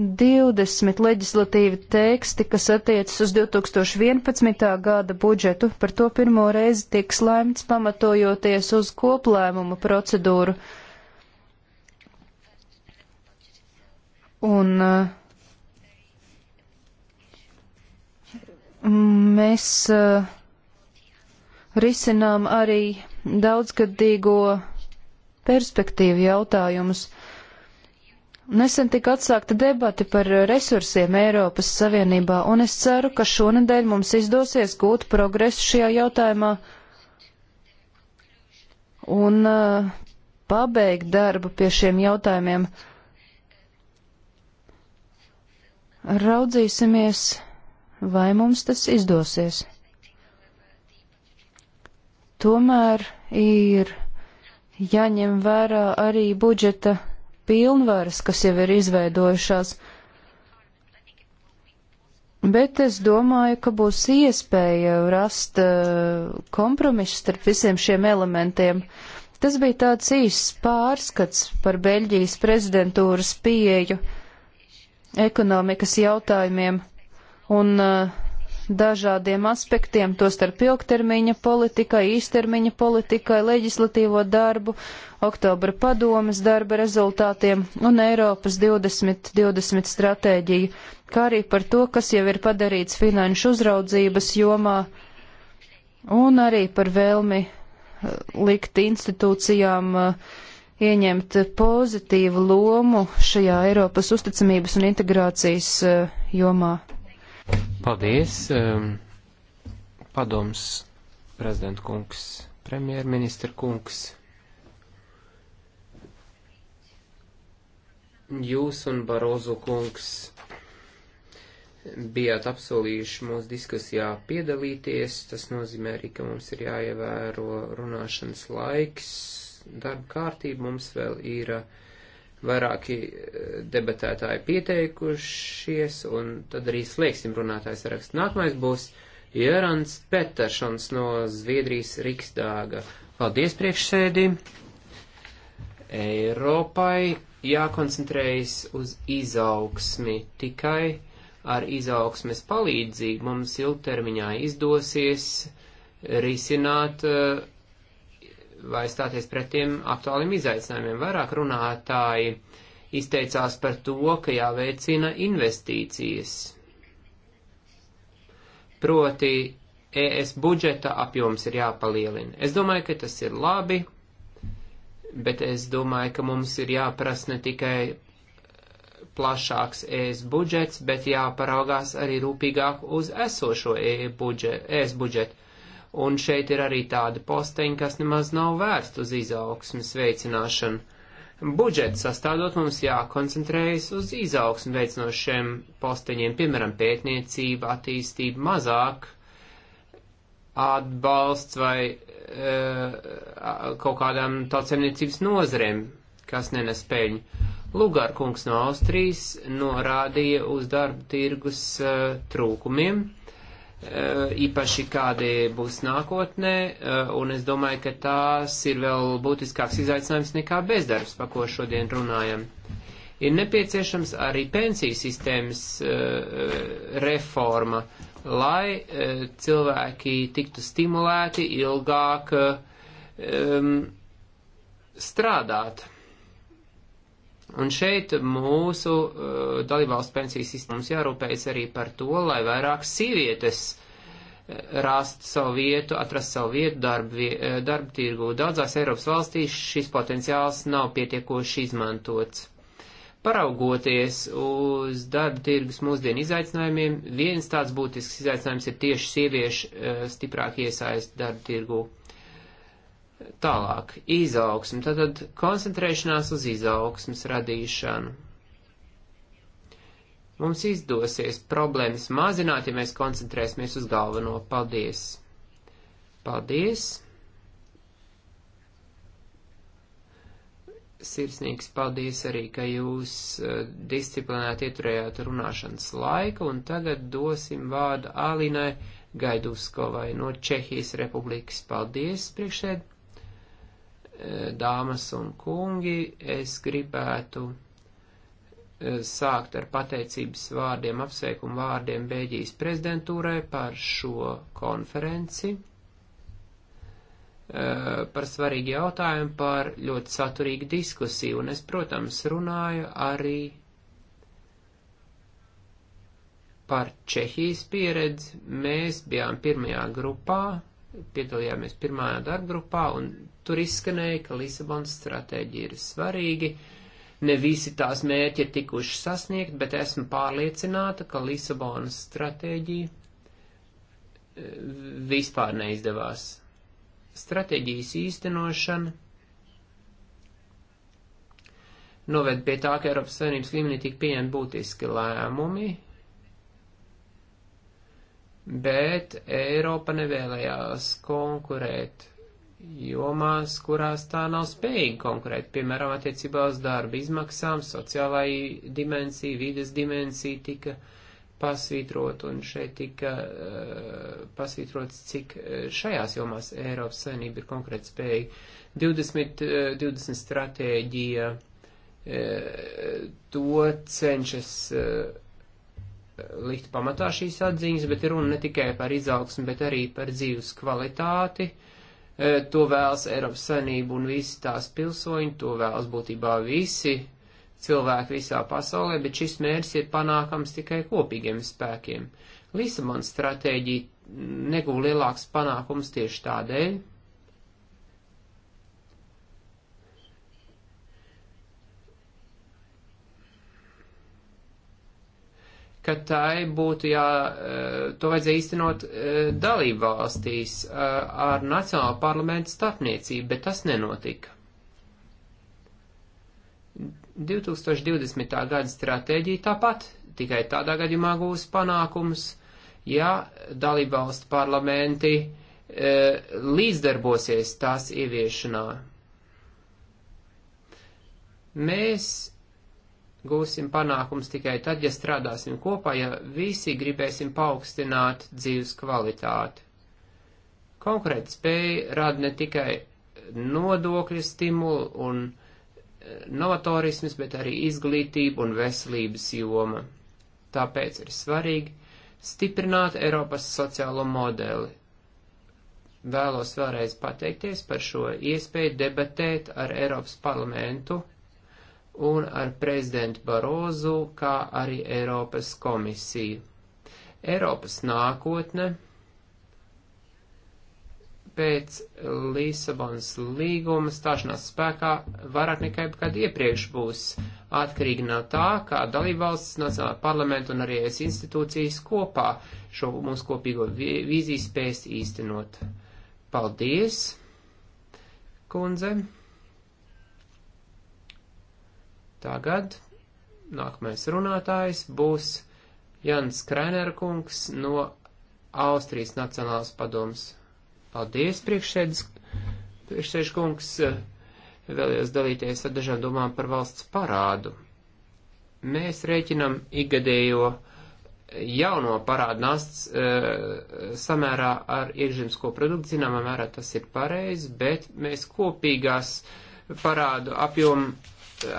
20 leģislatīvi teksti, kas attiecas uz 2011. gada budžetu. Par to pirmo reizi tiek slēmts pamatojoties uz koplēmumu procedūru. Un uh, mēs uh, risinām arī daudzgadīgo perspektīvu jautājumus. Nesen tika atsākta debati par resursiem Eiropas Savienībā, un es ceru, ka šonadēļ mums izdosies gūt progresu šajā jautājumā un uh, pabeigt darbu pie šiem jautājumiem. Raudzīsimies, vai mums tas izdosies. Tomēr ir jāņem vērā arī budžeta pilnvaras, kas jau ir izveidojušās. Bet es domāju, ka būs iespēja rast eh, kompromisu starp visiem šiem elementiem. Tas bija tāds īsts pārskats par Beļģijas prezidentūras pieeju ekonomikas jautājumiem, un uh, dažādiem aspektiem, tostarp ilgtermiņa politikai, īstermiņa politikai, leģislatīvo darbu, oktobra padomas darba rezultātiem un Eiropas 2020 stratēģiju, kā arī par to, kas jau ir padarīts finanšu uzraudzības jomā un arī par vēlmi eh, likt institūcijām uh, ieņemt pozitīvu lomu šajā Eiropas uzticamības un integrācijas eh, jomā. Paldies, um, padoms, prezidenta kungs, premjerministra kungs. Jūs un Barozo kungs bijāt apsolījuši mūsu diskusijā piedalīties. Tas nozīmē arī, ka mums ir jāievēro runāšanas laiks, darba kārtība mums vēl ir. Uh, vairāki eh, debatētāji pieteikušies, un tad arī slēgsim runātājs rakstu. Nākamais būs Jērans Petersons no Zviedrijas Riksdāga. Paldies priekšsēdī! Eiropai jākoncentrējas uz izaugsmi tikai ar izaugsmes palīdzību mums ilgtermiņā izdosies risināt uh, vai stāties pret tiem aktuāliem izaicinājumiem. Vairāk runātāji izteicās par to, ka jāveicina investīcijas. Proti, ES budžeta apjoms ir jāpalielina. Es domāju, ka tas ir labi, bet es domāju, ka mums ir jāprasa ne tikai plašāks ES budžets, bet jāparaugās arī rūpīgāk uz esošo ES e budžetu un šeit ir arī tādi posteņi, kas nemaz nav vērst uz izaugsmes veicināšanu. Budžetu sastādot mums jākoncentrējas uz izaugsmu veicinošiem posteņiem, piemēram, pētniecība, attīstība, mazāk atbalsts vai e, kaut kādām tautsemniecības nozarēm, kas nenes peļņu. Lugārkungs no Austrijas norādīja uz darba tirgus e, trūkumiem Eh, īpaši kādi būs nākotnē, eh, un es domāju, ka tās ir vēl būtiskāks izaicinājums nekā bezdarbs, pa ko šodien runājam. Ir nepieciešams arī pensiju sistēmas eh, reforma, lai cilvēki tiktu stimulēti ilgāk mm, strādāt. Un šeit mūsu uh, dalībvalsts pensijas sistēmas jārūpējas arī par to, lai vairāk sievietes uh, rast savu vietu, atrast savu vietu darba, uh, darba tirgu. Daudzās Eiropas valstīs šis potenciāls nav pietiekoši izmantots. Paraugoties uz darba tirgus mūsdienu izaicinājumiem, viens tāds būtisks izaicinājums ir tieši sieviešu uh, stiprāk iesaist darba tirgu. Uh, Tālāk, izaugsme, tātad koncentrēšanās uz izaugsmes radīšanu. Mums izdosies problēmas mazināt, ja mēs koncentrēsimies uz galveno. Paldies! Paldies! Sirsnīgs paldies arī, ka jūs eh, disciplinēti ieturējāt runāšanas laiku, un tagad dosim vārdu Alinai Gaiduskovai no Čehijas Republikas. Paldies, priekšsēd! dāmas un kungi, es gribētu eh, sākt ar pateicības vārdiem, apsveikumu vārdiem Bēģijas prezidentūrai par šo konferenci, eh, par svarīgu jautājumu, par ļoti saturīgu diskusiju, un es, protams, runāju arī par Čehijas pieredzi. Mēs bijām pirmajā grupā, piedalījāmies pirmajā darbgrupā, un Tur izskanēja, ka Lisabonas stratēģija ir svarīga. Ne visi tās mērķi ir tikuši sasniegt, bet esmu pārliecināta, ka Lisabonas stratēģija e, vispār neizdevās. Stratēģijas īstenošana noved pie tā, ka Eiropas Savienības līmenī tika pieņemti būtiski lēmumi, bet Eiropa nevēlējās konkurēt jomās, kurās tā nav spējīga konkurēt, piemēram, attiecībā uz darba izmaksām, sociālai dimensija, vides dimensija tika pasvītrot, un šeit tika uh, pasvītrots, cik eh, šajās jomās Eiropas saimnība ir konkrēt spējīga. 20, uh, 20 stratēģija uh, to cenšas uh, likt pamatā šīs atziņas, bet ir runa ne tikai par izaugsmu, bet arī par dzīves kvalitāti. Uh, E, to vēlas Eiropas Savienība un visi tās pilsoņi, to vēlas būtībā visi cilvēki visā pasaulē, bet šis mērķis ir panākams tikai kopīgiem spēkiem. Lisabonas stratēģija neguva lielāks panākums tieši tādēļ, ka tai būtu jā, e, to vajadzēja īstenot e, dalību valstīs e, ar Nacionālo parlamentu starpniecību, bet tas nenotika. 2020. gada stratēģija tāpat tikai tādā gadījumā gūs panākums, ja dalību valstu parlamenti līdzdarbosies tās ieviešanā. Mēs gūsim panākums tikai tad, ja strādāsim kopā, ja visi gribēsim paaugstināt dzīves kvalitāti. Konkrēta spēja rada ne tikai nodokļu stimulu un e, novatorismus, bet arī izglītību un veselības joma. Tāpēc ir svarīgi stiprināt Eiropas sociālo modeli. Vēlos vēlreiz pateikties par šo iespēju debatēt ar Eiropas parlamentu un ar prezidentu Barozu, kā arī Eiropas komisiju. Eiropas nākotne pēc Lisabonas līguma stāšanās spēkā vairāk nekā jebkad iepriekš būs atkarīgi no tā, kā dalībvalsts, nacionālā parlamenta un arī es institūcijas kopā šo mūsu kopīgo vīziju spēs īstenot. Paldies, kundze! Tagad nākamais runātājs būs Jans Krainerkungs no Austrijas Nacionālās padomas. Paldies, priekšsēdus kungs, vēlējos dalīties ar dažām domām par valsts parādu. Mēs rēķinam ikgadējo jauno parādu nasts e, samērā ar iekšzemesko produktu, zināmā mērā tas ir pareizi, bet mēs kopīgās parādu apjomu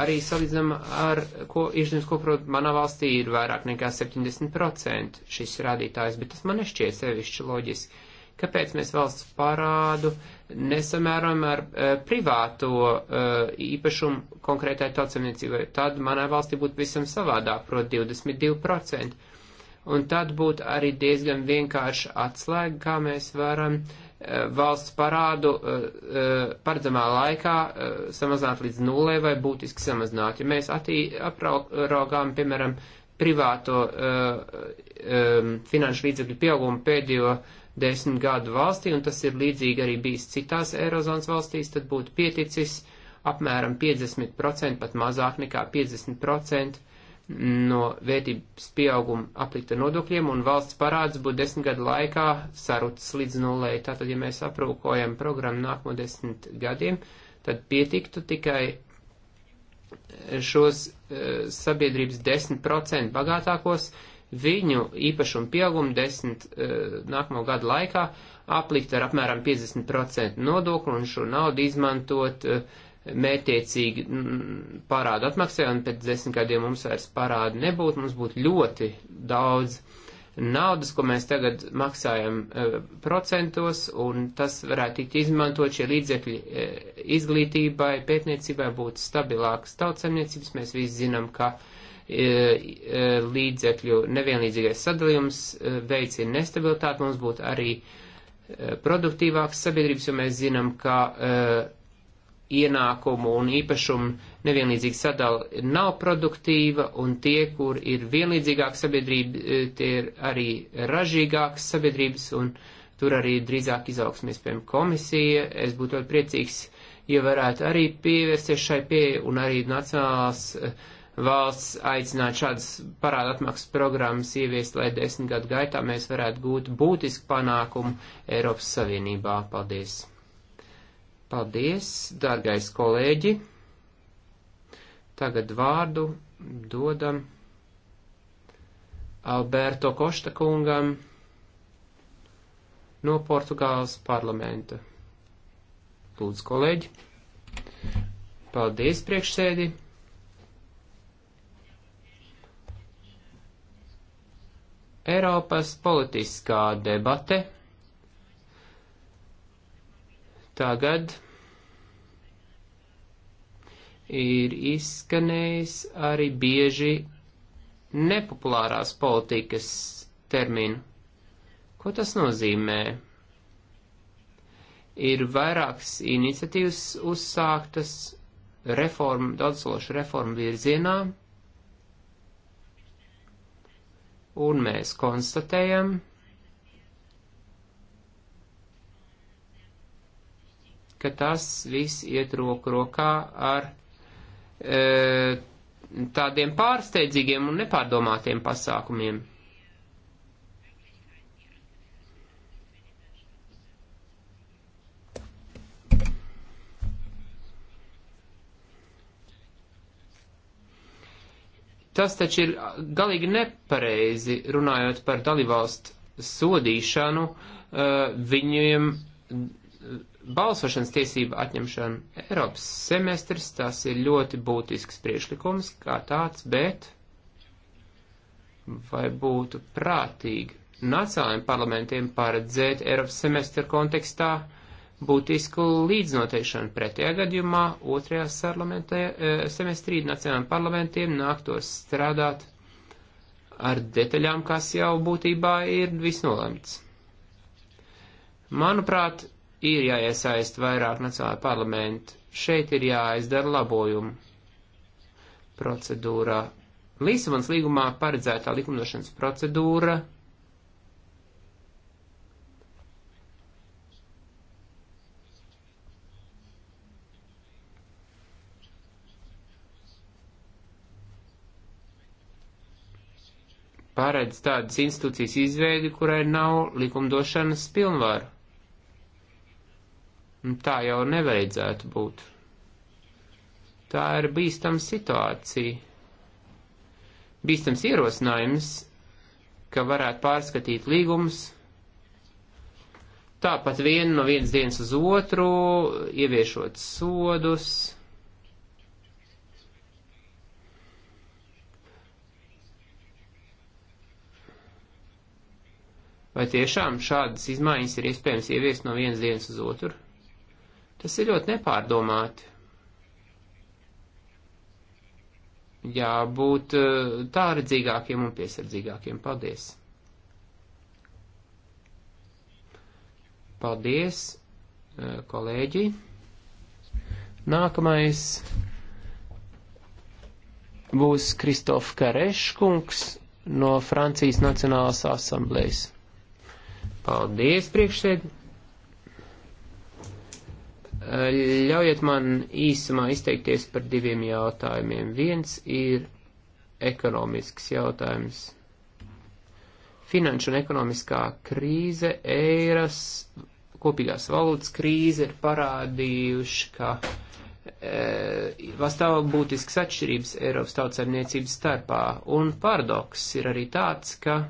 arī salīdzinām ar, ko iešņems koprot manā valstī ir vairāk nekā 70% šis rādītājs, bet tas man nešķiet sevišķi loģiski. Kāpēc mēs valsts parādu nesamērojam ar e, privāto e, īpašumu konkrētai tautsamniecībai? Tad manā valstī būtu visam savādāk, prot 22%. Un tad būtu arī diezgan vienkārši atslēga, kā mēs varam e, valsts parādu eh, eh, paredzamā laikā eh, samazināt līdz nulē vai būtiski samazināt. Ja mēs apraugām, piemēram, privāto finanšu līdzekļu pieaugumu pēdējo desmit gadu valstī, un tas ir līdzīgi arī bijis citās Eirozonas valstīs, tad būtu pieticis apmēram 50%, pat mazāk nekā 50% no vērtības pieauguma aplikta nodokļiem, un valsts parāds būtu desmit gadu laikā sarucis līdz nulē. Tātad, ja mēs aprūkojam programmu nākamo desmit gadiem, tad pietiktu tikai eh, šos uh, sabiedrības 10% bagātākos viņu īpašumu pieaugumu 10 uh, eh, nākamo gadu laikā aplikt ar apmēram 50% nodokli un šo naudu izmantot uh, mētiecīgi mm, parādu atmaksai, un pēc desmit gadiem mums vairs parādu nebūtu, mums būtu ļoti daudz naudas, ko mēs tagad maksājam e, procentos, un tas varētu tikt izmantot šie līdzekļi e, izglītībai, pētniecībai, būtu stabilākas tautsemniecības. Mēs visi zinām, ka e, e līdzekļu nevienlīdzīgais sadalījums e, veicina nestabilitāti, mums būtu arī e, produktīvākas sabiedrības, jo mēs zinām, ka ienākumu un īpašumu nevienlīdzīga sadala nav produktīva, un tie, kur ir vienlīdzīgāka sabiedrība, e, tie ir arī ražīgākas sabiedrības, un tur arī drīzāk izaugsmies, piemēram, komisija. Es būtu ļoti priecīgs, ja varētu arī pievērsties šai pieeja un arī nacionālās e, valsts aicināt šādas parāda atmaksas programmas ieviest, lai desmit gadu gaitā mēs varētu gūt būtisku panākumu Eiropas Savienībā. Paldies! Paldies, dārgais kolēģi. Tagad vārdu dodam Alberto Košta kungam no Portugāles parlamenta. Lūdzu, kolēģi. Paldies, priekšsēdi. Eiropas politiskā debate Tagad ir izskanējis arī bieži nepopulārās politikas terminu. Ko tas nozīmē? Ir vairākas iniciatīvas uzsāktas reformu, daudzsološu reformu virzienā, un mēs konstatējam, ka tas viss iet roku rokā ar e, tādiem pārsteidzīgiem un nepārdomātiem pasākumiem. Tas taču ir galīgi nepareizi runājot par dalībvalstu sodīšanu, e, viņiem balsošanas tiesību atņemšana Eiropas semestris, tas ir ļoti būtisks priešlikums kā tāds, bet vai būtu prātīgi nacionālajiem parlamentiem paredzēt Eiropas semestra kontekstā būtisku līdznoteikšanu pretējā gadījumā otrajā e, semestrī nacionālajiem parlamentiem nāktos strādāt ar detaļām, kas jau būtībā ir visnolemts. Manuprāt, ir jāiesaist vairāk nacionālajā parlamentu. Šeit ir jāizdara labojumu procedūrā. Līsabons līgumā paredzētā likumdošanas procedūra paredz tādas institūcijas izveidi, kurai nav likumdošanas pilnvaru. Tā jau nevajadzētu būt. Tā ir bīstama situācija. Bīstams ierosinājums, ka varētu pārskatīt līgumus. Tāpat vienu no vienas dienas uz otru, ieviešot sodus. Vai tiešām šādas izmaiņas ir iespējams ieviest no vienas dienas uz otru? Tas ir ļoti nepārdomāti. Jābūt eh, tā redzīgākiem un piesardzīgākiem. Paldies! Paldies, eh, kolēģi! Nākamais būs Kristof Kareškungs no Francijas Nacionālās asamblējas. Paldies, priekšsēdētāji! Ļaujiet man īsumā izteikties par diviem jautājumiem. Viens ir ekonomisks jautājums. Finanšu un ekonomiskā krīze, eiras, kopīgās valūtas krīze ir parādījuši, ka e, pastāv būtisks atšķirības Eiropas tautsēmniecības starpā. Un paradoks ir arī tāds, ka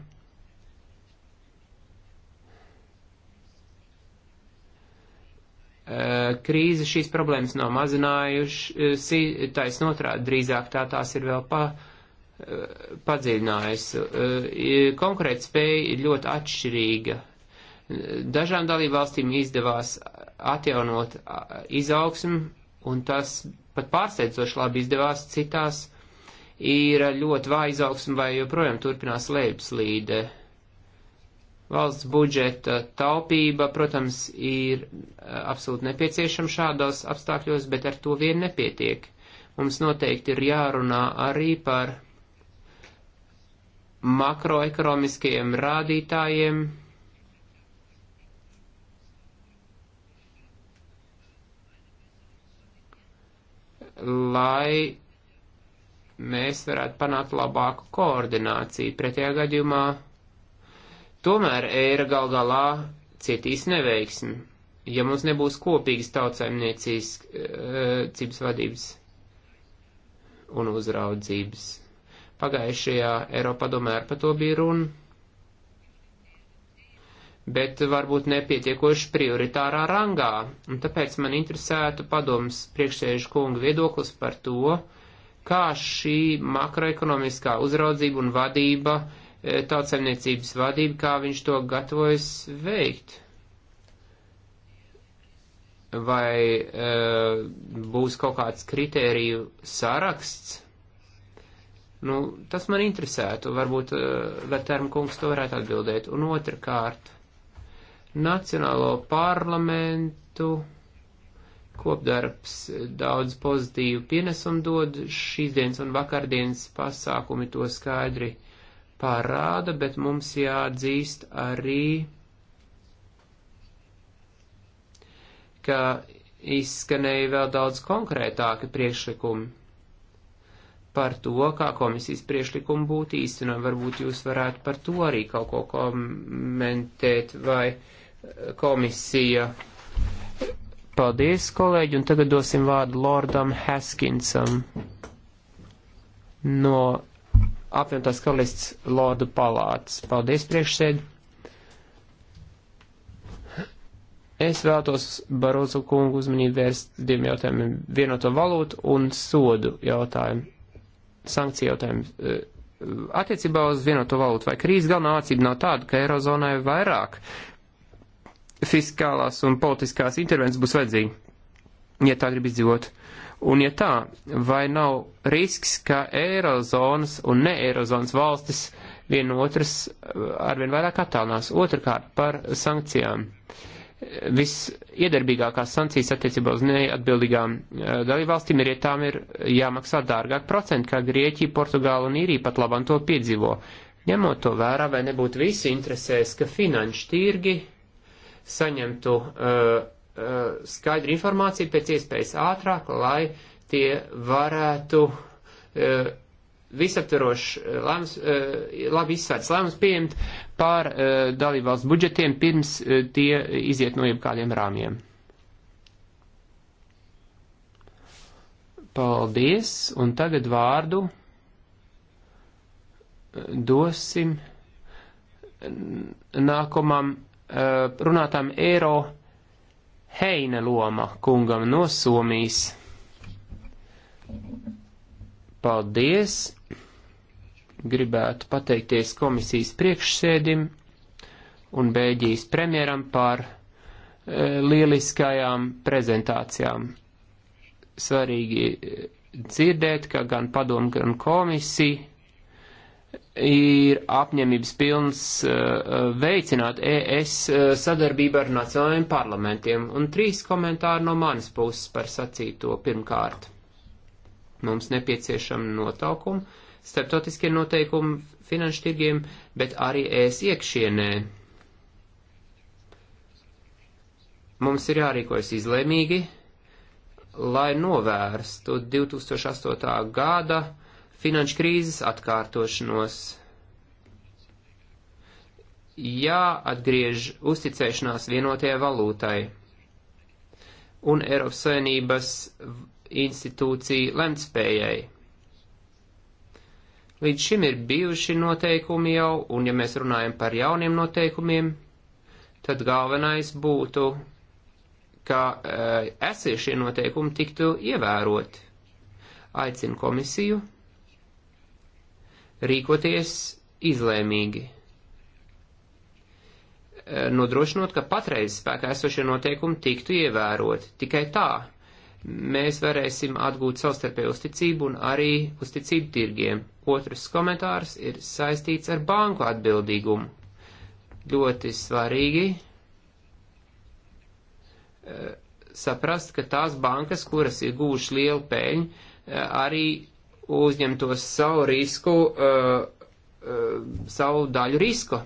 Eh, krīze šīs problēmas nav mazinājuši, eh, taisn otrādi drīzāk tā tās ir vēl pa, eh, padziļinājusi. Konkurēt spēja ir ļoti atšķirīga. Dažām dalībvalstīm izdevās atjaunot izaugsmu, un tas pat pārsteidzoši labi izdevās citās. Ir ļoti vāja izaugsma vai joprojām turpinās lēpslīde. slīde Valsts budžeta taupība, protams, ir eh, absolūti nepieciešama šādos apstākļos, bet ar to vien nepietiek. Mums noteikti ir jārunā arī par makroekonomiskajiem rādītājiem, lai mēs varētu panākt labāku koordināciju. Pretējā gadījumā Tomēr eira gal galā cietīs neveiksmi, ja mums nebūs kopīgas tautsaimniecības eh, vadības un uzraudzības. Pagājušajā Eiropā domēr par to bija runa, bet varbūt nepietiekoši prioritārā rangā, un tāpēc man interesētu padoms priekšsēžu kunga viedoklis par to, kā šī makroekonomiskā uzraudzība un vadība uh, E, tautsaimniecības vadību, kā viņš to gatavojas veikt. Vai e, būs kaut kāds kritēriju saraksts? Nu, tas man interesētu, varbūt e, Vetērma kungs to varētu atbildēt. Un otrkārt, Nacionālo parlamentu kopdarbs daudz pozitīvu pienesumu dod, šīs dienas un vakardienas pasākumi to skaidri uh, parāda, bet mums jāatzīst arī, ka izskanēja vēl daudz konkrētāki priekšlikumi par to, kā komisijas priekšlikumu būtu īstenot. Varbūt jūs varētu par to arī kaut ko komentēt vai komisija. Paldies, kolēģi, un tagad dosim vārdu Lordam Haskinsam no apvienotās karalists Lordu palāts. Paldies priekšsēdi. Es vēlētos Barozu kungu uzmanību vērst diviem jautājumiem - vienoto valūtu un sodu jautājumu, sankciju jautājumu. Eh, attiecībā uz vienoto valūtu vai krīzes galvenā mācība nav tāda, ka Eirozonai vairāk fiskālās un politiskās intervences būs vajadzīgi, ja tā grib izdzīvot. Un ja tā, vai nav risks, ka eirozonas un ne eirozonas valstis vienotras eh, arvien vairāk attālinās? Otrakārt par sankcijām. Visiedarbīgākās sankcijas attiecībā uz neatbildīgām eh, dalībvalstīm ir, ja tām ir jāmaksā dārgāk procenti, kā Grieķija, Portugāla un Īrija pat labam to piedzīvo. Ņemot to vērā, vai nebūtu visi interesēs, ka finanšu tirgi saņemtu uh, Uh, skaidru informāciju pēc iespējas ātrāk, lai tie varētu uh, visaptvarošs uh, lēmums, labi izsvērts lēmums pieņemt pār dalībvalsts budžetiem pirms tie iziet no jebkādiem rāmjiem. Paldies, un tagad vārdu dosim nākamam runātām Eiro Heine loma kungam no Somijas. Paldies! Gribētu pateikties komisijas priekšsēdim un Bēģijas premjeram par e, lieliskajām prezentācijām. Svarīgi eh, dzirdēt, ka gan padomu, gan komisija ir apņemības pilns uh, uh veicināt ES uh, sadarbību ar nacionālajiem parlamentiem. Un trīs komentāri no manas puses par sacīto pirmkārt. Mums nepieciešama notaukuma, starptautiskie noteikumi finanšu tirgiem, bet arī ES iekšienē. Mums ir jārīkojas izlēmīgi, lai novērstu 2008. gada finanšu krīzes atkārtošanos. Jāatgriež uzticēšanās vienotajai valūtai un Eiropas Savienības institūciju lemtspējai. Līdz šim ir bijuši noteikumi jau, un ja mēs runājam par jauniem noteikumiem, tad galvenais būtu, ka e, eh, esie šie noteikumi tiktu ievēroti. Aicinu komisiju rīkoties izlēmīgi, e, nodrošinot, ka patreiz spēkā esošie noteikumi tiktu ievēroti. Tikai tā mēs varēsim atgūt savstarpēju uzticību un arī uzticību tirgiem. Otrs komentārs ir saistīts ar banku atbildīgumu. Ļoti svarīgi e, saprast, ka tās bankas, kuras ir gūši lielu peļņu, e, arī uzņemtos savu risku, uh, uh, savu daļu riska,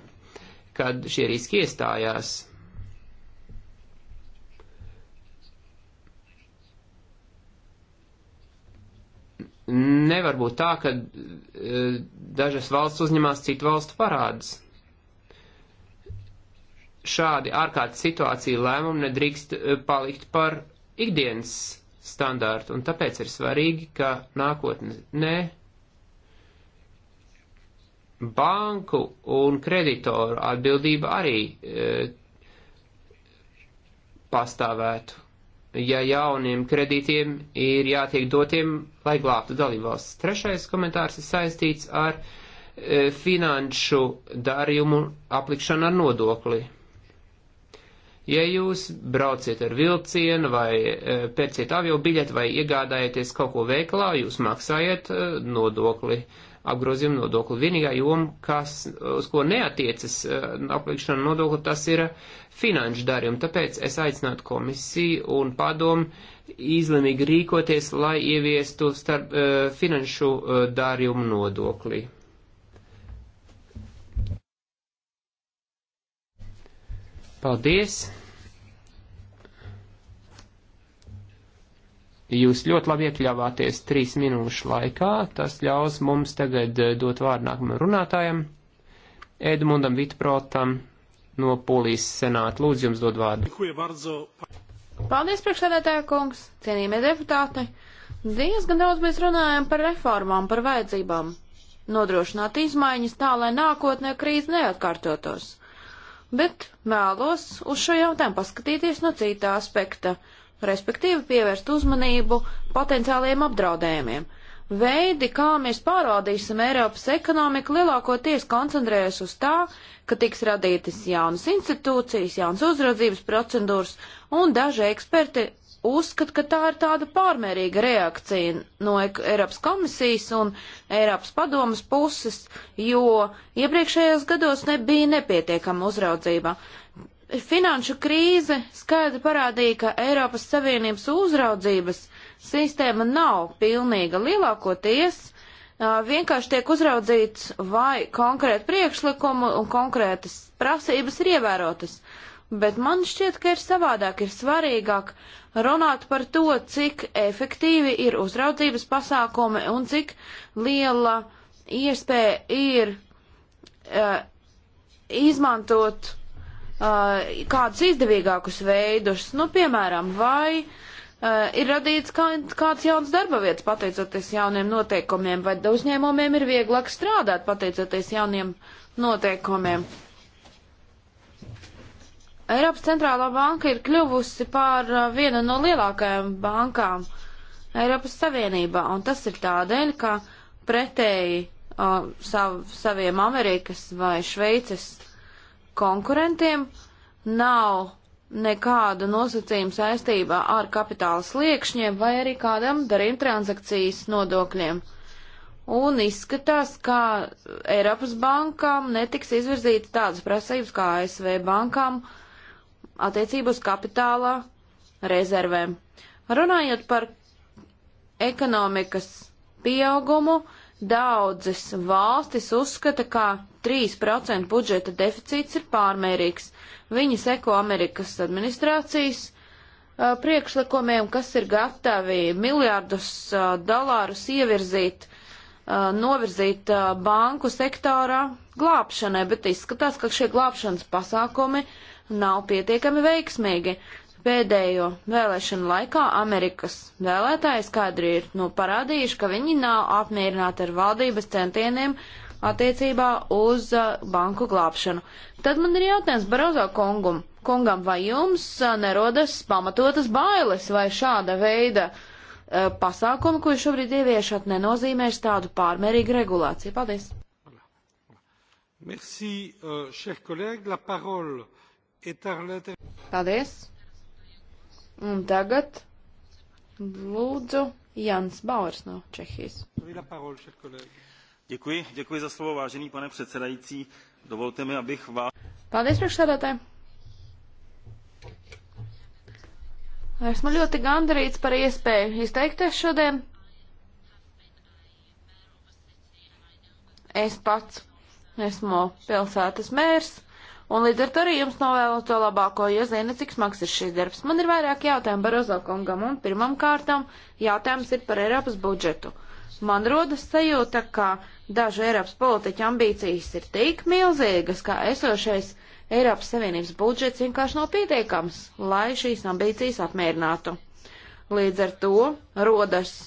kad šie riski iestājās. Nevar būt tā, ka uh, dažas valsts uzņemās citu valstu parādus šādi ārkārtas situācija lēmumi nedrīkst uh, palikt par ikdienas standārtu, un tāpēc ir svarīgi, ka nākotnē banku un kreditoru atbildība arī e, pastāvētu, ja jauniem kredītiem ir jātiek dotiem, lai glābtu dalībvalsts. Trešais komentārs ir saistīts ar e, finanšu darījumu aplikšanu ar nodokli. Ja jūs brauciet ar vilcienu vai e, pērciet avio biļeti vai iegādājaties kaut ko veikalā, jūs maksājat e, nodokli, apgrozījumu nodokli. Vienīgā joma, kas, uz ko neatiecas e, aplikšana nodokli, tas ir finanšu darījumi. Tāpēc es aicinātu komisiju un padomu izlemīgi rīkoties, lai ieviestu starp, finanšu darījumu nodokli. paldies! Jūs ļoti labi iekļāvāties trīs minūšu laikā, tas ļaus mums tagad eh, dot vārdu nākamajam runātājam, Edmundam Vitprotam no Polijas senāta. Lūdzu, jums dod vārdu. Paldies, priekšsēdētāja kungs, cienījamie deputāti. Diezgan daudz mēs runājam par reformām, par vajadzībām. Nodrošināt izmaiņas tā, lai nākotnē krīze neatkārtotos bet vēlos uz šo jautājumu paskatīties no cita aspekta, respektīvi pievērst uzmanību potenciāliem apdraudējumiem. Veidi, kā mēs pārvaldīsim Eiropas ekonomiku, lielākoties koncentrējas uz tā, ka tiks radītas jaunas institūcijas, jaunas uzraudzības procedūras, un daži eksperti uzskata, ka tā ir tāda pārmērīga reakcija no Eiropas komisijas un Eiropas padomas puses, jo iepriekšējos gados nebija nepietiekama uzraudzība. Finanšu krīze skaidri parādīja, ka Eiropas Savienības uzraudzības sistēma nav pilnīga lielākoties. Vienkārši tiek uzraudzīts, vai konkrēti priekšlikumu un konkrētas prasības ir ievērotas. Uh, bet man šķiet, ka ir savādāk, ir svarīgāk runāt par to, cik efektīvi ir uzraudzības pasākumi un cik liela iespēja ir uh, izmantot uh, kādus izdevīgākus veidus, nu, piemēram, vai uh, ir radīts kā, kāds jauns darba vietas pateicoties jauniem noteikumiem, vai uzņēmumiem ir vieglāk strādāt pateicoties jauniem noteikumiem. Uh, Eiropas centrālā banka ir kļuvusi par uh, vienu no lielākajām bankām Eiropas Savienībā, un tas ir tādēļ, ka pretēji uh, sav, saviem Amerikas vai Šveices konkurentiem nav nekādu nosacījumu saistībā ar kapitāla sliekšņiem vai arī kādam darījuma transakcijas nodokļiem. Un izskatās, ka Eiropas bankām netiks izvirzītas tādas prasības kā ASV bankām, uh, attiecību uz kapitālā rezervēm. Runājot par ekonomikas pieaugumu, daudzas valstis uzskata, ka 3% budžeta deficīts ir pārmērīgs. Viņi seko Amerikas administrācijas uh, priekšlikumiem, kas ir gatavi miljārdus uh, dolārus ievirzīt, uh, novirzīt banku sektorā glābšanai, bet izskatās, ka šie glābšanas pasākumi uh, nav pietiekami veiksmīgi. Pēdējo vēlēšanu laikā Amerikas vēlētāji skaidri ir nu, parādījuši, ka viņi nav apmierināti ar valdības centieniem attiecībā uz uh, banku glābšanu. Tad man ir jautājums Barozo kungum, kungam, vai jums uh, nerodas pamatotas bailes vai šāda veida uh, pasākumu, ko jūs šobrīd ieviešat, nenozīmēs tādu pārmērīgu regulāciju. Paldies! Merci, uh, cher collègue. La parole Paldies! Un tagad lūdzu Jans Bauers no Čehijas. Děkuji, děkuji za slovo, vážený pane předsedající. Dovolte mi, abych vás... Paldies, priekšsēdētāji! Esmu ļoti gandarīts par iespēju izteikties šodien. Es pats esmu pilsētas mērs, Un līdz ar to arī jums novēlu to labāko, jo zinu, cik smags ir šis darbs. Man ir vairāk jautājumu Barozo kungam, un pirmam kārtam jautājums ir par Eiropas budžetu. Man rodas sajūta, ka dažu Eiropas politiķu ambīcijas ir tik milzīgas, ka esošais Eiropas Savienības budžets vienkārši nav pietiekams, lai šīs ambīcijas apmierinātu. Līdz ar to rodas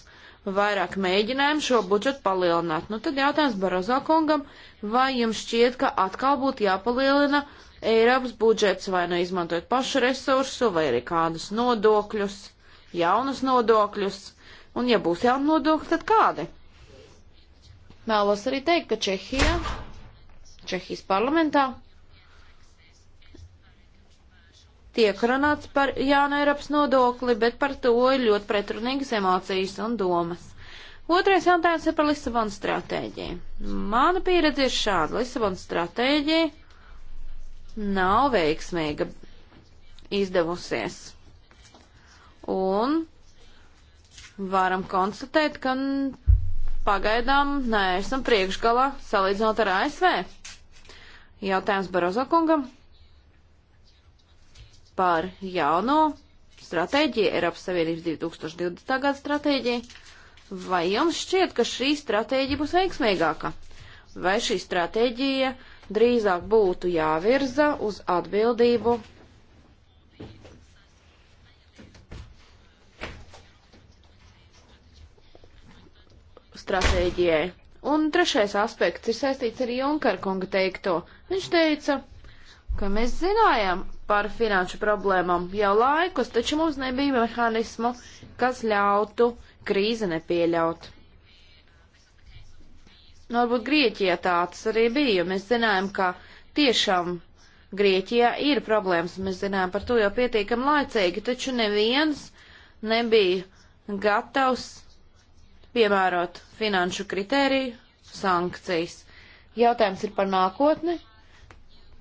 vairāk mēģinājumu šo budžetu palielināt. Nu, tad jautājums Barozo kungam, vai jums šķiet, ka atkal būtu jāpalielina Eiropas budžets, vai nu izmantojot pašu resursu, vai arī kādus nodokļus, jaunus nodokļus, un ja būs jauni nodokļi, tad kādi? Vēlos arī teikt, ka Čehijā, Čehijas parlamentā tiek runāts par jaunu Eiropas nodokli, bet par to ir ļoti pretrunīgas emocijas un domas. Otrais jautājums ir par Lisabonas stratēģiju. Mana pieredze ir šāda. Lisabonas stratēģija nav veiksmīga izdevusies. Un varam konstatēt, ka pagaidām neesam priekšgalā salīdzinot ar ASV. Jautājums Barozo kungam par jauno stratēģiju, Eiropas Savienības 2020. gada stratēģiju. Vai jums šķiet, ka šī stratēģija būs veiksmīgāka? Vai šī stratēģija drīzāk būtu jāvirza uz atbildību stratēģijai. Un trešais aspekts ir saistīts ar Junkara kunga teikto. Viņš teica, ka mēs zinājām, par finanšu problēmām jau laikus, taču mums nebija mehānismu, kas ļautu krīzi nepieļaut. Varbūt Grieķijā tāds arī bija, jo mēs zinājām, ka tiešām Grieķijā ir problēmas, mēs zinājām par to jau pietiekam laicīgi, taču neviens nebija gatavs piemērot finanšu kritēriju sankcijas. Jautājums ir par nākotni.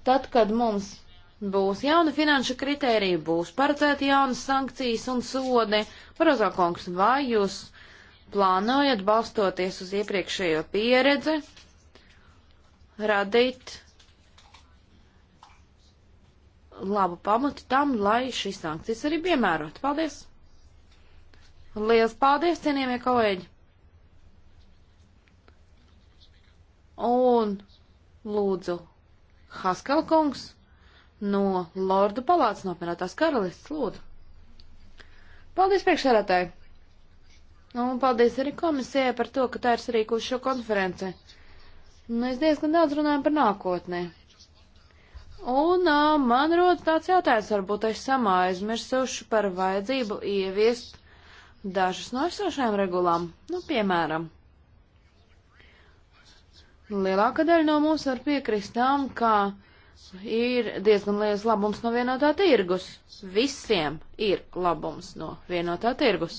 Tad, kad mums Būs jauni finanšu kritēriji, būs paredzēti jaunas sankcijas un sodi. Parozokungs, vai jūs plānojat, balstoties uz iepriekšējo pieredzi, radīt labu pamatu tam, lai šīs sankcijas arī piemērot? Paldies! Lielas paldies, cienījamie kolēģi! Un lūdzu, Haskelkungs! no Lordu palātas nopienātās karalists, lūdzu. Paldies priekšsarātāji! Nu, un paldies arī komisijai par to, ka tā ir sarīkusi šo konferenci. Nu, es diezgan daudz runāju par nākotnē. Un uh, man rodas tāds jautājums, varbūt es samā aizmirsuši par vajadzību ieviest dažas no esošajām regulām. Nu, piemēram, lielākā daļa no mums var piekrist tam, ka ir diezgan liels labums no vienotā tirgus. Visiem ir labums no vienotā tirgus.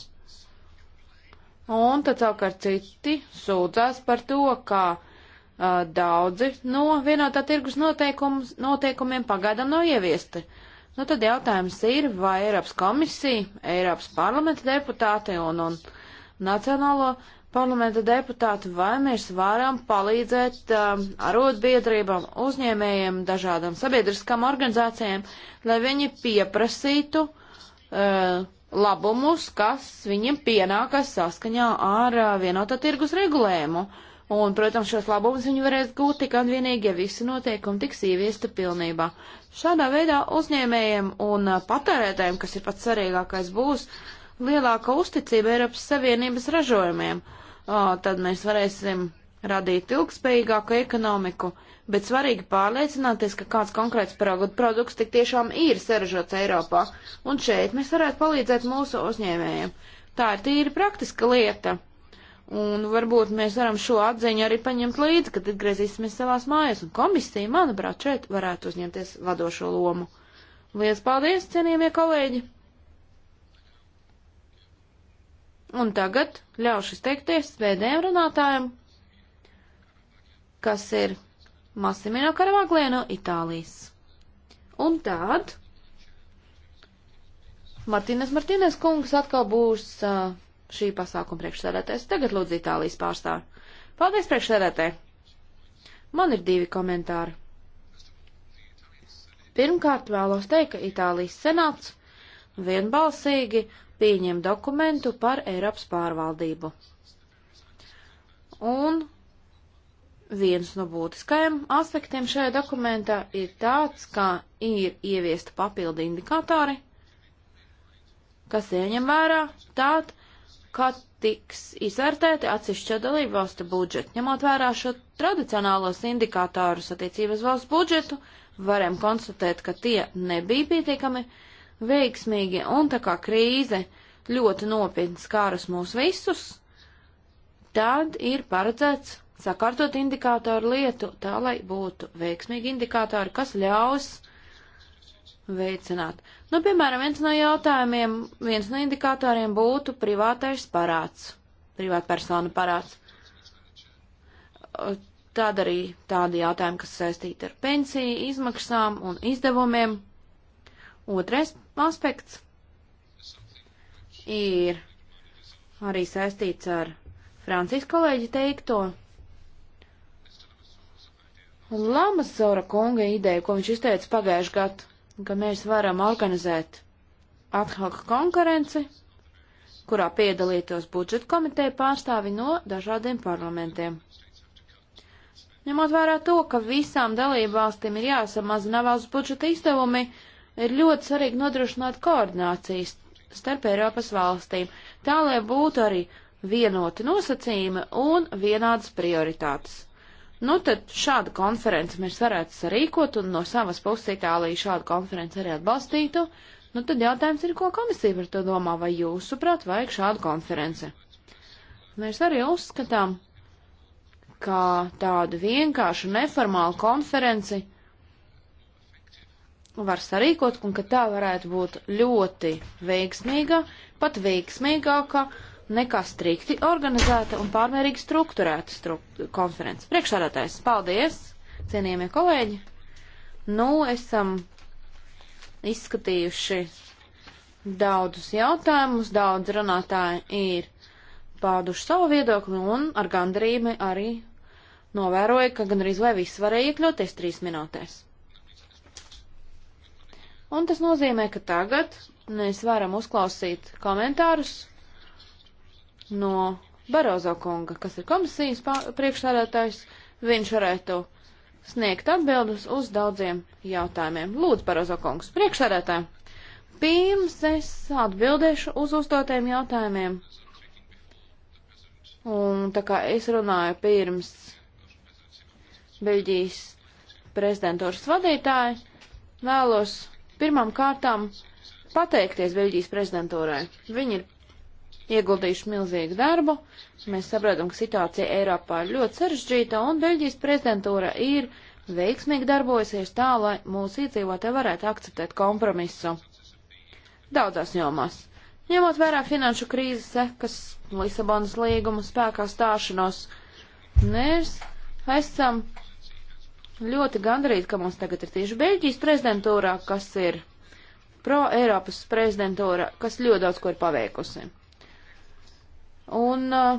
Un tad savukārt citi sūdzās par to, ka uh, daudzi no vienotā tirgus noteikumiem pagaidām nav ieviesti. Nu tad jautājums ir, vai Eiropas komisija, Eiropas parlamenta deputāti un, un Nacionālo uh, parlamenta deputāti, vai mēs varam palīdzēt um, arotbiedrībām, uzņēmējiem, dažādām sabiedriskām organizācijām, lai viņi pieprasītu uh, labumus, kas viņiem pienākas saskaņā ar uh, vienotā tirgus regulējumu. Un, protams, šos labumus viņi varēs gūt tikai un vienīgi, ja visi noteikumi tiks ieviesti pilnībā. Šādā veidā uzņēmējiem un uh, patērētājiem, kas ir pats svarīgākais, būs uh, lielāka uzticība Eiropas Savienības ražojumiem, o, tad mēs varēsim radīt ilgspējīgāku ekonomiku, bet svarīgi pārliecināties, ka kāds konkrēts produkts tik tiešām ir saražots Eiropā, un šeit mēs varētu palīdzēt mūsu uzņēmējiem. Tā ir tīri praktiska lieta, un varbūt mēs varam šo atziņu arī paņemt līdzi, kad atgriezīsimies savās mājās, un komisija, manuprāt, šeit varētu uzņemties vadošo lomu. Lielas paldies, cienījamie kolēģi! Un tagad ļaušu izteikties pēdējiem runātājiem, kas ir Massimino Karavaglie no Itālijas. Un tād Martīnes Martīnes kungs atkal būs uh, šī pasākuma priekšsēdētājs. Tagad lūdzu Itālijas pārstāvi. Paldies priekšsēdētē! Man ir divi komentāri. Pirmkārt vēlos teikt, ka Itālijas senāts vienbalsīgi pieņem dokumentu par Eiropas pārvaldību. Un viens no būtiskajiem aspektiem šajā dokumentā ir tāds, ka ir ieviesta papildi indikātori, kas ieņem vērā tād, kad tiks izvērtēti atsevišķo dalību valstu budžeti. Ņemot vērā šo tradicionālos indikātorus attiecības valsts budžetu, varam konstatēt, ka tie nebija pietiekami uh, veiksmīgi, un tā kā krīze ļoti nopietni skāras mūs visus, tad ir paredzēts sakārtot indikātoru lietu tā, lai būtu veiksmīgi indikātori, kas ļaus veicināt. Nu, piemēram, viens no jautājumiem, viens no indikātoriem būtu privātais parāds, privātpersonu parāds. Tad arī tādi jautājumi, kas saistīti ar pensiju, izmaksām un izdevumiem. Otrais aspekts ir arī saistīts ar Francijas kolēģi teikto. Lamas Zora kunga ideja, ko viņš izteica pagājušajā gadā, ka mēs varam organizēt atkal konkurenci, kurā piedalītos budžeta komiteja pārstāvi no dažādiem parlamentiem. Ņemot vērā to, ka visām dalībvalstīm ir jāsamazina valsts budžeta izdevumi, uh, ir ļoti svarīgi nodrošināt koordinācijas starp Eiropas valstīm, tā lai būtu arī vienoti nosacījumi un vienādas prioritātes. Nu, tad šādu konferenci mēs varētu sarīkot, un no savas puses Itālija šādu konferenci arī atbalstītu. Nu, tad jautājums ir, ko komisija par to domā, vai jūsuprāt vajag šādu konferenci? Mēs arī uzskatām, ka tādu vienkāršu neformālu konferenci var sarīkot un ka tā varētu būt ļoti veiksmīga, pat veiksmīgāka nekā strikti organizēta un pārmērīgi strukturēta struk konferences. Priekšsādātājs, paldies, cienījamie kolēģi! Nu, esam izskatījuši daudzus jautājumus, daudz runātāji ir pauduši savu viedokli un ar gandarību arī novēroju, ka gandrīz vai viss varēja iekļauties trīs minūtēs. Un tas nozīmē, ka tagad mēs varam uzklausīt komentārus no Barozo kunga, kas ir komisijas priekšsādātājs. Viņš varētu sniegt atbildus uz daudziem jautājumiem. Lūdzu, Barozo kungs, priekšsādātājiem! Pirms es atbildēšu uz uzdotiem jautājumiem. Un tā kā es runāju pirms Beļģijas prezidentūras vadītāja, vēlos Pirmām kārtām pateikties Beļģijas prezidentūrai. Viņi ir ieguldījuši milzīgu darbu. Mēs saprotam, ka situācija Eiropā ir ļoti sarežģīta, un Beļģijas prezidentūra ir veiksmīgi darbojusies tā, lai mūsu iedzīvotāji varētu akceptēt kompromisu daudzās jomās. Ņemot vērā finanšu krīzes sekas, Lisabonas līguma spēkā stāšanos, mēs esam ļoti gandarīt, ka mums tagad ir tieši Beļģijas prezidentūrā, kas ir pro-Eiropas prezidentūra, kas ļoti daudz ko ir paveikusi. Un uh,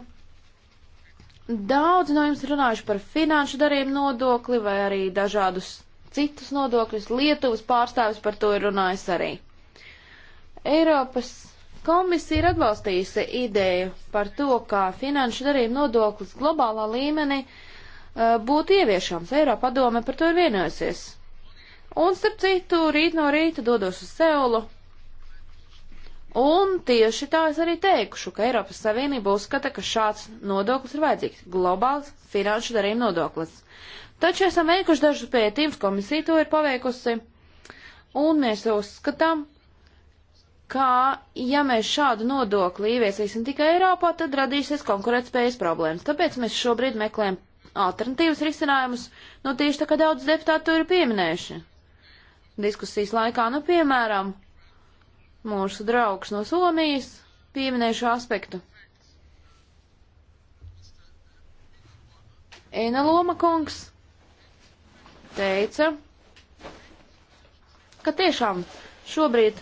daudz no jums runājuši par finanšu darījumu nodokli vai arī dažādus citus nodokļus. Lietuvas pārstāvis par to ir runājis arī. Eiropas komisija ir atbalstījusi ideju par to, kā finanšu darījumu nodoklis globālā līmenī uh, Uh, būtu ieviešams. Eiropa padome par to ir vienojusies. Un, starp citu, rīt no rīta dodos uz Seulu. Un tieši tā es arī teikšu, ka Eiropas Savienība uzskata, ka šāds nodoklis ir vajadzīgs - globāls finanšu darījuma nodoklis. Taču esam veikuši dažus pētījumus, komisija to ir paveikusi, un mēs uzskatām, ka, ja mēs šādu nodokli ieviesīsim tikai Eiropā, tad radīsies konkurētspējas problēmas. Tāpēc mēs šobrīd meklējam alternatīvas risinājumus, nu tieši tā kā daudz deputātu ir pieminējuši. Diskusijas laikā, nu piemēram, mūsu draugs no Somijas pieminēja šo aspektu. Ena Loma kungs teica, ka tiešām šobrīd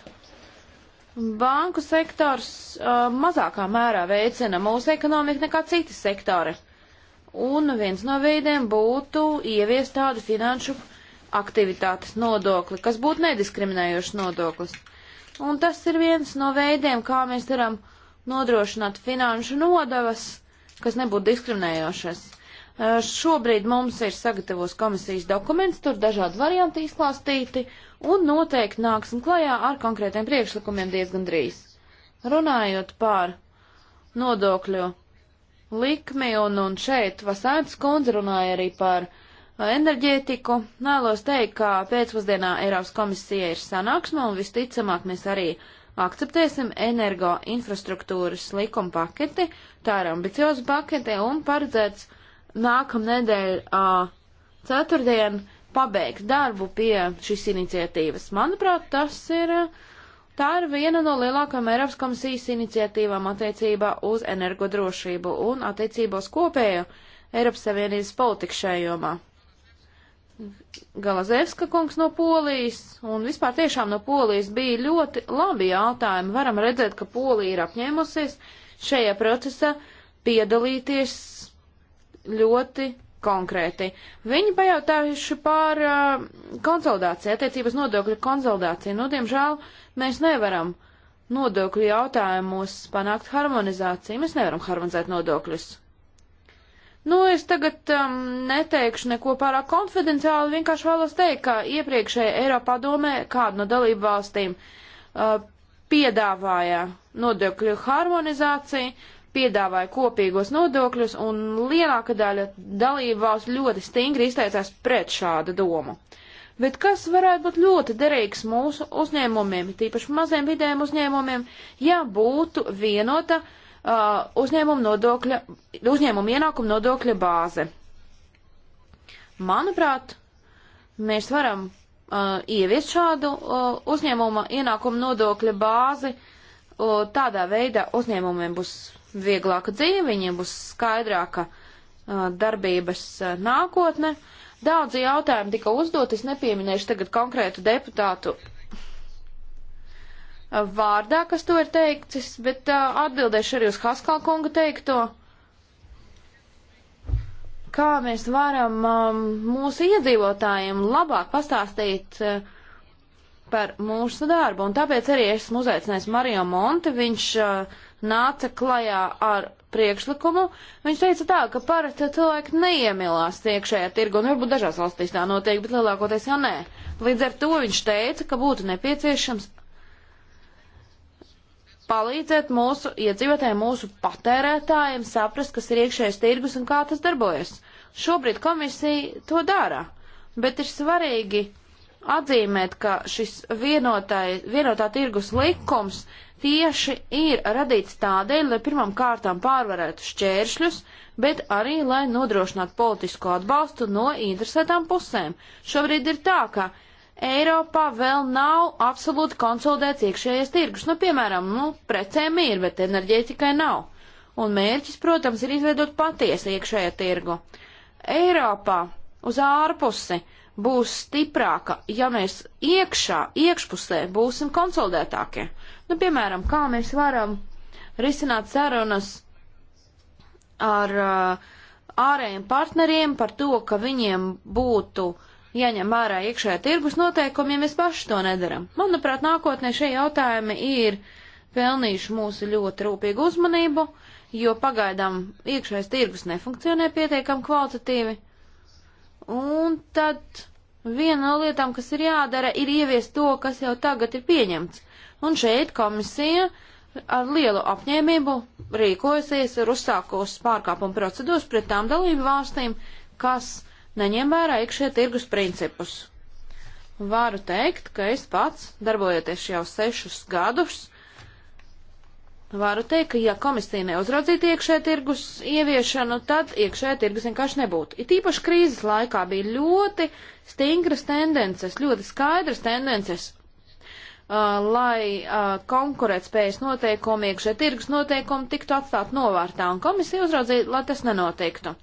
banku sektors uh, mazākā mērā veicina mūsu ekonomiku nekā citi sektori. Un viens no veidiem būtu ieviest tādu finanšu aktivitātes nodokli, kas būtu nediskriminējošs nodoklis. Un tas ir viens no veidiem, kā mēs varam nodrošināt finanšu nodevas, kas nebūtu diskriminējošas. Šobrīd mums ir sagatavos komisijas dokuments, tur dažādi varianti izklāstīti, un noteikti nāksim klajā ar konkrētiem priekšlikumiem diezgan drīz. Runājot par nodokļu likmi, un, un šeit Vasārds kundze runāja arī par uh, enerģētiku. Nālos teikt, ka pēcpusdienā Eiropas komisija ir sanāksme, un visticamāk mēs arī akceptēsim energo infrastruktūras likuma paketi. Tā ir ambicioza pakete un paredzēts nākamnedēļ uh, ceturtdien pabeigt darbu pie šīs iniciatīvas. Manuprāt, tas ir uh, Tā ir viena no lielākām Eiropas komisijas iniciatīvām attiecībā uz energodrošību un attiecībā uz kopējo Eiropas Savienības politiku šajā jomā. Galazevska kungs no Polijas un vispār tiešām no Polijas bija ļoti labi jautājumi. Varam redzēt, ka Polija ir apņēmusies šajā procesā piedalīties ļoti konkrēti. Viņi pajautājuši par uh, konsolidāciju, attiecības nodokļu konsolidāciju. Nu, diemžēl Mēs nevaram nodokļu jautājumos panākt harmonizāciju. Mēs nevaram harmonizēt nodokļus. Nu, es tagad um, neteikšu neko pārāk konfidenciāli, vienkārši vēlos teikt, ka iepriekšējā Eiropā domē kādu no dalību valstīm uh, piedāvāja nodokļu harmonizāciju, piedāvāja kopīgos nodokļus, un lielāka daļa dalību valsts ļoti stingri izteicās pret šādu domu. Uh, Bet kas varētu būt ļoti derīgs mūsu uzņēmumiem, tīpaši maziem vidējiem uzņēmumiem, ja būtu vienota uh, uzņēmuma nodokļa, uzņēmuma ienākuma nodokļa bāze? Manuprāt, mēs varam uh, ieviest šādu uh, uzņēmuma ienākuma nodokļa bāzi. Uh, tādā veidā uzņēmumiem būs vieglāka dzīve, viņiem būs skaidrāka uh, darbības uh, nākotne. Uh, Daudzi jautājumi tika uzdot, es nepieminēšu tagad konkrētu deputātu vārdā, kas to ir teicis, bet uh, atbildēšu arī uz Haskala kunga teikto. Kā mēs varam um, mūsu iedzīvotājiem labāk pastāstīt uh, par mūsu darbu, un tāpēc arī esmu uzaicinājis Mario Monti, viņš uh, nāca klajā ar priekšlikumu, viņš teica tā, ka parasti cilvēki neiemīlās iekšējā tirgu, un varbūt dažās valstīs tā notiek, bet lielākoties jau nē. Līdz ar to viņš teica, ka būtu nepieciešams palīdzēt mūsu iedzīvotājiem, mūsu patērētājiem saprast, kas ir iekšējais tirgus un kā tas darbojas. Šobrīd komisija to dara, bet ir svarīgi atzīmēt, ka šis vienotai, vienotā tirgus likums tieši ir radīts tādēļ, lai pirmām kārtām pārvarētu šķēršļus, bet arī, lai nodrošinātu politisko atbalstu no interesētām pusēm. Šobrīd ir tā, ka Eiropā vēl nav absolūti konsolidēts iekšējais tirgus. Nu, piemēram, nu, precēm ir, bet enerģētikai nav. Un mērķis, protams, ir izveidot patiesu iekšējo tirgu. Eiropā uz ārpusi uh, būs stiprāka, ja mēs iekšā, iekšpusē būsim konsolidētākie. Nu, piemēram, kā mēs varam risināt sarunas ar uh, ārējiem partneriem par to, ka viņiem būtu jāņem vērā iekšējā tirgus noteikumi, ja mēs paši to nedaram. Manuprāt, nākotnē šie jautājumi ir pelnījuši mūsu ļoti rūpīgu uzmanību, jo pagaidām iekšējais tirgus nefunkcionē pietiekam kvalitatīvi. Un tad viena no lietām, kas ir jādara, ir ieviest to, kas jau tagad ir pieņemts. Un šeit komisija ar lielu apņēmību rīkojasies ir uzsākos pārkāpumu procedūras pret tām dalību valstīm, kas neņem vērā iekšē tirgus principus. Varu teikt, ka es pats, darbojoties jau sešus gadus, Varu teikt, ka ja komisija neuzraudzītu iekšē tirgus ieviešanu, tad iekšē tirgus vienkārši nebūtu. It īpaši krīzes laikā bija ļoti stingras tendences, ļoti skaidras tendences, uh, lai uh, konkurētspējas noteikumi, iekšē tirgus noteikumi tiktu atstāt novārtā un komisija uzraudzītu, lai tas nenotiktu.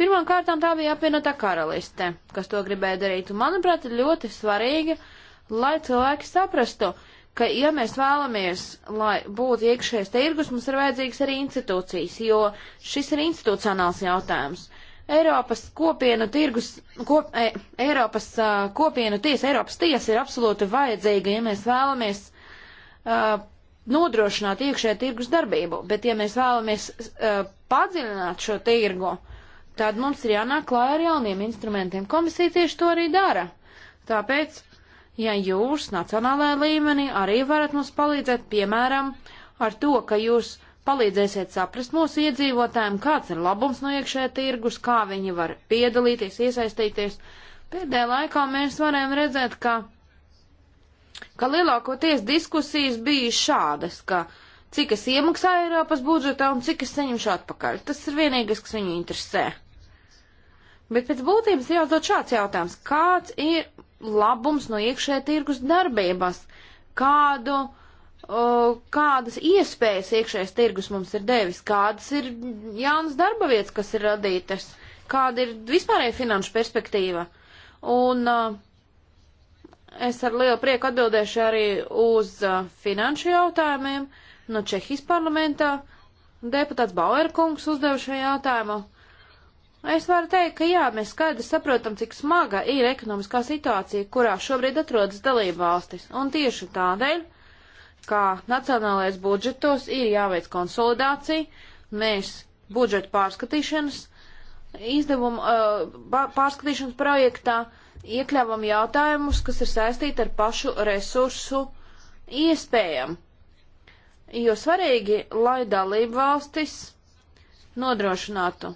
Pirmām kārtām tā bija apvienotā karaliste, kas to gribēja darīt, un manuprāt, ļoti svarīgi, lai cilvēki saprastu, uh, ka, ja mēs vēlamies, lai būtu iekšējais tirgus, mums ir vajadzīgs arī institūcijas, jo šis ir institucionāls jautājums. Eiropas kopienu tirgus, kop, e, Eiropas uh, kopienu tiesa, Eiropas tiesa ir absolūti vajadzīga, ja mēs vēlamies uh, nodrošināt iekšējā tirgus darbību, bet ja mēs vēlamies uh, padziļināt šo tirgu, tad mums ir jānāk klāja ar jauniem instrumentiem. Komisija tieši to arī dara. Tāpēc ja jūs nacionālajā līmenī arī varat mums palīdzēt, piemēram, ar to, ka jūs palīdzēsiet saprast mūsu iedzīvotājiem, kāds ir labums no iekšējā tirgus, kā viņi var piedalīties, iesaistīties. Pēdējā laikā mēs varējām redzēt, ka, ka lielākoties diskusijas bija šādas, ka cik es iemaksāju Eiropas budžetā un cik es saņemšu atpakaļ. Tas ir vienīgais, kas viņu interesē. Bet pēc būtības jāuzdod šāds jautājums. Kāds ir labums no iekšē tirgus darbības, kādu, uh, kādas iespējas iekšējais tirgus mums ir devis, kādas ir jaunas darba vietas, kas ir radītas, kāda ir vispārēja finanšu perspektīva. Un uh, es ar lielu prieku atbildēšu arī uz uh, finanšu jautājumiem no Čehijas parlamentā. Deputāts Bauerkungs uzdeva šo jautājumu. Es varu teikt, ka jā, mēs skaidri saprotam, cik smaga ir ekonomiskā situācija, kurā šobrīd atrodas dalība valstis. Un tieši tādēļ, kā nacionālais budžetos ir jāveic konsolidācija, mēs budžeta pārskatīšanas izdevumu, pārskatīšanas projektā iekļāvam jautājumus, kas ir saistīti ar pašu resursu iespējam. Jo svarīgi, lai dalība valstis nodrošinātu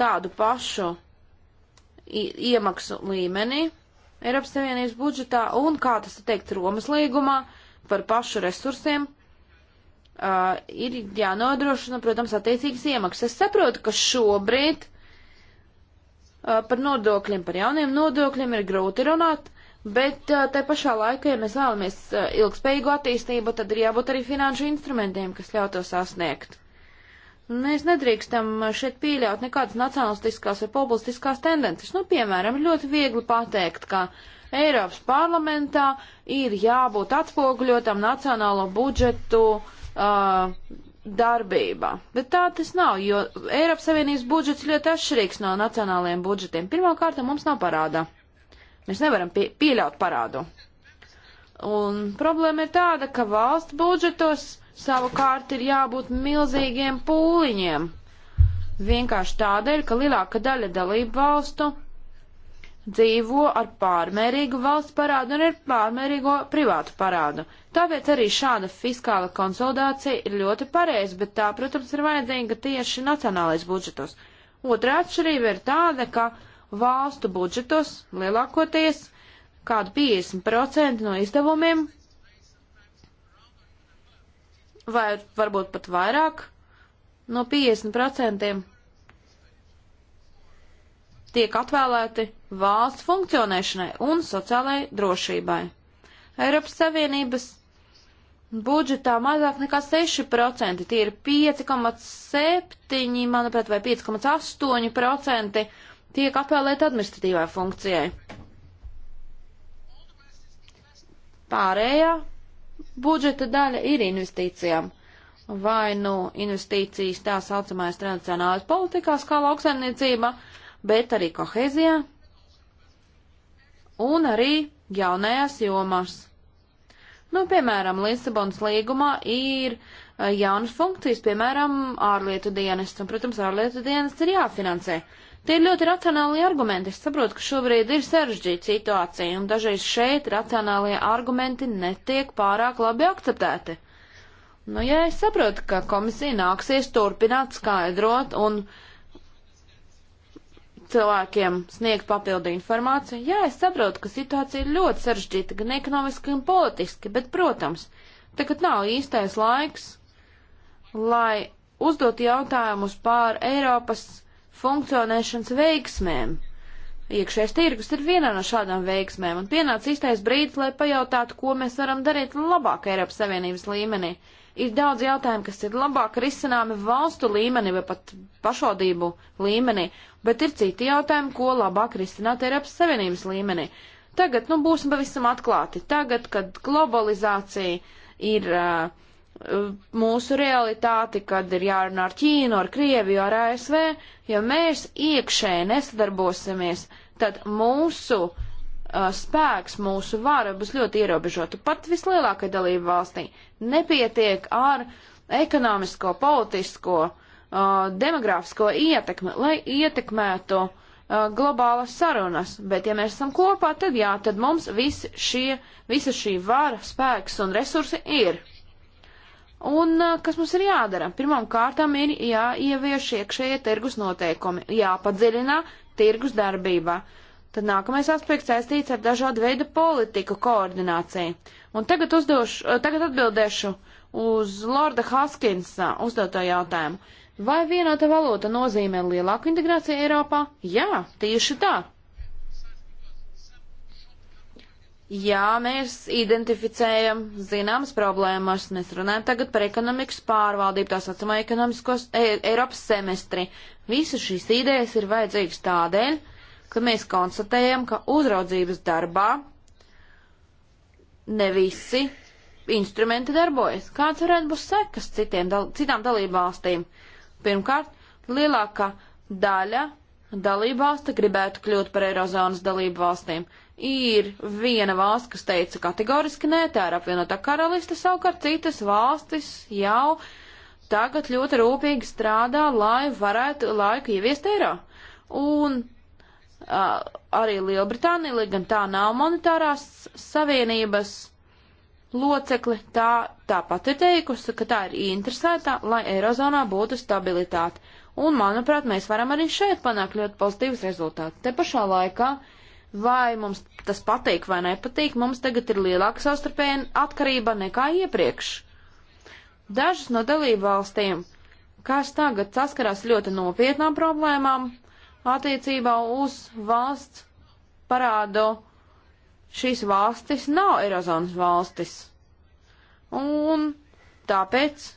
tādu pašu iemaksu līmeni Eiropas Savienības budžetā un, kā tas ir teikt, Romas līgumā par pašu resursiem, uh, ir jānodrošina, protams, attiecīgas iemaksas. Es saprotu, ka šobrīd uh, par nodokļiem, par jauniem nodokļiem ir grūti runāt, bet uh, te pašā laikā, ja mēs vēlamies uh, ilgspējīgu attīstību, tad ir jābūt arī finanšu instrumentiem, kas ļautu to sasniegt. Mēs nedrīkstam šeit pieļaut nekādas nacionalistiskās vai populistiskās tendences. Nu, piemēram, ļoti viegli pateikt, ka Eiropas parlamentā ir jābūt atspoguļotam nacionālo budžetu uh, darbībā. Bet tā tas nav, jo Eiropas Savienības budžets ļoti atšķirīgs no nacionālajiem budžetiem. Pirmkārt, mums nav parāda. Mēs nevaram pie, pieļaut parādu. Un problēma ir tāda, ka valsts budžetos savukārt ir jābūt milzīgiem pūliņiem. Vienkārši tādēļ, ka lielāka daļa dalību valstu dzīvo ar pārmērīgu valsts parādu un ar pārmērīgo privātu parādu. Tāpēc arī šāda fiskāla konsolidācija ir ļoti pareiza, bet tā, protams, ir vajadzīga tieši nacionālais budžetos. Otra atšķirība ir tāda, ka valstu budžetos lielākoties kādu 50% no izdevumiem vai varbūt pat vairāk no 50% tiek atvēlēti valsts funkcionēšanai un sociālajai drošībai. Eiropas Savienības budžetā mazāk nekā 6%, tie ir 5,7, manuprāt, vai 5,8% tiek atvēlēti administratīvai funkcijai. Pārējā budžeta daļa ir investīcijām. Vai nu investīcijas tā saucamais tradicionālais politikās kā lauksaimniecība, bet arī kohezijā un arī jaunajās jomās. Nu, piemēram, Lisabonas līgumā ir eh, jaunas funkcijas, piemēram, ārlietu dienests, un, protams, ārlietu dienests ir jāfinansē. Uh, Tie ir ļoti racionāli argumenti. Es saprotu, ka šobrīd ir sarežģīta situācija, un dažreiz šeit racionālie argumenti netiek pārāk labi akceptēti. Nu, ja es saprotu, ka komisija nāksies turpināt skaidrot un cilvēkiem sniegt papildu informāciju, jā, es saprotu, ka situācija ir ļoti sarežģīta gan ekonomiski, gan politiski, bet, protams, tagad nav īstais laiks, lai uzdot jautājumus pār Eiropas funkcionēšanas veiksmēm. Iekšējais tirgus ir viena no šādām veiksmēm, un pienāca īstais brīdis, lai pajautātu, ko mēs varam darīt labāk Eiropas Savienības līmenī. Ir daudz jautājumu, kas ir labāk risināmi valstu līmenī vai pat pašvaldību līmenī, bet ir citi jautājumi, ko labāk risināt Eiropas Savienības līmenī. Tagad, nu, būsim pavisam atklāti. Tagad, kad globalizācija ir uh, mūsu realitāti, kad ir jārunā ar Ķīnu, ar Krieviju, ar ASV, ja mēs iekšēji nesadarbosimies, tad mūsu uh, spēks, mūsu vara būs ļoti ierobežota. Pat vislielākai dalību valstī nepietiek ar ekonomisko, politisko, uh, demografisko ietekmi, lai ietekmētu uh, globālas sarunas, bet ja mēs esam kopā, tad jā, tad mums visi šie, visa šī vara, spēks un resursi ir. Un kas mums ir jādara? Pirmām kārtām ir jāievieš iekšējie tirgus noteikumi, jāpadziļinā tirgus darbībā. Tad nākamais aspekts saistīts ar dažādu veidu politiku koordināciju. Un tagad, uzdošu, tagad atbildēšu uz Lorda Haskinsa uzdoto jautājumu. Vai vienota valūta nozīmē lielāku integrāciju Eiropā? Jā, tieši tā. Jā, mēs identificējam zināmas problēmas. Mēs runājam tagad par ekonomikas pārvaldību, tā saucamo ekonomisko e Eiropas semestri. Visas šīs idejas ir vajadzīgas tādēļ, ka mēs konstatējam, ka uzraudzības darbā ne visi instrumenti darbojas. Kāds varētu būt sekas citiem, dal citām dalībvalstīm? Pirmkārt, lielākā daļa dalībvalsta gribētu kļūt par Eirozonas dalībvalstīm. Ir viena valsts, kas teica kategoriski nē, tā ir apvienotā karaliste, savukārt citas valstis jau tagad ļoti rūpīgi strādā, lai varētu laiku ieviest eiro. Un Uh, arī Lielbritānija, lai gan tā nav monetārās savienības locekli, tā tāpat ir teikusi, ka tā ir interesētā, lai Eirozonā būtu stabilitāte. Un, manuprāt, mēs varam arī šeit panākt ļoti pozitīvus rezultātus. Te pašā laikā uh, vai mums tas patīk vai nepatīk, mums tagad ir lielāka savstarpēja atkarība nekā iepriekš. Dažas no dalību valstīm, kas tagad saskarās ļoti nopietnām problēmām attiecībā uz valsts parādu, šīs valstis nav Eirozonas valstis. Un tāpēc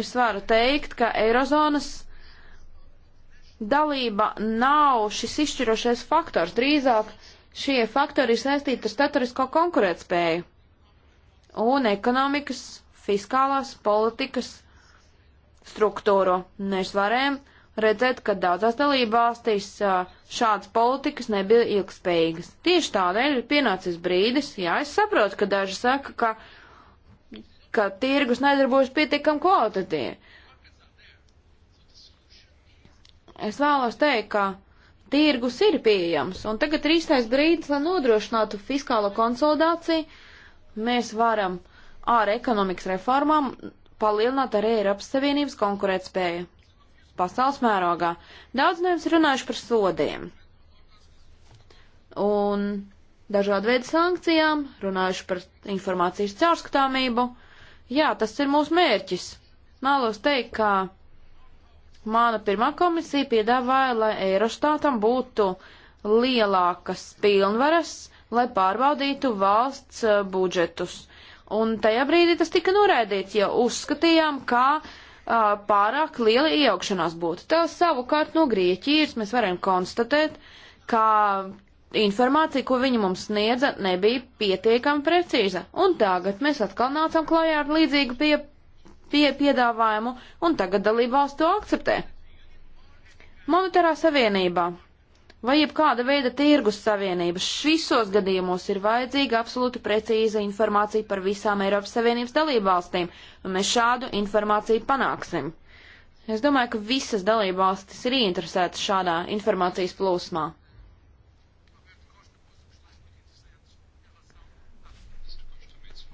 es varu teikt, ka Eirozonas dalība nav šis izšķirošais faktors. Drīzāk šie faktori ir saistīti ar statorisko konkurētspēju un ekonomikas, fiskālās, politikas struktūru. Mēs varējām redzēt, ka daudzās dalībvalstīs šādas politikas nebija ilgspējīgas. Tieši tādēļ ir pienācis brīdis, jā, es saprotu, ka daži saka, ka, ka tirgus nedarbojas pietiekam kvalitatīvi. Es vēlos teikt, ka tirgus ir pieejams, un tagad ir īstais brīdis, lai nodrošinātu fiskālo konsolidāciju. Mēs varam ar ekonomikas reformām palielināt arī Eiropas Savienības konkurētspēju pasaules mērogā. Daudz no jums runājuši par sodiem un dažādu veidu sankcijām, runājuši par informācijas caurskatāmību. Jā, tas ir mūsu mērķis. Nālos teikt, ka Mana pirmā komisija piedāvāja, lai Eirostātam būtu lielākas pilnvaras, lai pārbaudītu valsts eh, budžetus. Un tajā brīdī tas tika noraidīts, jo uzskatījām, ka uh, pārāk liela iejaukšanās būtu. Tā savukārt no Grieķijas mēs varam konstatēt, ka informācija, ko viņi mums sniedza, nebija pietiekami precīza. Un tagad mēs atkal nācam klājā ar līdzīgu pie, pie piedāvājumu, un tagad dalībvalsts to akceptē. Monetārā savienībā vai jebkāda veida tirgus savienības švisos gadījumos ir vajadzīga absolūti precīza informācija par visām Eiropas Savienības dalībvalstīm, un mēs šādu informāciju panāksim. Es domāju, ka visas dalībvalstis ir ieinteresētas šādā informācijas plūsmā.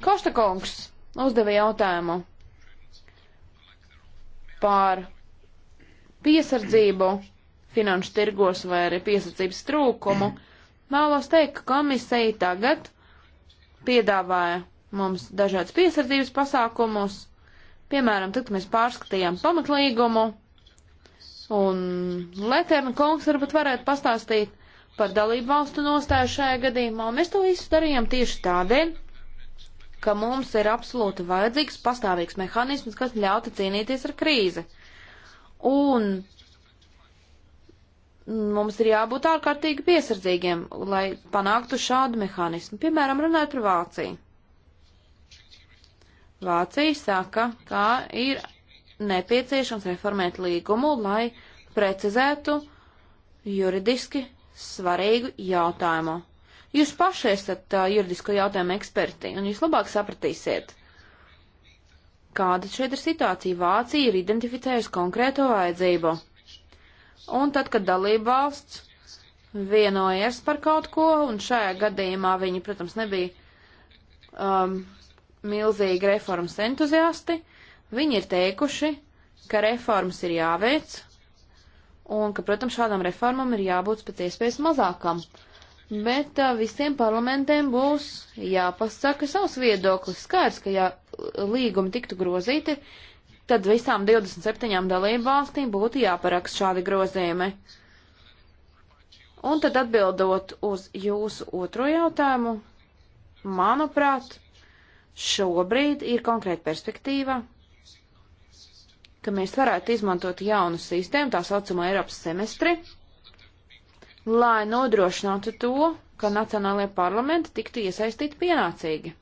Koštakungs uzdeva jautājumu par piesardzību finanšu tirgos vai arī piesardzības trūkumu, vēlos teikt, ka komisija tagad piedāvāja mums dažādas piesardzības pasākumus, piemēram, tad, kad mēs pārskatījām pamatlīgumu, un Leterna kungs varbūt varētu pastāstīt par dalību valstu nostāju šajā gadījumā, un mēs to visu darījām tieši tādēļ, ka mums ir absolūti vajadzīgs pastāvīgs mehānisms, kas ļautu cīnīties ar krīzi. Un mums ir jābūt ārkārtīgi piesardzīgiem, lai panāktu šādu mehānismu. Piemēram, runājot par Vāciju. Vācija saka, ka ir nepieciešams reformēt līgumu, lai precizētu juridiski svarīgu jautājumu. Jūs paši esat uh, juridisko jautājumu eksperti, un jūs labāk sapratīsiet, kāda šeit ir situācija. Vācija ir identificējusi konkrēto vajadzību. Un tad, kad dalība valsts vienojas par kaut ko, un šajā gadījumā viņi, protams, nebija um, milzīgi reformas entuziasti, viņi ir teikuši, ka reformas ir jāveic, un ka, protams, šādām reformām ir jābūt pēc iespējas mazākam. Uh, bet uh, visiem parlamentiem būs jāpasaka savs viedoklis. Skaidrs, ka ja līgumi tiktu grozīti, tad visām 27 dalību valstīm būtu jāparakst šādi grozījumi. Un tad atbildot uz jūsu otro jautājumu, manuprāt, šobrīd ir konkrēta perspektīva, ka mēs varētu izmantot jaunu sistēmu, tā saucamo Eiropas semestri, lai nodrošinātu to, ka nacionālajie parlamenti tiktu iesaistīti pienācīgi.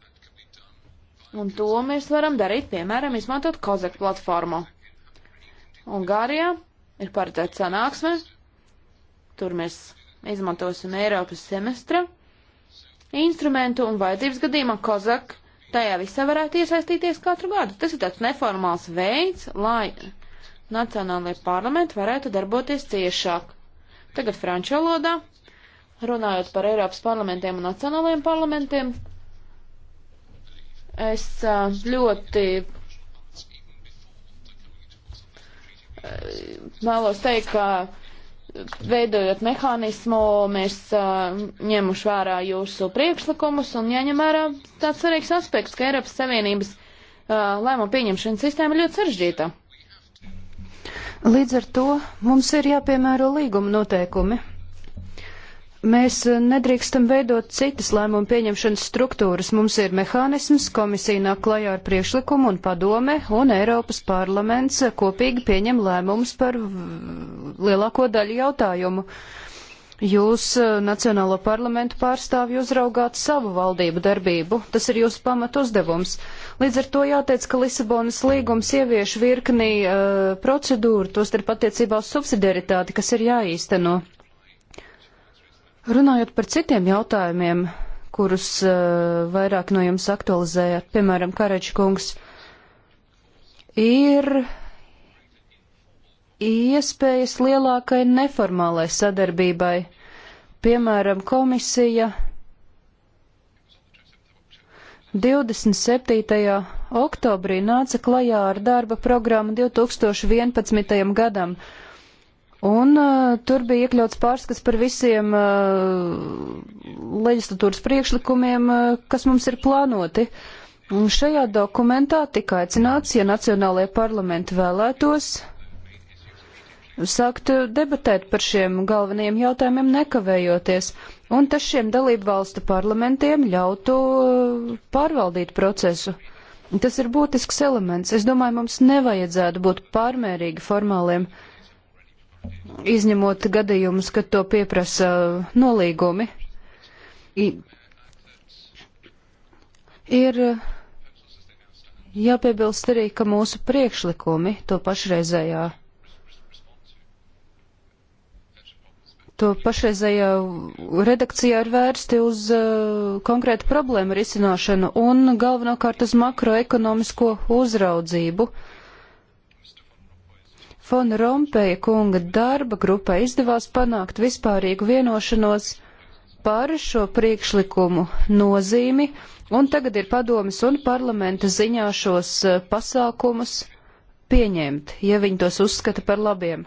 Un to mēs varam darīt, piemēram, izmantot Kozak platformu. Ungārijā ir paredzēta sanāksme, tur mēs izmantosim Eiropas semestra instrumentu un vajadzības gadījumā Kozak tajā visā varētu iesaistīties katru gadu. Tas ir tāds neformāls veids, lai nacionālajie parlamenti varētu darboties ciešāk. Tagad franču valodā, runājot par Eiropas parlamentiem un nacionālajiem parlamentiem. Es ļoti vēlos teikt, ka veidojot mehānismu, mēs ņemuši vērā jūsu priekšlikumus un jāņem vērā tāds svarīgs aspekts, ka Eiropas Savienības lēmumu pieņemšanas sistēma ir ļoti sarežģīta. Līdz ar to mums ir jāpiemēro līguma noteikumi. Mēs eh, nedrīkstam veidot citas lēmumu pieņemšanas struktūras. Mums ir mehānisms, komisija nāk klajā ar priekšlikumu un padome, un Eiropas parlaments eh, kopīgi pieņem lēmumus par lielāko daļu jautājumu. Jūs, eh, Nacionālo parlamentu pārstāvju, uzraugāt savu valdību darbību. Tas ir jūsu pamat uzdevums. Līdz ar to jāteic, ka Lisabonas līgums ievieš virknī uh, procedūru, tostarp attiecībā uz subsidiaritāti, kas ir jāīsteno. Runājot par citiem jautājumiem, kurus uh, vairāk no jums aktualizējāt, piemēram, Kareģkungs, ir iespējas lielākai neformālai sadarbībai. Piemēram, komisija 27. oktobrī nāca klajā ar darba programmu 2011. gadam, un uh, tur bija iekļauts pārskats par visiem uh, leģislatūras priekšlikumiem, uh, kas mums ir plānoti. Un šajā dokumentā tika aicināts, ja Nacionālajie parlamenti vēlētos, sākt debatēt par šiem galvenajiem jautājumiem nekavējoties un tas šiem dalību valstu parlamentiem ļautu uh, pārvaldīt procesu. Tas ir būtisks elements. Es domāju, mums nevajadzētu būt pārmērīgi formāliem, izņemot gadījumus, kad to pieprasa nolīgumi. I, ir uh, jāpiebilst arī, ka mūsu priekšlikumi to pašreizējā to pašreizējā redakcijā ir vērsti uz uh, konkrētu problēmu risināšanu un galvenokārt uz makroekonomisko uzraudzību. Fona Rompeja kunga darba grupai izdevās panākt vispārīgu vienošanos par šo priekšlikumu nozīmi, un tagad ir padomis un parlamenta ziņā šos uh, pasākumus pieņemt, ja viņi tos uzskata par labiem.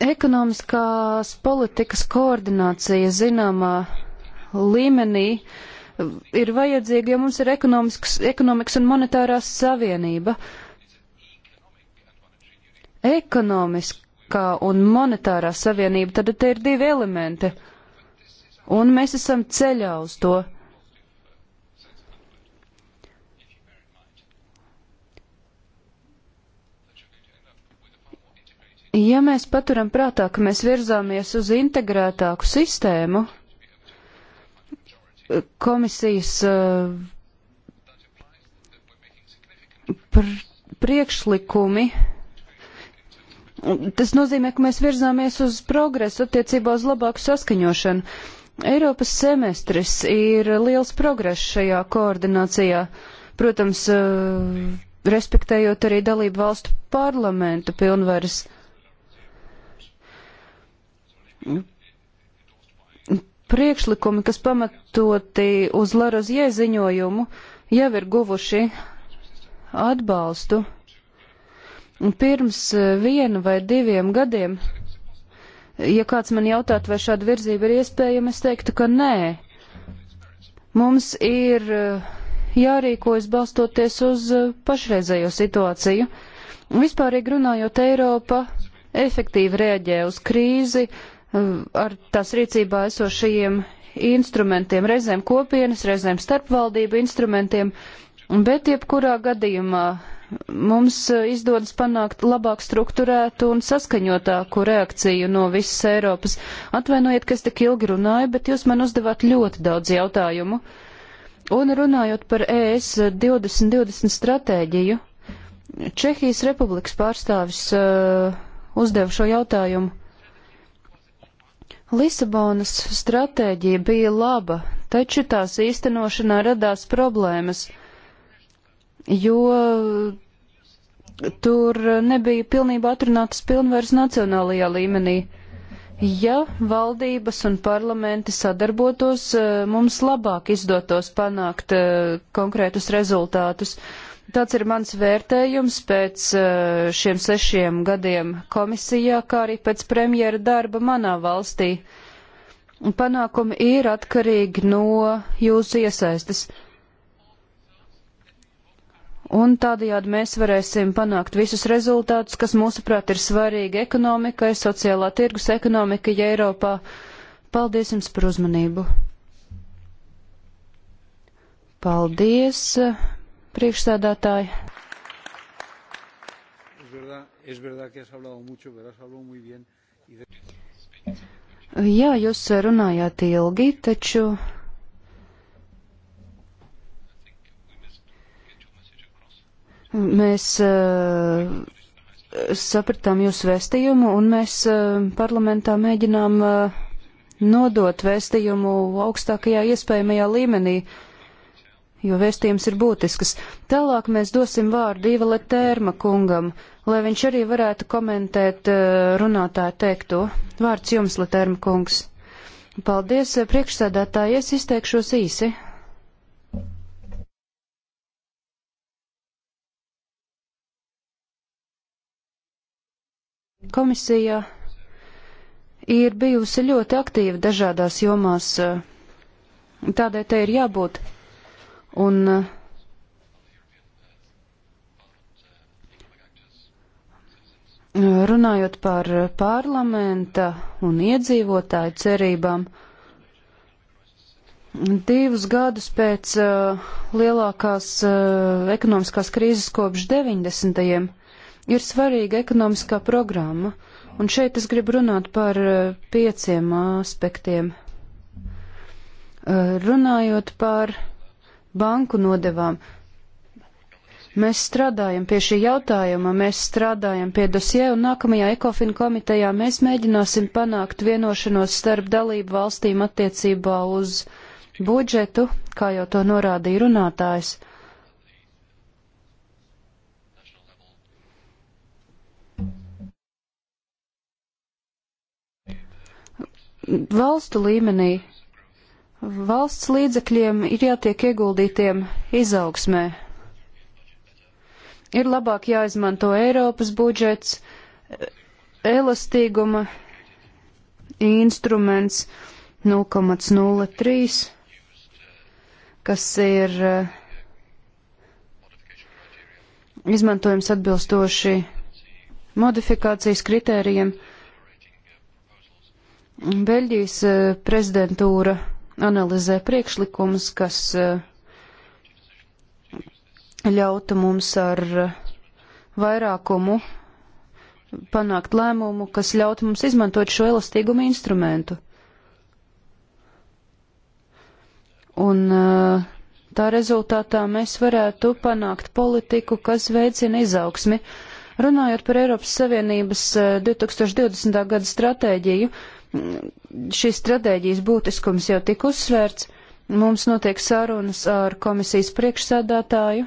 Ekonomiskās politikas koordinācija zināmā līmenī uh, ir vajadzīga, jo mums ir ekonomikas un monetārā savienība. Ekonomiskā un monetārā savienība, tad te ir divi elementi, un mēs esam ceļā uz to. Ja mēs paturam prātā, ka mēs virzāmies uz integrētāku sistēmu, komisijas eh, pr priekšlikumi, tas nozīmē, ka mēs virzāmies uz progresu attiecībā uz labāku saskaņošanu. Eiropas semestris ir liels progress šajā koordinācijā. Protams, eh, respektējot arī dalību valstu parlamentu pilnvaras priekšlikumi, kas pamatoti uz Larozie ziņojumu, jau ir guvuši atbalstu. Pirms eh, vienu vai diviem gadiem, ja kāds man jautātu, vai šāda virzība ir iespējama, es teiktu, ka nē. Mums ir eh, jārīkojas balstoties uz eh, pašreizējo situāciju. Vispārīgi runājot, Eiropa efektīvi reaģē uz krīzi, uh, ar tās rīcībā esošajiem instrumentiem, reizēm kopienas, reizēm starpvaldību instrumentiem, bet jebkurā gadījumā mums eh, izdodas panākt labāk strukturētu un saskaņotāku reakciju no visas Eiropas. Atvainojiet, ka es tik ilgi runāju, bet jūs man uzdevāt ļoti daudz jautājumu. Un runājot par e ES 2020 stratēģiju, Čehijas republikas pārstāvis uh, eh, uzdeva šo jautājumu. Lisabonas stratēģija bija laba, taču tās īstenošanā radās problēmas, jo tur nebija pilnībā atrunātas pilnvaras nacionālajā līmenī. Ja valdības un parlamenti sadarbotos, eh, mums labāk izdotos panākt eh, konkrētus rezultātus. Uh, Tāds ir mans vērtējums pēc eh, šiem sešiem gadiem komisijā, kā arī pēc premjera darba manā valstī. Panākumi ir atkarīgi no jūsu iesaistes. Un tādējādi mēs varēsim panākt visus rezultātus, kas mūsuprāt ir svarīgi ekonomikai, sociālā tirgus ekonomikai Eiropā. Paldies jums par uzmanību! Paldies! priekšsēdētāji. Jā, jūs runājāt ilgi, taču mēs uh, sapratām jūsu vēstījumu un mēs uh, parlamentā mēģinām uh, nodot vēstījumu augstākajā iespējamajā līmenī. Uh, jo vēstījums ir būtisks. Tālāk mēs dosim vārdu Īvale Tērma kungam, lai viņš arī varētu komentēt eh, runātāju teikto. Vārds jums, Letērma kungs. Paldies, eh, priekšsēdētāji, es izteikšos īsi. Komisija ir bijusi ļoti aktīva dažādās jomās, eh, tādēļ te ir jābūt Un eh, runājot par parlamenta un iedzīvotāju cerībām, divus gadus pēc uh, lielākās uh, ekonomiskās krīzes kopš 90. ir svarīga ekonomiskā programma, un šeit es gribu runāt par uh, pieciem aspektiem. Uh, runājot par uh, banku nodevām. Mēs strādājam pie šī jautājuma, mēs strādājam pie dosie, un nākamajā ekofin komitejā mēs mēģināsim panākt vienošanos starp dalību valstīm attiecībā uz budžetu, kā jau to norādīja runātājs. Valstu līmenī Valsts līdzekļiem ir jātiek ieguldītiem izaugsmē. Ir labāk jāizmanto Eiropas budžets, elastīguma instruments 0,03, kas ir eh, izmantojams atbilstoši modifikācijas kritērijiem. Beļģijas eh, prezidentūra analizē priekšlikumus, kas eh, ļautu mums ar eh, vairākumu panākt lēmumu, kas ļautu mums izmantot šo elastīgumu instrumentu. Un eh, tā rezultātā mēs varētu panākt politiku, kas veicina izaugsmi. Runājot par Eiropas Savienības 2020. gada stratēģiju, šīs stratēģijas būtiskums jau tika uzsvērts. Mums notiek sarunas ar komisijas priekšsēdētāju,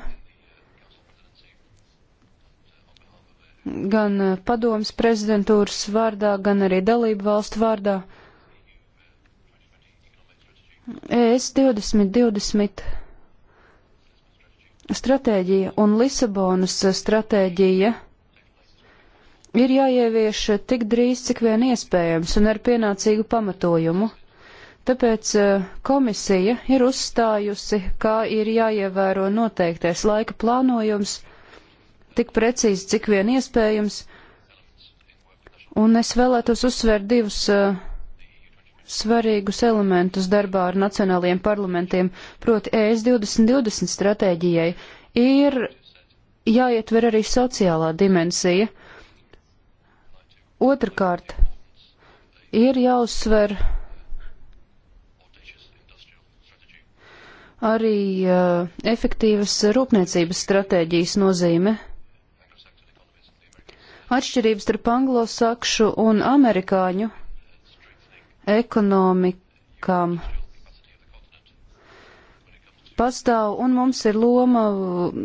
gan eh, padomas prezidentūras vārdā, gan arī dalību valstu vārdā. ES 2020 stratēģija un Lisabonas stratēģija ir jāievieš tik drīz, cik vien iespējams un ar pienācīgu pamatojumu. Tāpēc eh, komisija ir uzstājusi, kā ir jāievēro noteiktais laika plānojums, tik precīzi, cik vien iespējams, un es vēlētos uzsvērt divus uh, svarīgus elementus darbā ar nacionālajiem parlamentiem, proti e ES 2020 stratēģijai, ir jāietver arī sociālā dimensija – Otrakārt, ir jāuzsver arī uh, efektīvas rūpniecības stratēģijas nozīme. Atšķirības starp anglosakšu un amerikāņu ekonomikām pastāv un mums ir loma uh,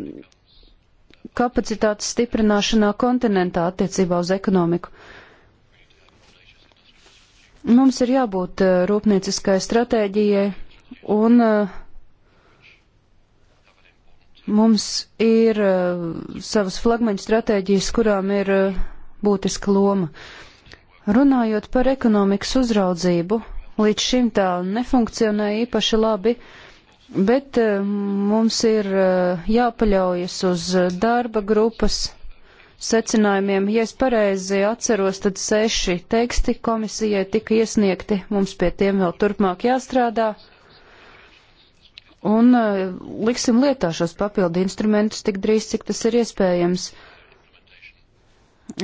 kapacitātes stiprināšanā kontinentā attiecībā uz ekonomiku. Uh, Mums ir jābūt eh, rūpnieciskai stratēģijai un eh, mums ir eh, savas flagmaņa stratēģijas, kurām ir būtiska loma. Runājot par ekonomikas uzraudzību, līdz šim tā nefunkcionēja īpaši labi, bet mums ir jāpaļaujas uz darba grupas secinājumiem. Ja es pareizi atceros, tad seši teksti komisijai tika iesniegti, mums pie tiem vēl turpmāk jāstrādā. Un uh, liksim lietā šos papildu instrumentus tik drīz, cik tas ir iespējams.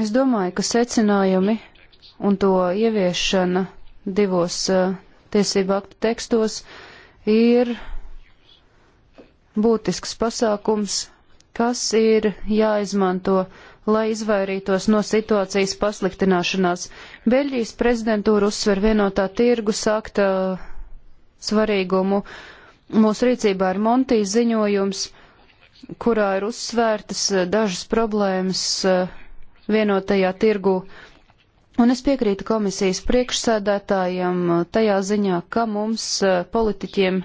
Es domāju, ka secinājumi un to ieviešana divos uh, tiesību aktu tekstos ir būtisks pasākums, kas ir jāizmanto lai izvairītos no situācijas pasliktināšanās. Beļģijas prezidentūra uzsver vienotā tirgu sākt uh, svarīgumu. Mūsu rīcībā ir Montijas ziņojums, kurā ir uzsvērtas eh, dažas problēmas uh, vienotajā tirgu. Un es piekrītu komisijas priekšsēdētājiem eh, tajā ziņā, ka mums, politiķiem,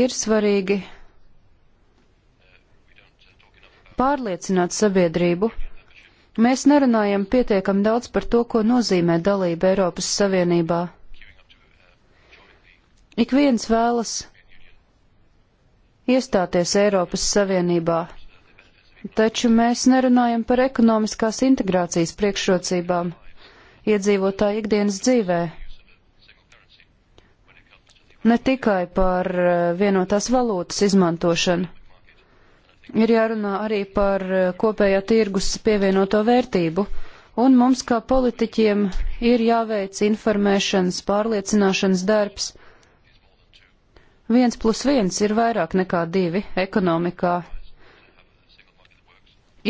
ir svarīgi pārliecināt sabiedrību. Mēs nerunājam pietiekam daudz par to, ko nozīmē dalība Eiropas Savienībā. Ik viens vēlas iestāties Eiropas Savienībā, taču mēs nerunājam par ekonomiskās integrācijas priekšrocībām iedzīvotāju ikdienas dzīvē ne tikai par eh, vienotās valūtas izmantošanu ir jārunā arī par eh, kopējā tirgus pievienoto vērtību. Un mums, kā politiķiem, ir jāveic informēšanas, pārliecināšanas darbs. Viens plus viens ir vairāk nekā divi ekonomikā.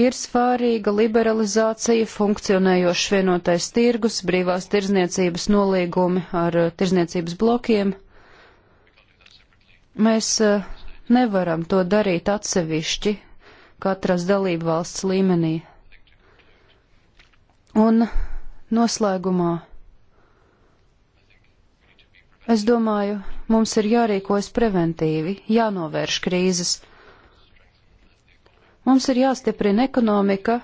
Ir svārīga liberalizācija, funkcionējošs vienotais tirgus, brīvās tirzniecības nolīgumi ar eh, tirzniecības blokiem. Mēs uh, Nevaram to darīt atsevišķi katras dalību valsts līmenī. Un noslēgumā es domāju, mums ir jārīkojas preventīvi, jānovērš krīzes. Mums ir jāstiprina ekonomika.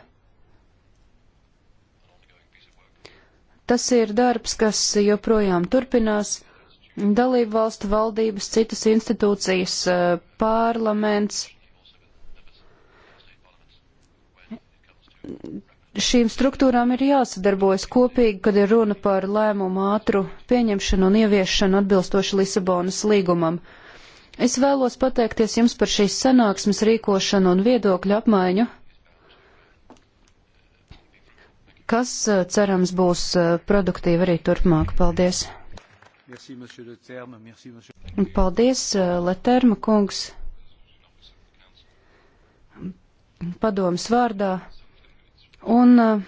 Tas ir darbs, kas joprojām turpinās dalību valstu valdības, citas institūcijas, parlaments. Šīm struktūrām ir jāsadarbojas kopīgi, kad ir runa par lēmumu ātru pieņemšanu un ieviešanu atbilstoši Lisabonas līgumam. Es vēlos pateikties jums par šīs sanāksmes rīkošanu un viedokļu apmaiņu, kas cerams būs produktīva arī turpmāk. Paldies! Merci, monsieur Leterme. Merci, monsieur. Paldies, eh, Leterma kungs. Padoms vārdā. Un eh,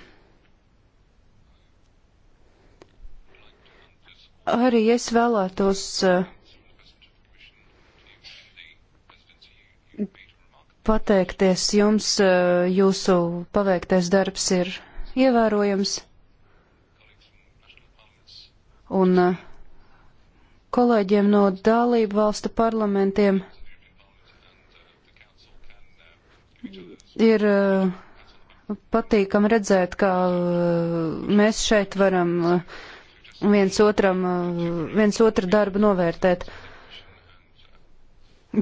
arī es vēlētos eh, pateikties jums, jūsu paveiktais darbs ir ievērojams. Un uh, kolēģiem no dalību valstu parlamentiem ir uh, patīkam redzēt, ka uh, mēs šeit varam uh, viens, otram, viens otru darbu novērtēt.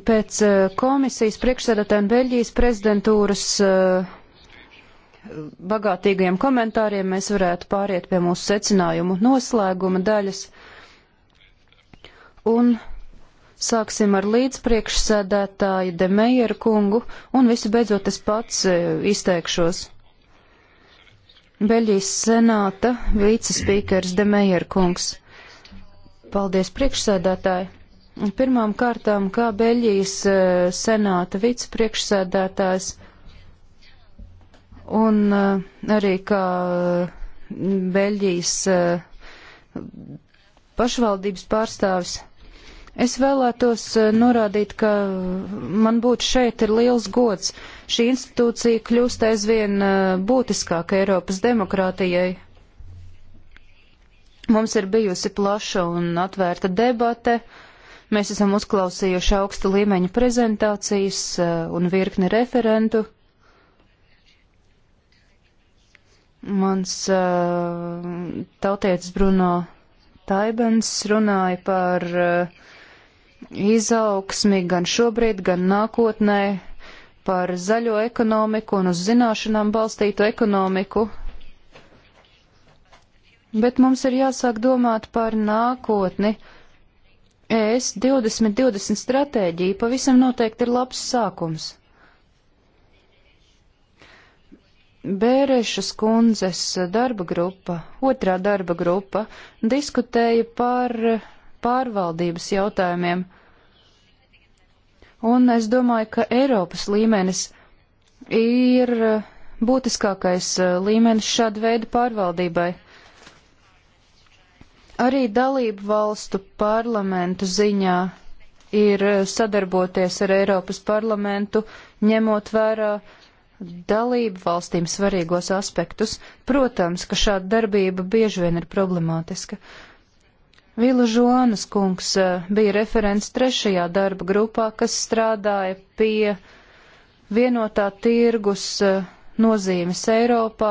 Pēc komisijas priekšsēdētāja un Beļģijas prezidentūras bagātīgajiem komentāriem mēs varētu pāriet pie mūsu secinājumu noslēguma daļas un sāksim ar līdzpriekšsēdētāju Demejeru kungu, un visu beidzot es pats e, izteikšos. Beļģijas senāta vicespīkers Demejer kungs. Paldies priekšsēdētāji! Pirmām kārtām, kā Beļģijas e, senāta vicepriekšsēdētājs un e, arī kā Beļģijas pašvaldības pārstāvis, Es vēlētos eh, norādīt, ka man būtu šeit ir liels gods. Šī institūcija kļūst aizvien eh, būtiskāka Eiropas demokrātijai. Mums ir bijusi plaša un atvērta debate. Mēs esam uzklausījuši augsta līmeņa prezentācijas eh, un virkni referentu. Mans tautietis Bruno Taibens runāja par uh, izaugsmi gan šobrīd, gan nākotnē, par zaļo ekonomiku un uz zināšanām balstītu ekonomiku. Bet mums ir jāsāk domāt par nākotni. ES 2020 stratēģija pavisam noteikti ir labs sākums. Bērešas kundzes darba grupa, otrā darba grupa, diskutēja par pārvaldības jautājumiem. Un es domāju, ka Eiropas līmenis ir eh, būtiskākais eh, līmenis šāda veida pārvaldībai. Arī dalību valstu parlamentu ziņā ir eh, sadarboties ar Eiropas parlamentu, ņemot vērā dalību valstīm svarīgos aspektus. Protams, ka šāda darbība bieži vien ir problemātiska. Uh, Vila Žonas kungs eh, bija referents trešajā darba grupā, kas strādāja pie vienotā tirgus eh, nozīmes Eiropā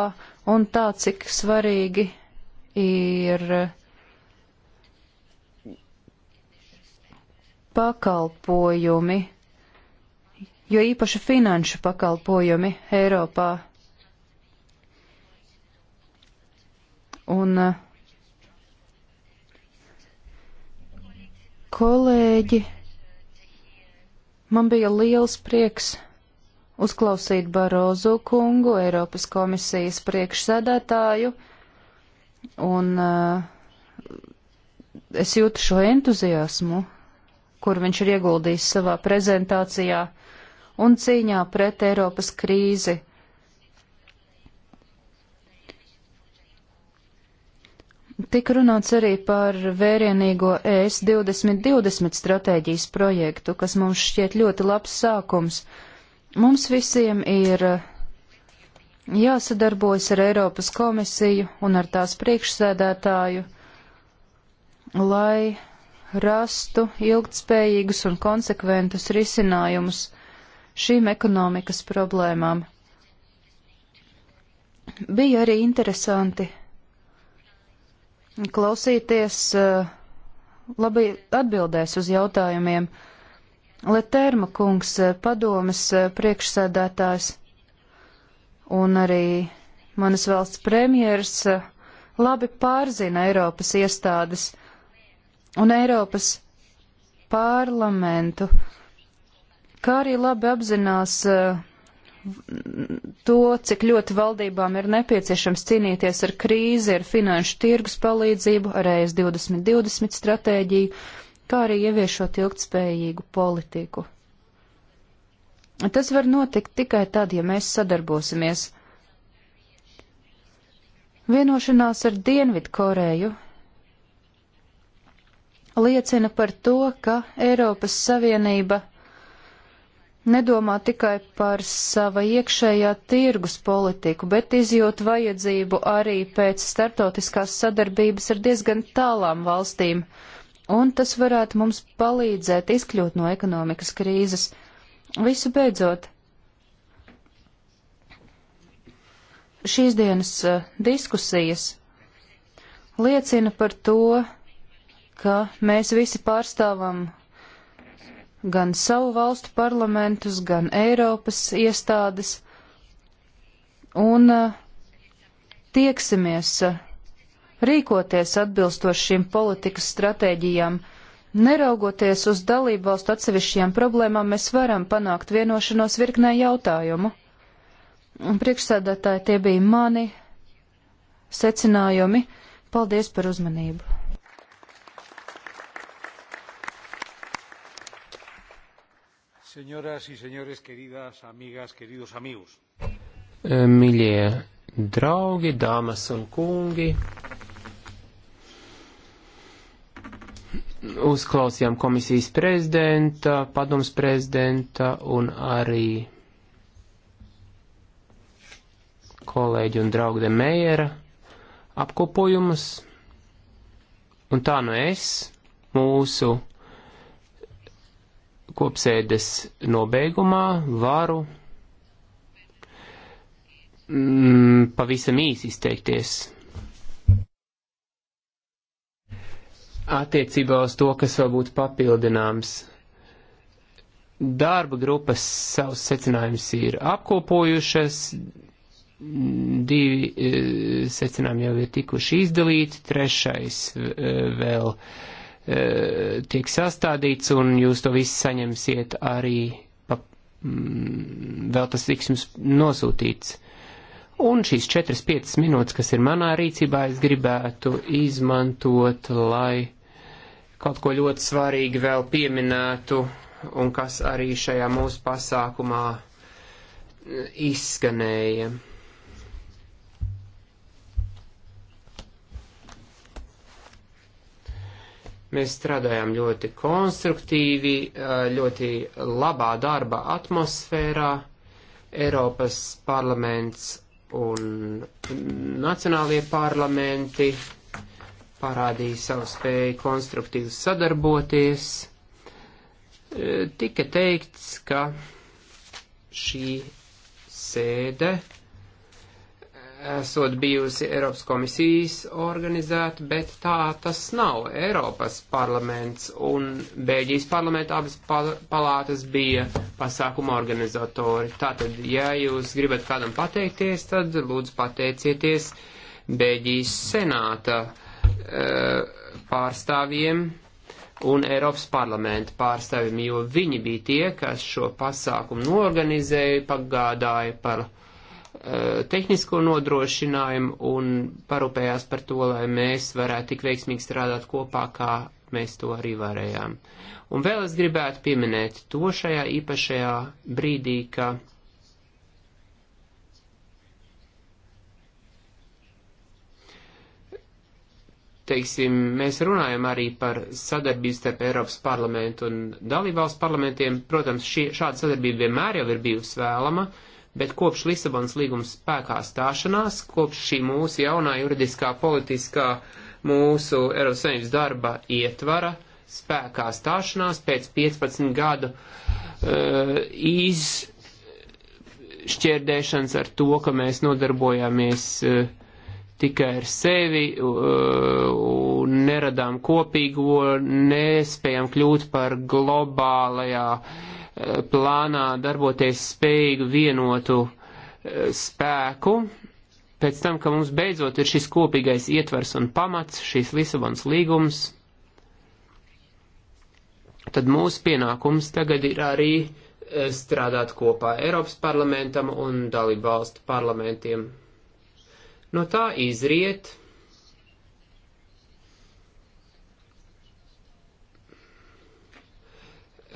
un tā, cik svarīgi ir eh, pakalpojumi, jo īpaši finanšu pakalpojumi Eiropā. Un uh, kolēģi, man bija liels prieks uzklausīt Barozu kungu, Eiropas komisijas priekšsēdētāju, un uh, es jūtu šo entuziasmu, kur viņš ir ieguldījis savā prezentācijā un cīņā pret Eiropas krīzi. Tik runāts arī par vērienīgo ES 2020 stratēģijas projektu, kas mums šķiet ļoti labs sākums. Mums visiem ir eh, jāsadarbojas ar Eiropas komisiju un ar tās priekšsēdētāju, lai rastu ilgtspējīgus un konsekventus risinājumus šīm ekonomikas problēmām. Bija arī interesanti klausīties, eh, labi atbildēs uz jautājumiem. Letērma kungs, eh, padomas eh, priekšsēdētājs un arī manas valsts premjers labi pārzina Eiropas iestādes un Eiropas parlamentu, kā arī labi apzinās uh, to, cik ļoti valdībām ir nepieciešams cīnīties ar krīzi, ar finanšu tirgus palīdzību, ar e ES 2020 stratēģiju, kā arī ieviešot ilgtspējīgu politiku. Tas var notikt tikai tad, ja mēs sadarbosimies. Vienošanās ar Dienvidu Koreju liecina par to, ka Eiropas Savienība nedomā tikai par sava iekšējā tirgus politiku, bet izjūt vajadzību arī pēc starptautiskās sadarbības ar diezgan tālām valstīm, un tas varētu mums palīdzēt izkļūt no ekonomikas krīzes. Visu beidzot, šīs dienas eh, diskusijas liecina par to, ka mēs visi pārstāvam gan savu valstu parlamentus, gan Eiropas iestādes un uh, tieksimies uh, rīkoties atbilstoši šīm politikas stratēģijām. Neraugoties uz dalību valstu atsevišķajām problēmām, mēs varam panākt vienošanos virknē jautājumu. Priekšsēdētāji tie bija mani secinājumi. Paldies par uzmanību! Señoras y señores, queridas amigas, queridos amigos. Eh, mīļie draugi, dāmas un kungi, uzklausījām komisijas prezidenta, padoms prezidenta un arī kolēģi un draugi de Meijera apkopojumus. Un tā nu es, mūsu kopsēdes nobeigumā varu mm, pavisam īsi izteikties. Attiecībā uz to, kas vēl būtu papildināms. Darba grupas savus secinājumus ir apkopojušas, divi eh, secinājumi jau ir tikuši izdalīti, trešais eh, vēl. Uh, Eh, tiek sastādīts, un jūs to visu saņemsiet arī, pa, mm, vēl tas tiks jums nosūtīts. Un šīs 4-5 minūtes, kas ir manā rīcībā, es gribētu izmantot, lai kaut ko ļoti svarīgi vēl pieminētu, un kas arī šajā mūsu pasākumā eh, izskanēja. Mēs strādājām ļoti konstruktīvi, ļoti labā darba atmosfērā. Eiropas parlaments un nacionālie parlamenti parādīja savu spēju konstruktīvi sadarboties. Tika teikts, ka šī sēde esot bijusi Eiropas komisijas organizēta, bet tā tas nav. Eiropas parlaments un Bēļģijas parlamenta abas palātas bija pasākuma organizatori. Tātad, ja jūs gribat kādam pateikties, tad lūdzu pateicieties Bēļģijas senāta e, pārstāvjiem un Eiropas parlamenta pārstāvjiem, jo viņi bija tie, kas šo pasākumu norganizēja, pagādāja par Eh, tehnisko nodrošinājumu un parūpējās par to, lai mēs varētu tik veiksmīgi strādāt kopā, kā mēs to arī varējām. Un vēl es gribētu pieminēt to šajā īpašajā brīdī, ka teiksim, mēs runājam arī par sadarbību starp Eiropas parlamentu un dalībvalstu parlamentiem. Protams, šī, šāda sadarbība vienmēr jau ir bijusi vēlama. Uh, bet kopš Lisabonas līguma spēkā stāšanās, kopš šī mūsu jaunā juridiskā, politiskā, mūsu Eiropas Savienības darba ietvara spēkā stāšanās pēc 15 gadu uh, izšķērdēšanas ar to, ka mēs nodarbojāmies uh, tikai ar sevi uh, un neradām kopīgo, nespējam kļūt par globālajā uh, plānā darboties spējīgu vienotu e, spēku, pēc tam, ka mums beidzot ir šis kopīgais ietvers un pamats, šīs Lisabons līgums, tad mūsu pienākums tagad ir arī e, strādāt kopā Eiropas parlamentam un dalību valstu parlamentiem. No tā izriet,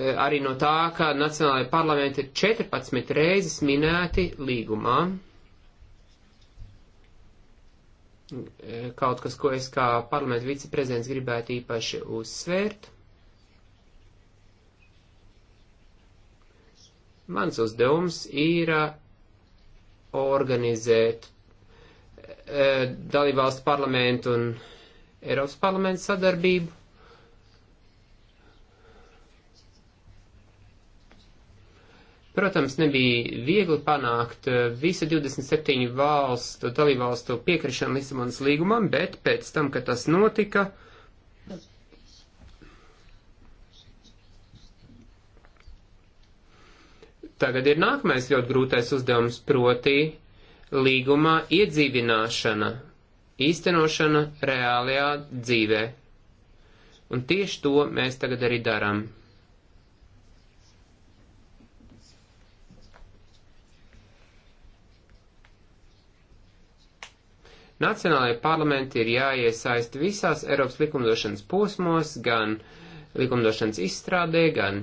Eh, arī no tā, ka Nacionālajā parlamentā ir 14 reizes minēti līgumā. Eh, kaut kas, ko es kā parlamenta viceprezidents gribētu īpaši uzsvērt. Mans uzdevums ir eh, organizēt dalībvalstu parlamentu un Eiropas parlamentu sadarbību Protams, nebija viegli panākt eh, visu 27 valstu, dalībvalstu piekrišanu Lisabonas līgumam, bet pēc tam, kad tas notika, tagad ir nākamais ļoti grūtais uzdevums, proti līgumā iedzīvināšana, īstenošana reālajā dzīvē. Un tieši to mēs tagad arī darām. Nacionālajie parlamenti ir jāiesaist visās Eiropas likumdošanas posmos, gan likumdošanas izstrādē, gan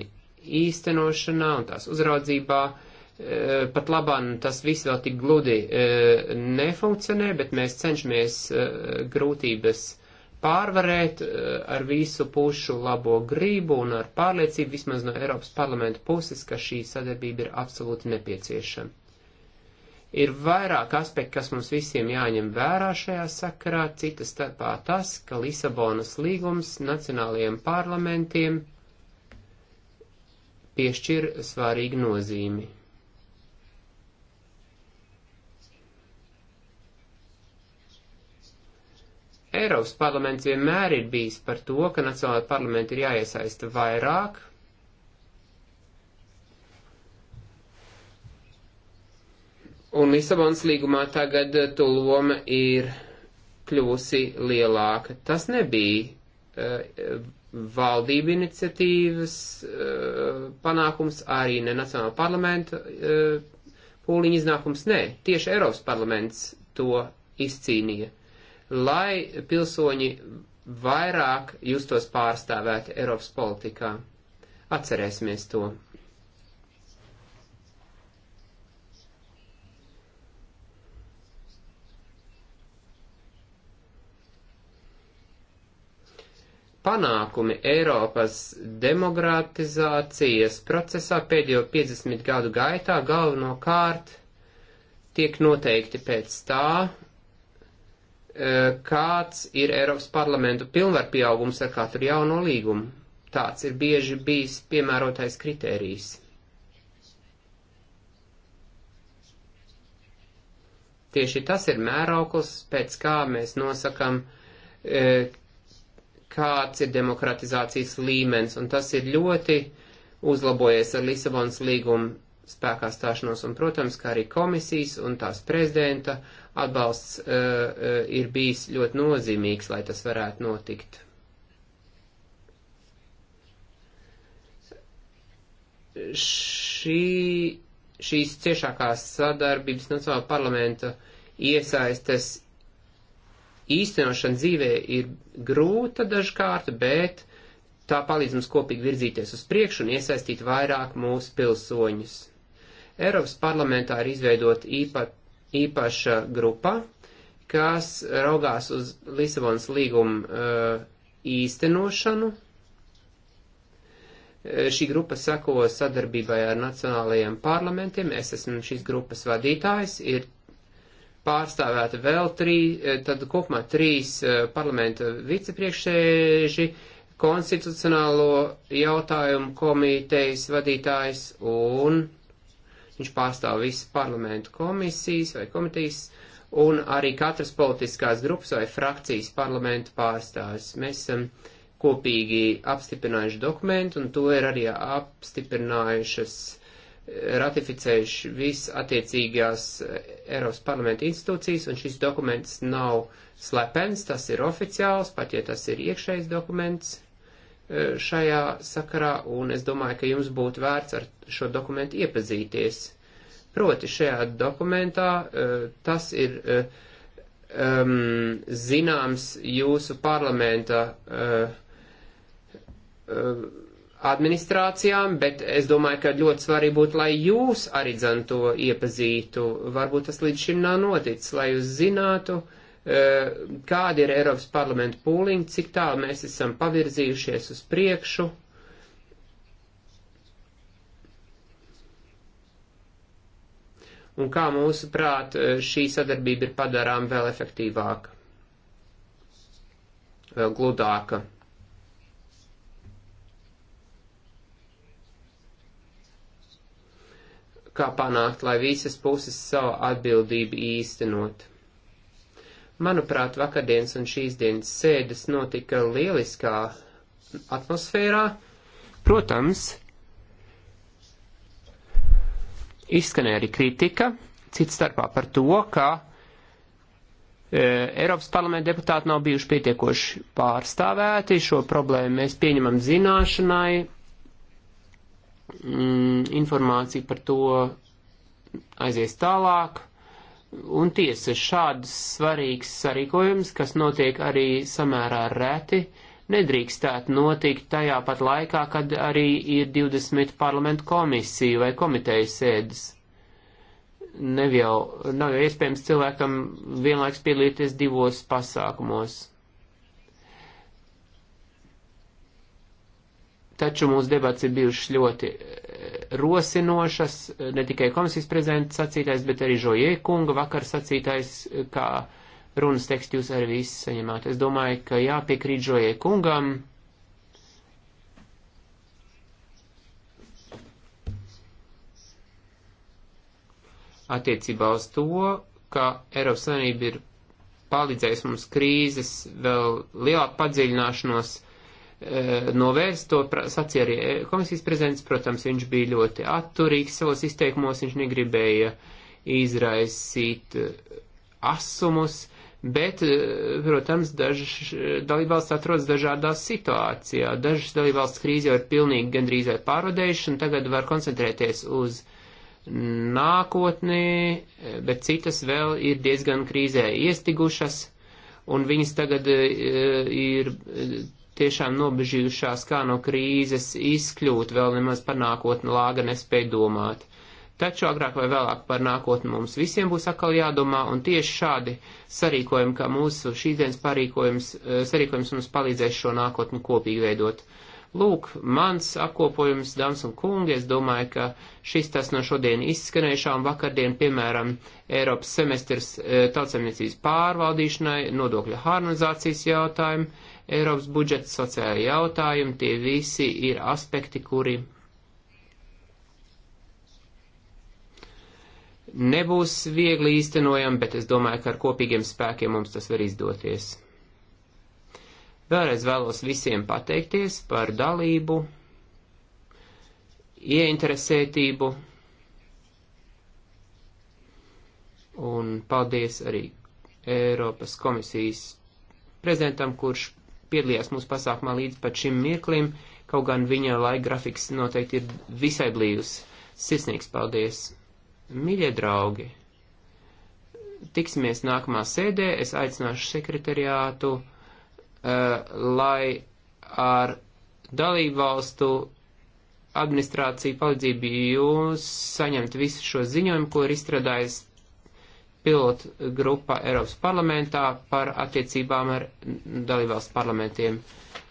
īstenošanā un tās uzraudzībā. E, pat labāk tas viss vēl tik gludi e, nefunkcionē, bet mēs cenšamies e, grūtības pārvarēt ar visu pušu labo grību un ar pārliecību vismaz no Eiropas parlamenta puses, ka šī sadarbība ir absolūti nepieciešama. Ir vairāk aspekti, kas mums visiem jāņem vērā šajā sakarā, cita starpā tas, ka Lisabonas līgums nacionālajiem parlamentiem piešķir svarīgu nozīmi. Eiropas parlaments vienmēr ir bijis par to, ka nacionālajā parlamenta ir jāiesaista vairāk, Un Lisabonas līgumā tagad eh, tu loma ir kļūsi lielāka. Tas nebija uh, eh, valdība iniciatīvas uh, panākums, arī ne Nacionāla parlamenta uh, pūliņa iznākums, nē, tieši Eiropas parlaments to izcīnīja, lai pilsoņi vairāk justos pārstāvēti Eiropas politikā. Atcerēsimies to. panākumi Eiropas demokratizācijas procesā pēdējo 50 gadu gaitā galvenokārt tiek noteikti pēc tā, e, kāds ir Eiropas parlamentu pilnvarpieaugums ar katru jauno līgumu. Tāds ir bieži bijis piemērotais kritērijs. Tieši tas ir mērauklis, pēc kā mēs nosakam, e, kāds ir demokratizācijas līmenis, un tas ir ļoti uzlabojies ar Lisabonas līgumu spēkā stāšanos, un, protams, kā arī komisijas un tās prezidenta atbalsts uh, uh, ir bijis ļoti nozīmīgs, lai tas varētu notikt. Šī, šīs ciešākās sadarbības Nacionāla parlamenta iesaistes īstenošana dzīvē ir grūta dažkārt, bet tā palīdz mums kopīgi virzīties uz priekšu un iesaistīt vairāk mūsu pilsoņus. Eiropas parlamentā ir izveidot īpa, īpaša grupa, kas raugās uz Lisabonas līgumu uh, īstenošanu. Uh, šī grupa sako sadarbībai ar nacionālajiem parlamentiem. Es esmu šīs grupas vadītājs. Ir pārstāvēti vēl trīs, eh, tad kopumā trīs eh, parlamenta vicepriekšsēži, konstitucionālo jautājumu komitejas vadītājs un viņš pārstāv visas parlamentu komisijas vai komitejas un arī katras politiskās grupas vai frakcijas parlamentu pārstāvis. Mēs esam kopīgi apstiprinājuši dokumentu un to ir arī apstiprinājušas ratificējuši viss attiecīgās eh, Eiropas parlamenta institūcijas, un šis dokuments nav slepens, tas ir oficiāls, pat ja tas ir iekšējs dokuments eh, šajā sakarā, un es domāju, ka jums būtu vērts ar šo dokumentu iepazīties. Proti šajā dokumentā eh, tas ir um, zināms jūsu parlamenta uh, uh, administrācijām, bet es domāju, ka ļoti svarīgi būtu, lai jūs arī dzan to iepazītu. Varbūt tas līdz šim nav noticis, lai jūs zinātu, e, kāda ir Eiropas parlamenta pūliņa, cik tālu mēs esam pavirzījušies uz priekšu. Un kā mūsu prāt e, šī sadarbība ir padarām vēl efektīvāka, vēl gludāka. kā panākt, lai visas puses savu atbildību īstenot. Manuprāt, vakardienas un šīs dienas sēdes notika lieliskā atmosfērā. Protams, izskanēja arī kritika, cits starpā par to, ka e, Eiropas parlamenta deputāti nav bijuši pietiekoši pārstāvēti, šo problēmu mēs pieņemam zināšanai, mm, informācija par to aizies tālāk. Un tiesa, šāds svarīgs sarīkojums, kas notiek arī samērā reti, nedrīkstētu notikt tajā pat laikā, kad arī ir 20 parlamentu komisiju vai komiteju sēdes. Nav jau, nav jau iespējams cilvēkam vienlaiks piedalīties divos pasākumos. taču mūsu debats ir bijušas ļoti e, rosinošas, e, ne tikai komisijas prezidents sacītais, bet arī Žoie kunga vakar sacītais, e, kā runas tekstu jūs arī visi saņemāt. Es domāju, ka jāpiekrīt Žoie kungam. Attiecībā uz to, ka Eiropas Savienība ir palīdzējusi mums krīzes vēl lielāku padziļināšanos Eh, novērst, to sacīja arī eh, komisijas prezidents, protams, viņš bija ļoti atturīgs savos izteikumos, viņš negribēja izraisīt eh, asumus, bet, protams, dažas dalībvalsts atrodas dažādās situācijā. Dažas dalībvalsts krīze jau ir pilnīgi gandrīz vai pārvadējuši, un tagad var koncentrēties uz nākotnē, bet citas vēl ir diezgan krīzē iestigušas, un viņas tagad ir tiešām nobežījušās, kā no krīzes izkļūt, vēl nemaz par nākotni lāga nespēja domāt. Taču agrāk vai vēlāk par nākotni mums visiem būs atkal jādomā, un tieši šādi sarīkojumi, kā mūsu šīsdienas parīkojums, eh, sarīkojums mums palīdzēs šo nākotni kopīgi veidot. Lūk, mans apkopojums, dāmas un kungi, es domāju, ka šis tas no šodien izskanējušā un vakardien, piemēram, Eiropas semestrs eh, tautsemniecības pārvaldīšanai, nodokļa harmonizācijas jautājumu Eiropas budžets, sociālai jautājumi, tie visi ir aspekti, kuri nebūs viegli īstenojami, bet es domāju, ka ar kopīgiem spēkiem mums tas var izdoties. Vēlreiz vēlos visiem pateikties par dalību, ieinteresētību un paldies arī Eiropas komisijas prezidentam, kurš piedalījās mūsu pasākumā līdz pat šim mirklim, kaut gan viņa laika grafiks noteikti ir visai blīvs. Sirsnīgs paldies! Mīļie draugi! Tiksimies nākamā sēdē, es aicināšu sekretariātu, uh, lai ar dalību valstu administrāciju palīdzību jūs saņemt visu šo ziņojumu, ko ir izstrādājis pilotu grupa Eiropas parlamentā par attiecībām ar dalībvalstu parlamentiem.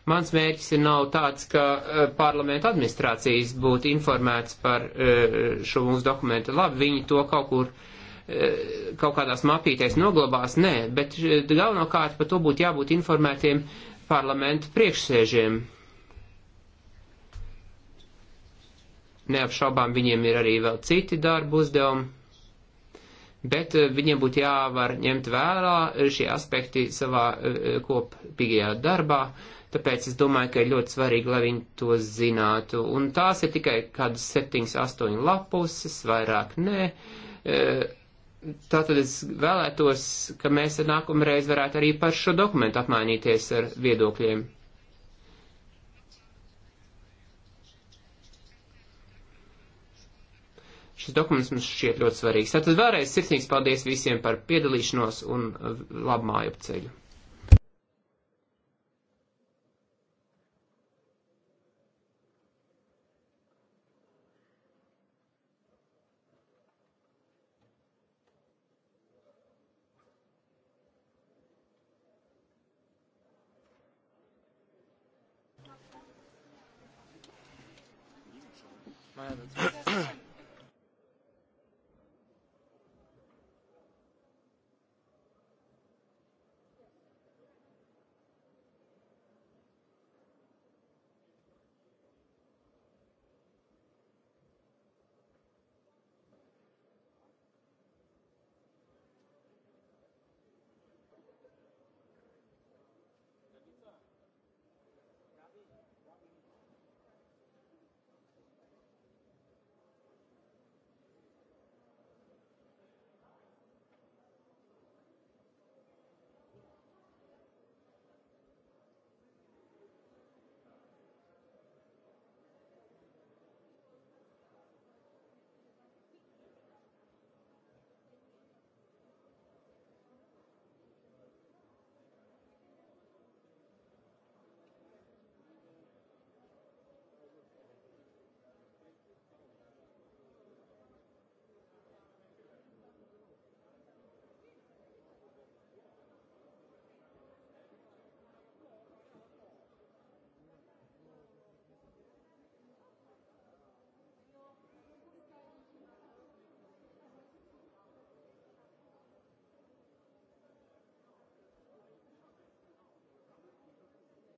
Mans mērķis ir nav tāds, ka eh, parlamenta administrācijas būtu informēts par eh, šo mūsu dokumentu. Labi, viņi to kaut kur eh, kaut kādās mapītēs noglabās, nē, bet galvenokārt par to būtu jābūt informētiem parlamentu priekšsēžiem. Neapšaubām viņiem ir arī vēl citi darba uzdevumi bet eh, viņiem būtu jāvar ņemt vērā eh, šie aspekti savā eh, kopīgajā darbā, tāpēc es domāju, ka ir ļoti svarīgi, lai viņi to zinātu. Un tās ir tikai kādas septiņas, astoņas lapuses, vairāk nē. Tātad es vēlētos, ka mēs nākamreiz varētu arī par šo dokumentu apmainīties ar viedokļiem. Šis dokuments mums šķiet ļoti svarīgs. Tātad vēlreiz sirsnīgs paldies visiem par piedalīšanos un eh, labu māju ceļu.